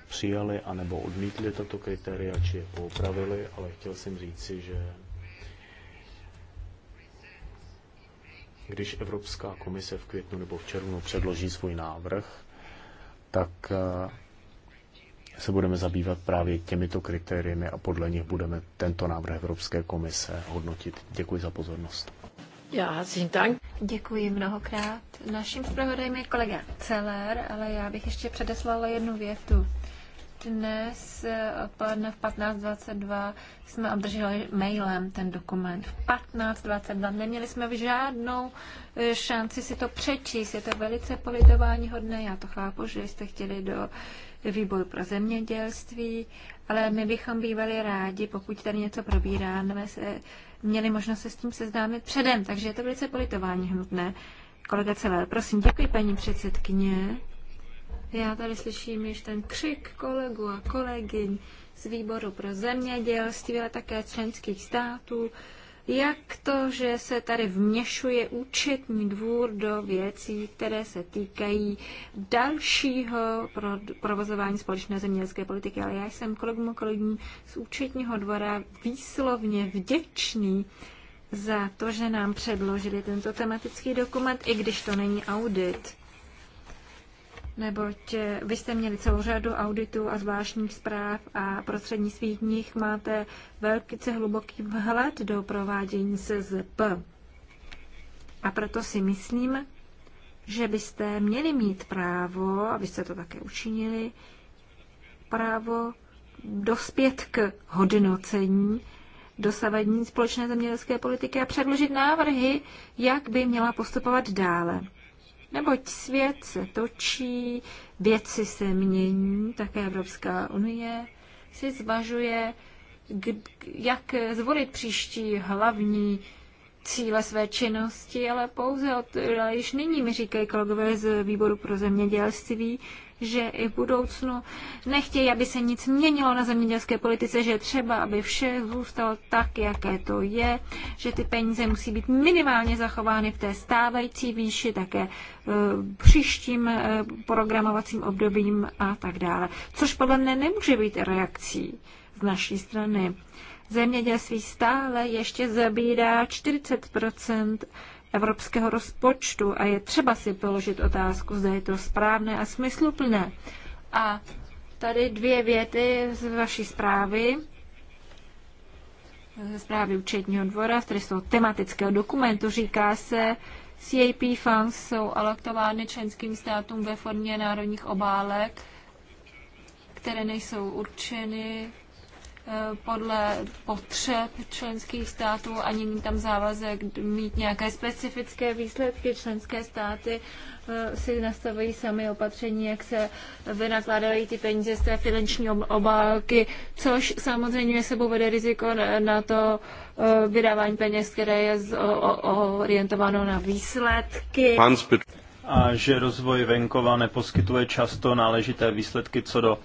přijali, anebo odmítli tato kritéria, či je poupravili, ale chtěl jsem říci, že když Evropská komise v květnu nebo v červnu předloží svůj návrh, tak eh, se budeme zabývat právě těmito kritériemi a podle nich budeme tento návrh Evropské komise hodnotit. Děkuji za pozornost. Já si dank. Děkuji mnohokrát. Naším zpravodajem je kolega Celer, ale já bych ještě předeslala jednu větu. Dnes eh, odpoledne v 15.22 jsme obdrželi mailem ten dokument. V 15.22 neměli jsme žádnou eh, šanci si to přečíst. Je to velice politování hodné. Já to chápu, že jste chtěli do výboru pro zemědělství, ale my bychom bývali rádi, pokud tady něco probíráme, se měli možnost se s tím seznámit předem, takže je to velice politování hnutné. Kolega Celer, prosím, děkuji paní předsedkyně. Já tady slyším ještě ten křik kolegu a kolegyň z výboru pro zemědělství, ale také členských států, jak to, že se tady vměšuje účetní dvůr do věcí, které se týkají dalšího provozování společné zemědělské politiky, ale já jsem kolegům kolegům z účetního dvora výslovně vděčný za to, že nám předložili tento tematický dokument, i když to není audit neboť eh, vy jste měli celou řadu auditů a zvláštních zpráv a prostřední svých nich máte velice hluboký vhled do provádění SZP. A proto si myslím, že byste měli mít právo, a vy jste to také učinili, právo dospět k hodnocení dosavadní společné zemědělské politiky a předložit návrhy, jak by měla postupovat dále. Neboť svět se točí, věci se mění, také Evropská unie si zvažuje, jak zvolit příští hlavní cíle své činnosti, ale pouze od, ale již nyní mi říkají kolegové z výboru pro zemědělství, že i v budoucnu nechtějí, aby se nic měnilo na zemědělské politice, že třeba, aby vše zůstalo tak, jaké to je, že ty peníze musí být minimálně zachovány v té stávající výši, také e, příštím e, programovacím obdobím a tak dále. Což podle mne nemůže být reakcí z naší strany zemědělství stále ještě zabírá 40 evropského rozpočtu a je třeba si položit otázku, zda je to správné a smysluplné. A tady dvě věty z vaší zprávy, ze zprávy účetního dvora, které jsou tematického dokumentu, říká se, CAP funds jsou alokovány členským státům ve formě národních obálek, které nejsou určeny podle potřeb členských států a není tam závazek mít nějaké specifické výsledky. Členské státy eh, si nastavují sami opatření, jak se vynakládají ty peníze z té finanční obálky, což samozřejmě sebou vede riziko na to eh, vydávání peněz, které je orientováno na výsledky. A že rozvoj venkova neposkytuje často náležité výsledky co do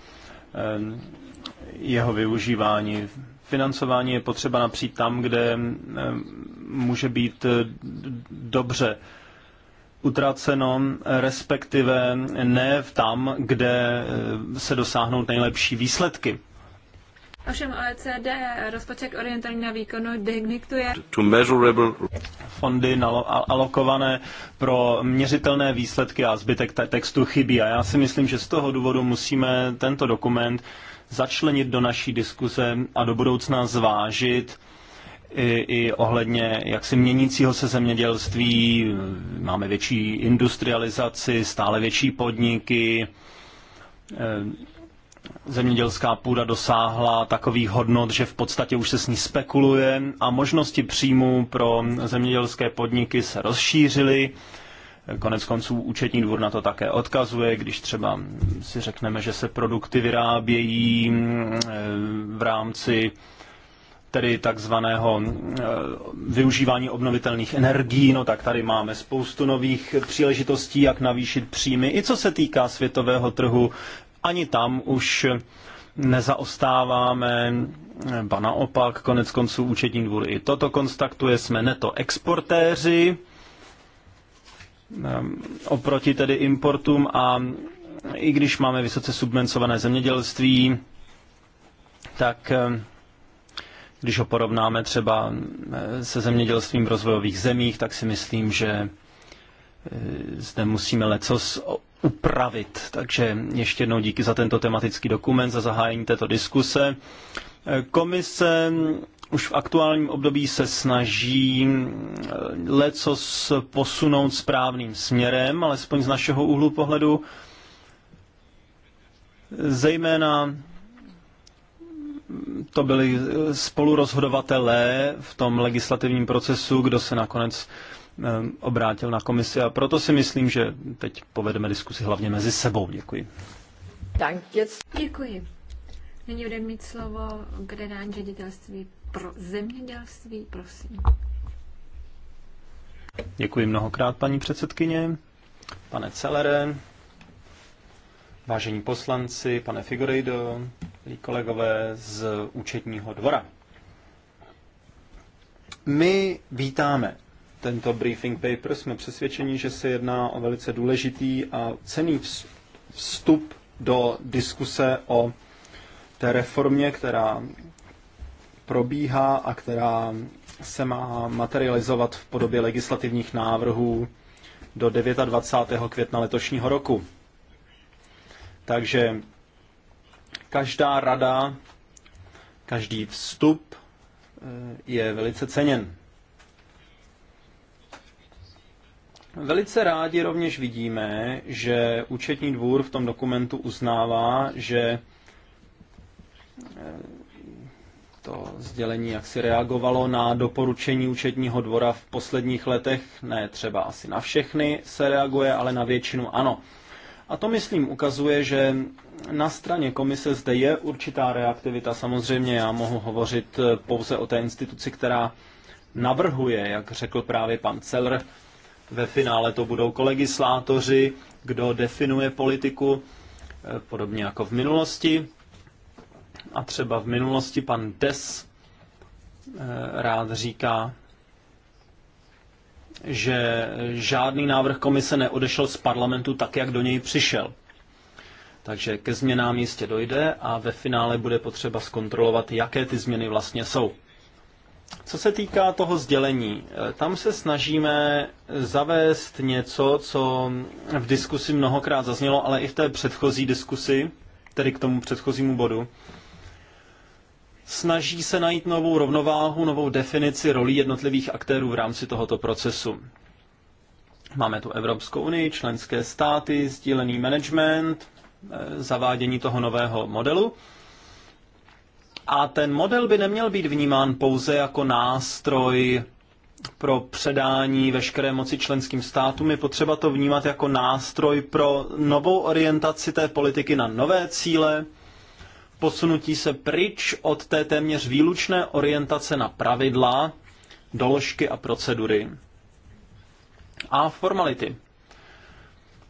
eh, jeho využívání. Financování je potřeba napřít tam, kde eh, může být eh, dobře utraceno, respektive ne v tam, kde eh, se dosáhnou nejlepší výsledky. Ovšem OECD rozpočet orientovaný na výkonu dignituje to measurable... fondy alokované pro měřitelné výsledky a zbytek textu chybí. A já si myslím, že z toho důvodu musíme tento dokument začlenit do naší diskuze a do budoucna zvážit i, i ohledně jaksi měnícího se zemědělství. Máme větší industrializaci, stále větší podniky. Eh, zemědělská půda dosáhla takových hodnot, že v podstatě už se s ní spekuluje a možnosti příjmu pro zemědělské podniky se rozšířily Konec konců účetní dvůr na to také odkazuje, když třeba si řekneme, že se produkty vyrábějí mm, eh, v rámci tedy takzvaného eh, využívání obnovitelných energií, no tak tady máme spoustu nových příležitostí, jak navýšit příjmy. I co se týká světového trhu, ani tam už nezaostáváme, ba naopak, konec konců účetní dvůr i toto konstatuje, jsme neto exportéři, Ehm, oproti tedy importům a i když máme vysoce subvencované zemědělství, tak ehm, když ho porovnáme třeba ehm, se zemědělstvím v rozvojových zemích, tak si myslím, že eh, zde musíme lecos upravit. Takže ještě jednou díky za tento tematický dokument, za zahájení této diskuse. Komise už v aktuálním období se snaží mm, leco posunout správným směrem, alespoň z našeho úhlu pohledu, zejména to byli spolurozhodovatelé v tom legislativním procesu, kdo se nakonec mm, obrátil na komisi a proto si myslím, že teď povedeme diskusi hlavně mezi sebou. Děkuji. Děkuji. Nyní bude mít slovo generální ředitelství pro zemědělství, prosím. Děkuji mnohokrát, paní předsedkyně, pane Celere, vážení poslanci, pane Figurejdo, kolegové z účetního dvora. My vítáme tento briefing paper. Jsme přesvědčeni, že se jedná o velice důležitý a cený vstup do diskuse o té reformě, která probíhá a která se má materializovat v podobě legislativních návrhů do 29. května letošního roku. Takže každá rada, každý vstup eh, je velice ceněn. Velice rádi rovněž vidíme, že účetní dvůr v tom dokumentu uznává, že to sdělení jak si reagovalo na doporučení účetního dvora v posledních letech. Ne třeba asi na všechny se reaguje, ale na většinu ano. A to, myslím, ukazuje, že na straně komise zde je určitá reaktivita. Samozřejmě já mohu hovořit pouze o té instituci, která navrhuje, jak řekl právě pan Celr, ve finále to budou kolegislátoři, kdo definuje politiku, podobně jako v minulosti. A třeba v minulosti pan Des eh, rád říká, že žádný návrh komise neodešel z parlamentu tak, jak do něj přišel. Takže ke změnám jistě dojde a ve finále bude potřeba zkontrolovat, jaké ty změny vlastně jsou. Co se týká toho sdělení, eh, tam se snažíme zavést něco, co v diskusi mnohokrát zaznělo, ale i v té předchozí diskusi, tedy k tomu předchozímu bodu, snaží se najít novou rovnováhu, novou definici rolí jednotlivých aktérů v rámci tohoto procesu. Máme tu Evropskou unii, členské státy, sdílený management, eh, zavádění toho nového modelu. A ten model by neměl být vnímán pouze jako nástroj pro předání veškeré moci členským státům. Je potřeba to vnímat jako nástroj pro novou orientaci té politiky na nové cíle, posunutí se pryč od té téměř výlučné orientace na pravidla, doložky a procedury a formality.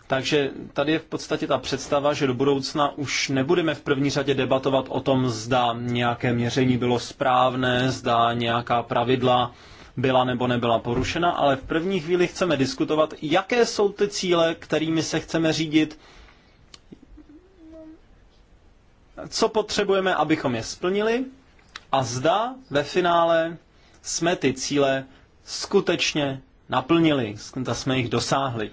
Takže tady je v podstatě ta představa, že do budoucna už nebudeme v první řadě debatovat o tom, zda nějaké měření bylo správné, zda nějaká pravidla byla nebo nebyla porušena, ale v první chvíli chceme diskutovat, jaké jsou ty cíle, kterými se chceme řídit, co potřebujeme, abychom je splnili a zda ve finále jsme ty cíle skutečně naplnili, zda jsme jich dosáhli.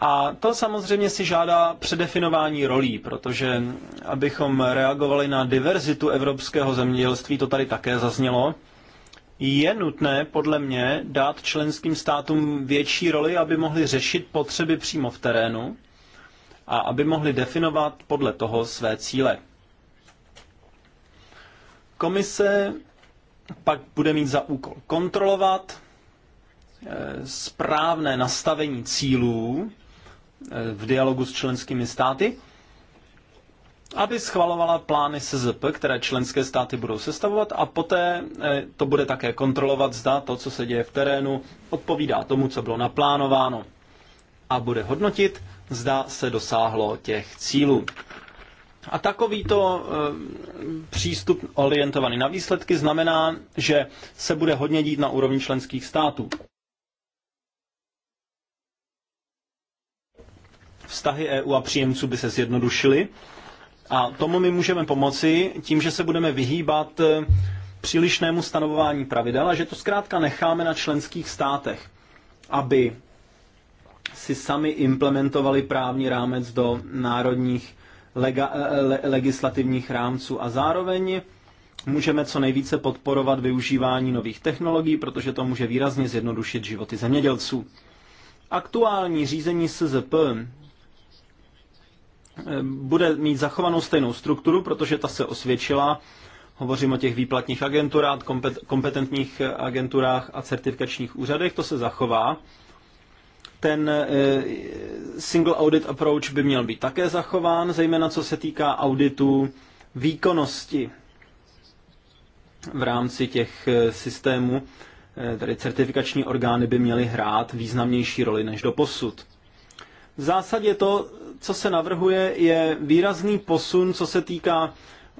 A to samozřejmě si žádá předefinování rolí, protože abychom reagovali na diverzitu evropského zemědělství, to tady také zaznělo, je nutné podle mě dát členským státům větší roli, aby mohli řešit potřeby přímo v terénu a aby mohli definovat podle toho své cíle. Komise pak bude mít za úkol kontrolovat eh, správné nastavení cílů eh, v dialogu s členskými státy, aby schvalovala plány SZP, které členské státy budou sestavovat a poté eh, to bude také kontrolovat, zda to, co se děje v terénu, odpovídá tomu, co bylo naplánováno a bude hodnotit, zda se dosáhlo těch cílů. A takovýto eh, přístup orientovaný na výsledky znamená, že se bude hodně dít na úrovni členských států. Vztahy EU a příjemců by se zjednodušily a tomu my můžeme pomoci tím, že se budeme vyhýbat eh, přílišnému stanovování pravidel a že to zkrátka necháme na členských státech, aby si sami implementovali právní rámec do národních lega, eh, le, legislativních rámců a zároveň můžeme co nejvíce podporovat využívání nových technologií, protože to může výrazně zjednodušit životy zemědělců. Aktuální řízení SZP eh, bude mít zachovanou stejnou strukturu, protože ta se osvědčila. Hovořím o těch výplatních agenturách, kompetentních agenturách a certifikačních úřadech, to se zachová. Ten eh, single audit approach by měl být také zachován, zejména co se týká auditu výkonnosti v rámci těch eh, systémů. Eh, tedy certifikační orgány by měly hrát významnější roli než do posud. V zásadě to, co se navrhuje, je výrazný posun, co se týká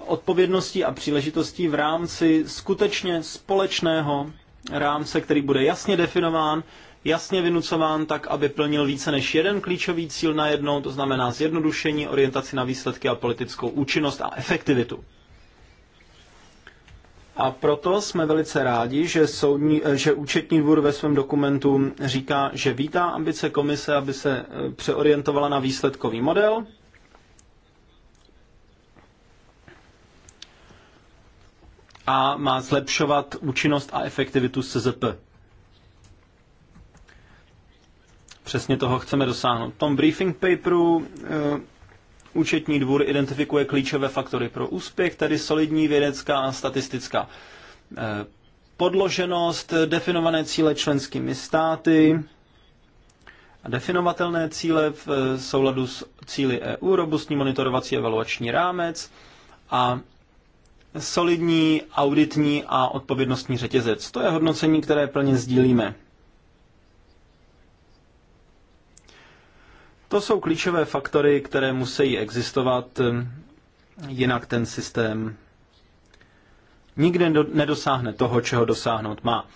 odpovědností a příležitostí v rámci skutečně společného rámce, který bude jasně definován, jasně vynucován tak, aby plnil více než jeden klíčový cíl na najednou, to znamená zjednodušení, orientaci na výsledky a politickou účinnost a efektivitu. A proto jsme velice rádi, že, soudní, eh, že účetní dvůr ve svém dokumentu říká, že vítá ambice komise, aby se eh, přeorientovala na výsledkový model. A má zlepšovat účinnost a efektivitu SZP. přesně toho chceme dosáhnout. V tom briefing paperu eh, účetní dvůr identifikuje klíčové faktory pro úspěch, tedy solidní vědecká a statistická eh, podloženost, definované cíle členskými státy, a definovatelné cíle v eh, souladu s cíly EU, robustní monitorovací evaluační rámec a solidní auditní a odpovědnostní řetězec. To je hodnocení, které plně sdílíme. To jsou klíčové faktory, které musí existovat, eh, jinak ten systém nikdy nedosáhne toho, čeho dosáhnout má.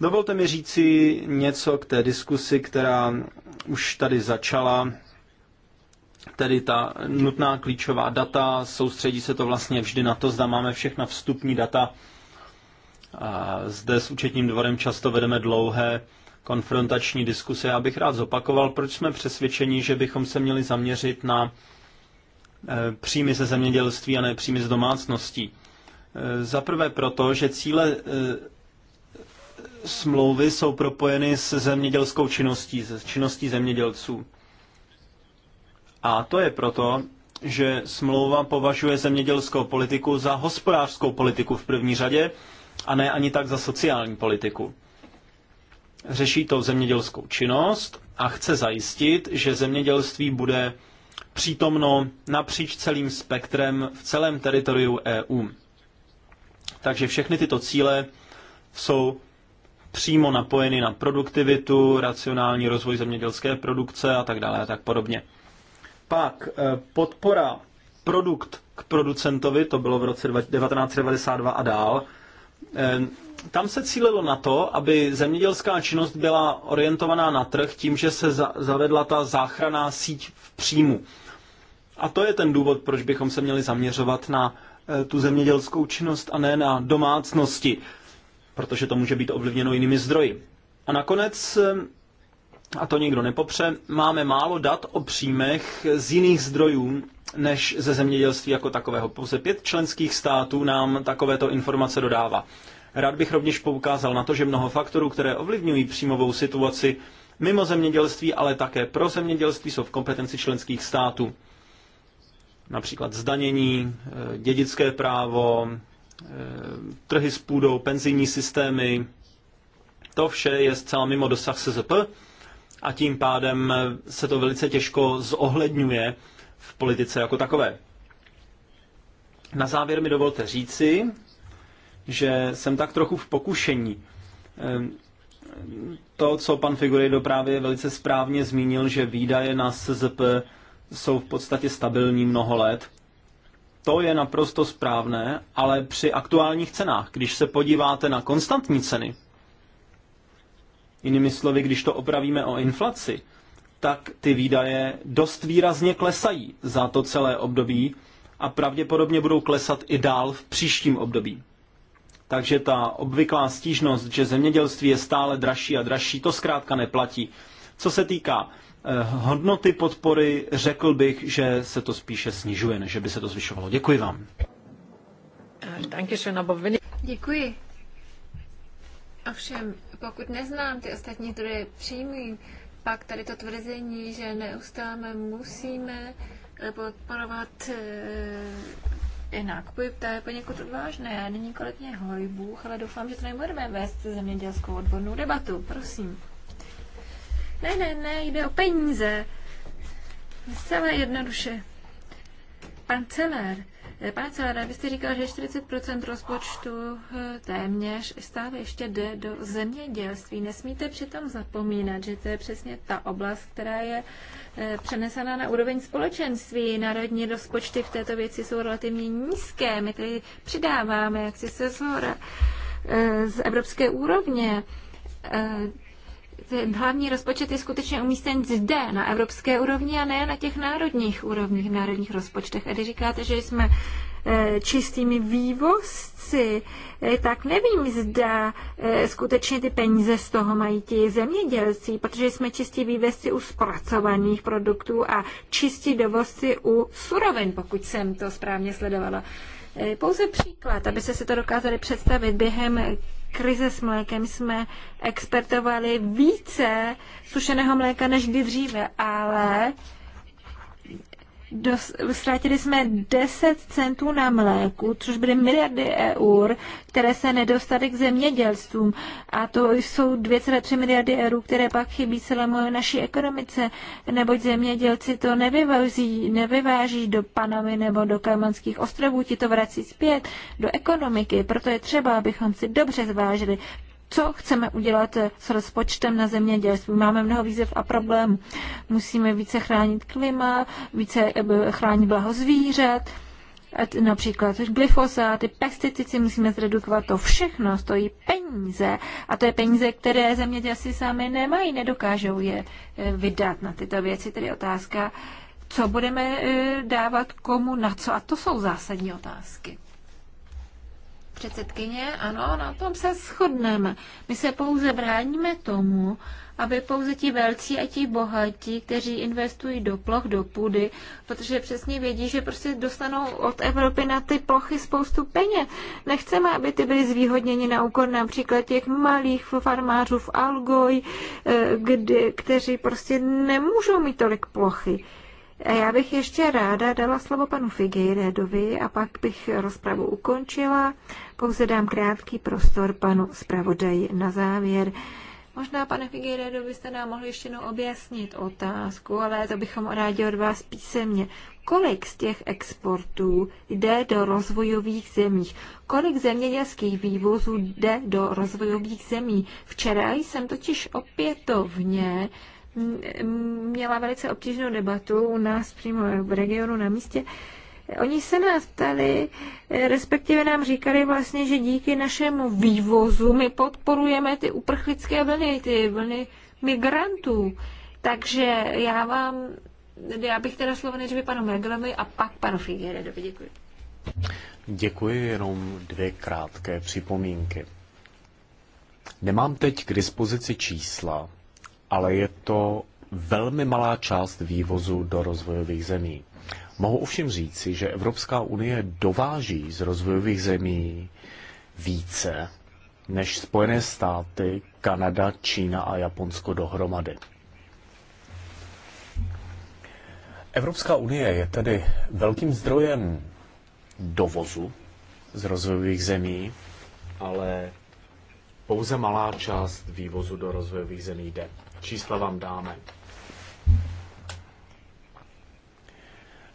Dovolte mi říci něco k té diskusi, která už tady začala, tedy ta nutná klíčová data, soustředí se to vlastně vždy na to, zda máme všechna vstupní data. A zde s účetním dvorem často vedeme dlouhé konfrontační diskuse. Já bych rád zopakoval, proč jsme přesvědčeni, že bychom se měli zaměřit na eh, příjmy ze zemědělství a ne příjmy z domácností. Eh, za prvé proto, že cíle eh, smlouvy jsou propojeny s zemědělskou činností, s činností zemědělců. A to je proto, že smlouva považuje zemědělskou politiku za hospodářskou politiku v první řadě a ne ani tak za sociální politiku řeší to zemědělskou činnost a chce zajistit, že zemědělství bude přítomno napříč celým spektrem v celém teritoriu EU. Takže všechny tyto cíle jsou přímo napojeny na produktivitu, racionální rozvoj zemědělské produkce a tak dále a tak podobně. Pak eh, podpora produkt k producentovi, to bylo v roce 1992 a dál, eh, tam se cílilo na to, aby zemědělská činnost byla orientovaná na trh tím, že se za, zavedla ta záchraná síť v příjmu. A to je ten důvod, proč bychom se měli zaměřovat na e, tu zemědělskou činnost a ne na domácnosti, protože to může být ovlivněno jinými zdroji. A nakonec, eh, a to nikdo nepopře, máme málo dat o příjmech z jiných zdrojů než ze zemědělství jako takového. Pouze pět členských států nám takovéto informace dodává. Rád bych rovněž poukázal na to, že mnoho faktorů, které ovlivňují příjmovou situaci mimo zemědělství, ale také pro zemědělství, jsou v kompetenci členských států. Například zdanění, eh, dědické právo, eh, trhy s půdou, penzijní systémy. To vše je zcela mimo dosah SZP a tím pádem eh, se to velice těžko zohledňuje v politice jako takové. Na závěr mi dovolte říci, že jsem tak trochu v pokušení. Ehm, to, co pan Figurejdo právě velice správně zmínil, že výdaje na SZP jsou v podstatě stabilní mnoho let, to je naprosto správné, ale při aktuálních cenách, když se podíváte na konstantní ceny, jinými slovy, když to opravíme o inflaci, tak ty výdaje dost výrazně klesají za to celé období a pravděpodobně budou klesat i dál v příštím období. Takže ta obvyklá stížnost, že zemědělství je stále dražší a dražší, to zkrátka neplatí. Co se týká eh, hodnoty podpory, řekl bych, že se to spíše snižuje, než by se to zvyšovalo. Děkuji vám. Děkuji. Ovšem, pokud neznám ty ostatní zdroje přímý, pak tady to tvrzení, že neustále musíme podporovat eh, nákupy, to je poněkud odvážné. Není kolegyně Hojbůh, ale doufám, že to nebudeme vést zemědělskou odbornou debatu. Prosím. Ne, ne, ne, jde o peníze. Zcela jednoduše. Pan Celer Pane Celera, vy jste říkal, že 40% rozpočtu eh, téměř stále ještě jde do zemědělství. Nesmíte přitom zapomínat, že to je přesně ta oblast, která je eh, přenesena na úroveň společenství. Národní rozpočty v této věci jsou relativně nízké. My tady přidáváme, jak si se zhora, eh, z evropské úrovně hlavní rozpočet je skutečně umístěn zde, na evropské úrovni a ne na těch národních úrovních, národních rozpočtech. A když říkáte, že jsme eh, čistými vývozci, eh, tak nevím, zda eh, skutečně ty peníze z toho mají ti zemědělci, protože jsme čistí vývozci u zpracovaných produktů a čistí dovozci u surovin, pokud jsem to správně sledovala. Pouze příklad, aby se si to dokázali představit během krize s mlékem jsme expertovali více sušeného mléka než kdy dříve, ale ztratili jsme 10 centů na mléku, což byly miliardy eur, které se nedostaly k zemědělstvům. A to jsou 2,3 miliardy eur, které pak chybí celému naší ekonomice, neboť zemědělci to nevyváží, nevyváží do Panamy nebo do Kajmanských ostrovů, ti to vrací zpět do ekonomiky. Proto je třeba, abychom si dobře zvážili, co chceme udělat s rozpočtem na zemědělství. Máme mnoho výzev a problémů. Musíme více chránit klima, více eh, chránit blaho zvířat, například glyfosáty, pesticidy, musíme zredukovat to všechno, stojí peníze a to je peníze, které zemědělci sami nemají, nedokážou je eh, vydat na tyto věci, tedy otázka, co budeme eh, dávat komu na co a to jsou zásadní otázky. Předsedkyně, ano, na tom se shodneme. My se pouze bráníme tomu, aby pouze ti velcí a ti bohatí, kteří investují do ploch, do půdy, protože přesně vědí, že prostě dostanou od Evropy na ty plochy spoustu peněz. Nechceme, aby ty byly zvýhodněni na úkor například těch malých farmářů v Algoj, eh, kteří prostě nemůžou mít tolik plochy. Já bych ještě ráda dala slovo panu Figueiredovi a pak bych rozpravu ukončila. Pouze dám krátký prostor panu zpravodaji na závěr. Možná, pane Figueiredo, byste nám mohli ještě jednou objasnit otázku, ale to bychom rádi od vás písemně. Kolik z těch exportů jde do rozvojových zemí? Kolik zemědělských vývozů jde do rozvojových zemí? Včera jsem totiž opětovně měla velice obtížnou debatu u nás přímo v regionu na místě. Oni se nás ptali, respektive nám říkali vlastně, že díky našemu vývozu my podporujeme ty uprchlické vlny, ty vlny migrantů. Takže já vám, já bych teda slovo nejdříve panu Meglovi a pak panu Figueredovi. Děkuji. Děkuji, jenom dvě krátké připomínky. Nemám teď k dispozici čísla, ale je to velmi malá část vývozu do rozvojových zemí. Mohu ovšem říci, že Evropská unie dováží z rozvojových zemí více než Spojené státy, Kanada, Čína a Japonsko dohromady. Evropská unie je tedy velkým zdrojem dovozu z rozvojových zemí, ale pouze malá část vývozu do rozvojových zemí jde Čísla vám dáme.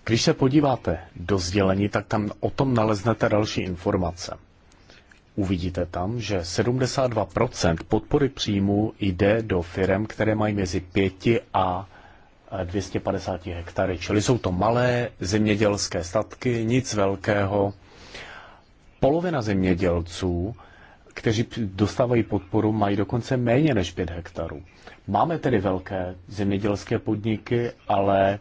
Když se podíváte do sdělení, tak tam o tom naleznete další informace. Uvidíte tam, že 72% podpory příjmu jde do firm, které mají mezi 5 a 250 hektary. Čili jsou to malé zemědělské statky, nic velkého. Polovina zemědělců kteří dostávají podporu, mají dokonce méně než 5 hektarů. Máme tedy velké zemědělské podniky, ale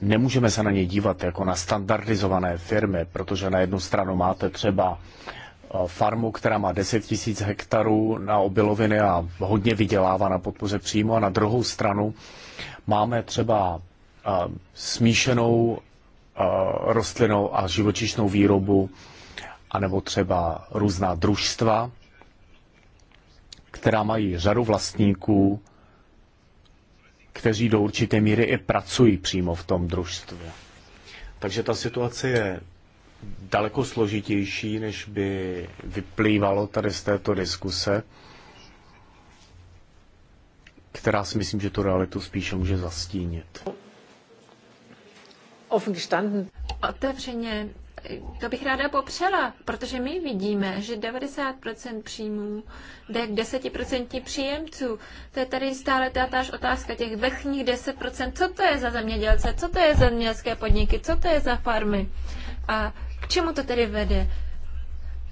nemůžeme se na ně dívat jako na standardizované firmy, protože na jednu stranu máte třeba eh, farmu, která má 10 000 hektarů na obiloviny a hodně vydělává na podpoře přímo a na druhou stranu máme třeba eh, smíšenou eh, rostlinou a živočišnou výrobu anebo třeba různá družstva, která mají řadu vlastníků, kteří do určité míry i pracují přímo v tom družstvu. Takže ta situace je daleko složitější, než by vyplývalo tady z této diskuse, která si myslím, že tu realitu spíše může zastínit. Otevřeně to bych ráda popřela, protože my vidíme, že 90% příjmů jde k 10% příjemců. To je tady stále táž otázka těch vrchních 10%. Co to je za zemědělce? Co to je za zemědělské podniky? Co to je za farmy? A k čemu to tedy vede?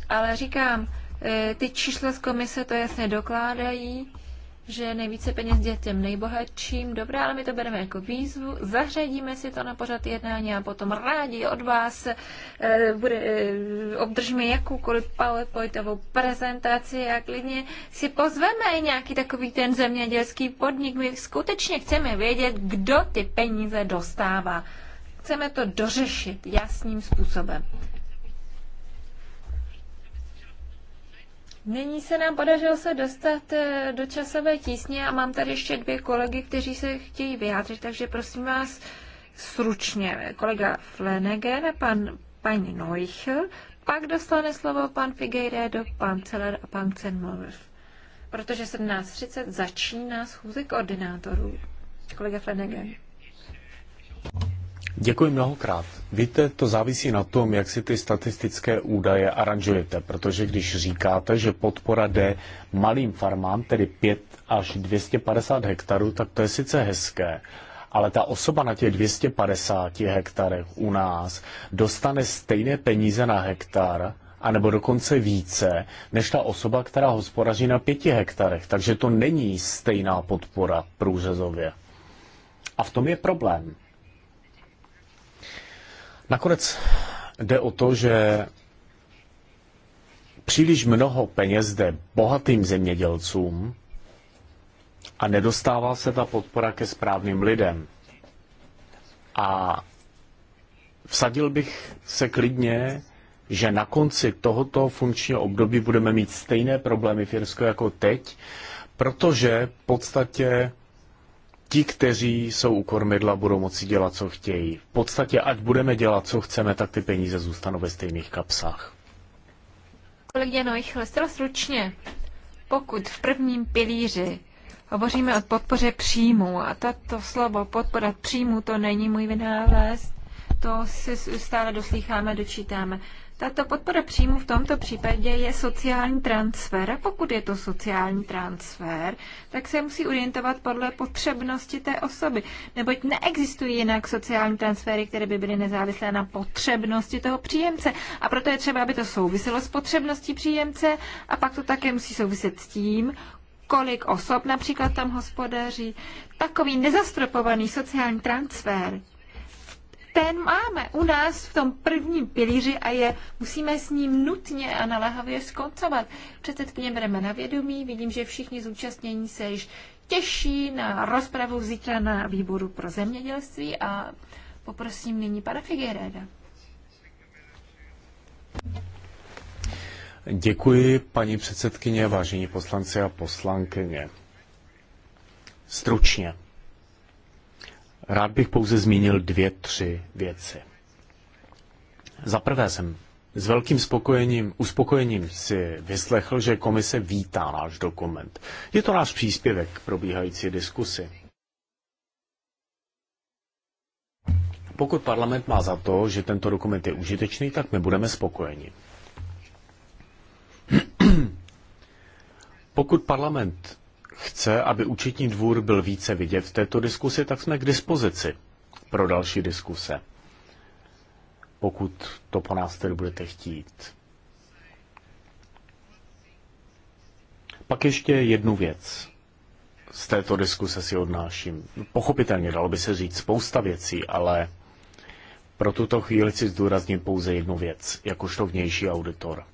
Ale říkám, eh, ty čísla z komise to jasně dokládají že nejvíce peněz dětem nejbohatším. Dobrá, ale my to bereme jako výzvu, zařadíme si to na pořad jednání a potom rádi od vás e, bude, e, obdržíme jakoukoliv PowerPointovou prezentaci a klidně si pozveme i nějaký takový ten zemědělský podnik. My skutečně chceme vědět, kdo ty peníze dostává. Chceme to dořešit jasným způsobem. Nyní se nám podařilo se dostat eh, do časové tísně a mám tady ještě dvě kolegy, kteří se chtějí vyjádřit, takže prosím vás sručně. Kolega Flanagan a pan, paní Neuchel, pak dostane slovo pan do pan Celer a pan Cenmolv. Protože 17.30 začíná schůze koordinátorů. Kolega Flanagan. Děkuji mnohokrát. Víte, to závisí na tom, jak si ty statistické údaje aranžujete, protože když říkáte, že podpora jde malým farmám, tedy 5 až 250 hektarů, tak to je sice hezké, ale ta osoba na těch 250 hektarech u nás dostane stejné peníze na hektar, anebo dokonce více, než ta osoba, která hospodaří na pěti hektarech. Takže to není stejná podpora průřezově. A v tom je problém. Nakonec jde o to, že příliš mnoho peněz jde bohatým zemědělcům a nedostává se ta podpora ke správným lidem. A vsadil bych se klidně, že na konci tohoto funkčního období budeme mít stejné problémy v Jirsku jako teď, protože v podstatě ti, kteří jsou u kormidla, budou moci dělat, co chtějí. V podstatě, ať budeme dělat, co chceme, tak ty peníze zůstanou ve stejných kapsách. Kolegyně Nojchle, zcela stručně, pokud v prvním pilíři hovoříme o podpoře příjmu, a tato slovo podpora příjmu, to není můj vynález, to si stále doslýcháme, dočítáme. Tato podpora příjmu v tomto případě je sociální transfer a pokud je to sociální transfer, tak se musí orientovat podle potřebnosti té osoby, neboť neexistují jinak sociální transfery, které by byly nezávislé na potřebnosti toho příjemce a proto je třeba, aby to souviselo s potřebností příjemce a pak to také musí souviset s tím, kolik osob například tam hospodaří. Takový nezastropovaný sociální transfer ten máme u nás v tom prvním pilíři a je, musíme s ním nutně a naléhavě skoncovat. Předsedkyně bereme na vědomí, vidím, že všichni zúčastnění se již těší na rozpravu zítra na výboru pro zemědělství a poprosím nyní pana Figueréda. Děkuji, paní předsedkyně, vážení poslanci a poslankyně. Stručně. Rád bych pouze zmínil dvě, tři věci. Za prvé jsem s velkým spokojením, uspokojením si vyslechl, že komise vítá náš dokument. Je to náš příspěvek k probíhající diskusi. Pokud parlament má za to, že tento dokument je užitečný, tak my budeme spokojeni. Pokud parlament chce, aby účetní dvůr byl více vidět v této diskusi, tak jsme k dispozici pro další diskuse, pokud to po nás tedy budete chtít. Pak ještě jednu věc z této diskuse si odnáším. Pochopitelně dalo by se říct spousta věcí, ale pro tuto chvíli chci zdůraznit pouze jednu věc, jakožto vnější auditor.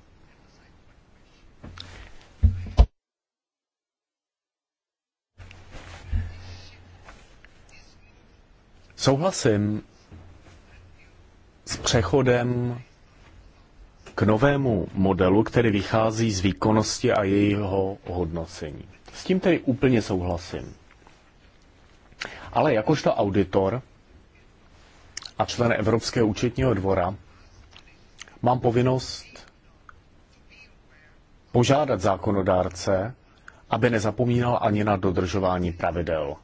Souhlasím s přechodem k novému modelu, který vychází z výkonnosti a jejího hodnocení. S tím tedy úplně souhlasím. Ale jakožto auditor a člen Evropského účetního dvora mám povinnost požádat zákonodárce, aby nezapomínal ani na dodržování pravidel.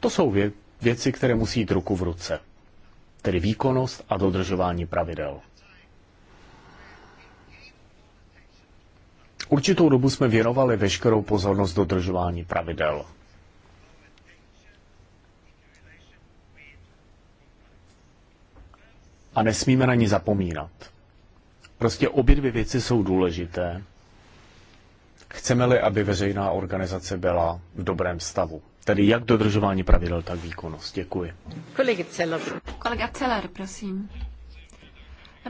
To jsou věci, věci, které musí jít ruku v ruce, tedy výkonnost a dodržování pravidel. Určitou dobu jsme věnovali veškerou pozornost dodržování pravidel. A nesmíme na ní zapomínat. Prostě obě dvě věci jsou důležité. Chceme-li, aby veřejná organizace byla v dobrém stavu. Tedy jak dodržování pravidel, tak výkonnost. Děkuji. Kolega Celer. Kolega Celer, prosím.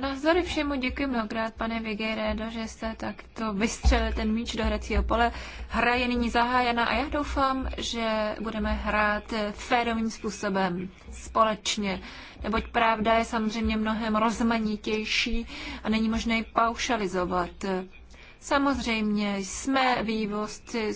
Na vzory všemu děkuji mnohokrát, pane Vigejredo, že jste takto vystřelil ten míč do hracího pole. Hra je nyní zahájena a já doufám, že budeme hrát férovým způsobem, společně. Neboť pravda je samozřejmě mnohem rozmanitější a není možné ji paušalizovat. Samozřejmě jsme vývozci,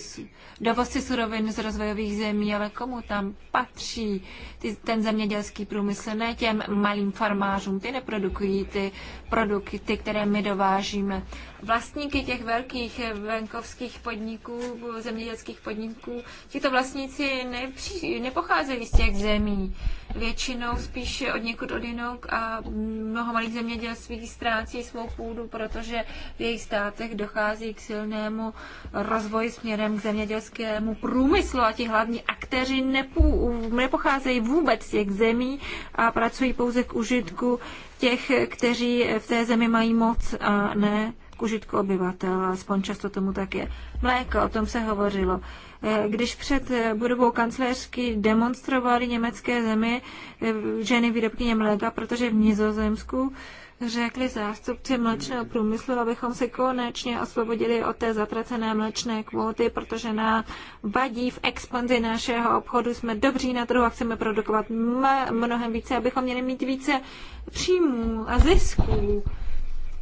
dovozci surovin z rozvojových zemí, ale komu tam patří ty, ten zemědělský průmysl? Ne těm malým farmářům, ty neprodukují ty produkty, které my dovážíme vlastníky těch velkých venkovských podniků, zemědělských podniků, tito vlastníci nepři, nepocházejí z těch zemí. Většinou spíš od někud od jinok a mnoho malých zemědělství ztrácí svou půdu, protože v jejich státech dochází k silnému rozvoji směrem k zemědělskému průmyslu a ti hlavní aktéři nepů, nepocházejí vůbec z těch zemí a pracují pouze k užitku těch, kteří v té zemi mají moc a ne k užitku obyvatel, alespoň často tomu tak je. Mléko, o tom se hovořilo. Eh, když před eh, budovou kancléřky demonstrovali německé zemi eh, ženy výrobkyně mléka, protože v Nizozemsku řekli zástupci mlečného průmyslu, abychom se konečně osvobodili od té zatracené mlečné kvóty, protože nám vadí v expanzi našeho obchodu, jsme dobří na trhu a chceme produkovat mnohem více, abychom měli mít více příjmů a zisků.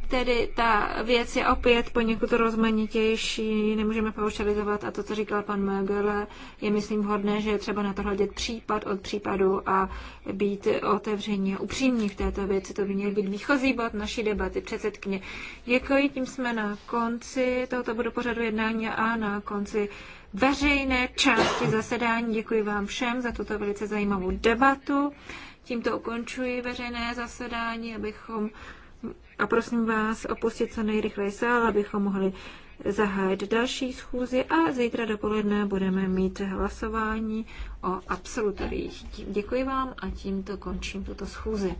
Tedy ta věc je opět poněkud rozmanitější, nemůžeme paušalizovat a to, co říkal pan Mögel, je myslím hodné, že je třeba na to hledět případ od případu a být otevření a upřímní v této věci. To by měl být výchozí bod naší debaty. Předsedkyně, děkuji, tím jsme na konci tohoto bodu pořadu jednání a na konci veřejné části zasedání. Děkuji vám všem za tuto velice zajímavou debatu. Tímto ukončuji veřejné zasedání, abychom a prosím vás opustit co nejrychleji sál, abychom mohli zahájit další schůzi a zítra dopoledne budeme mít hlasování o absolutoriích. Děkuji vám a tímto končím tuto schůzi.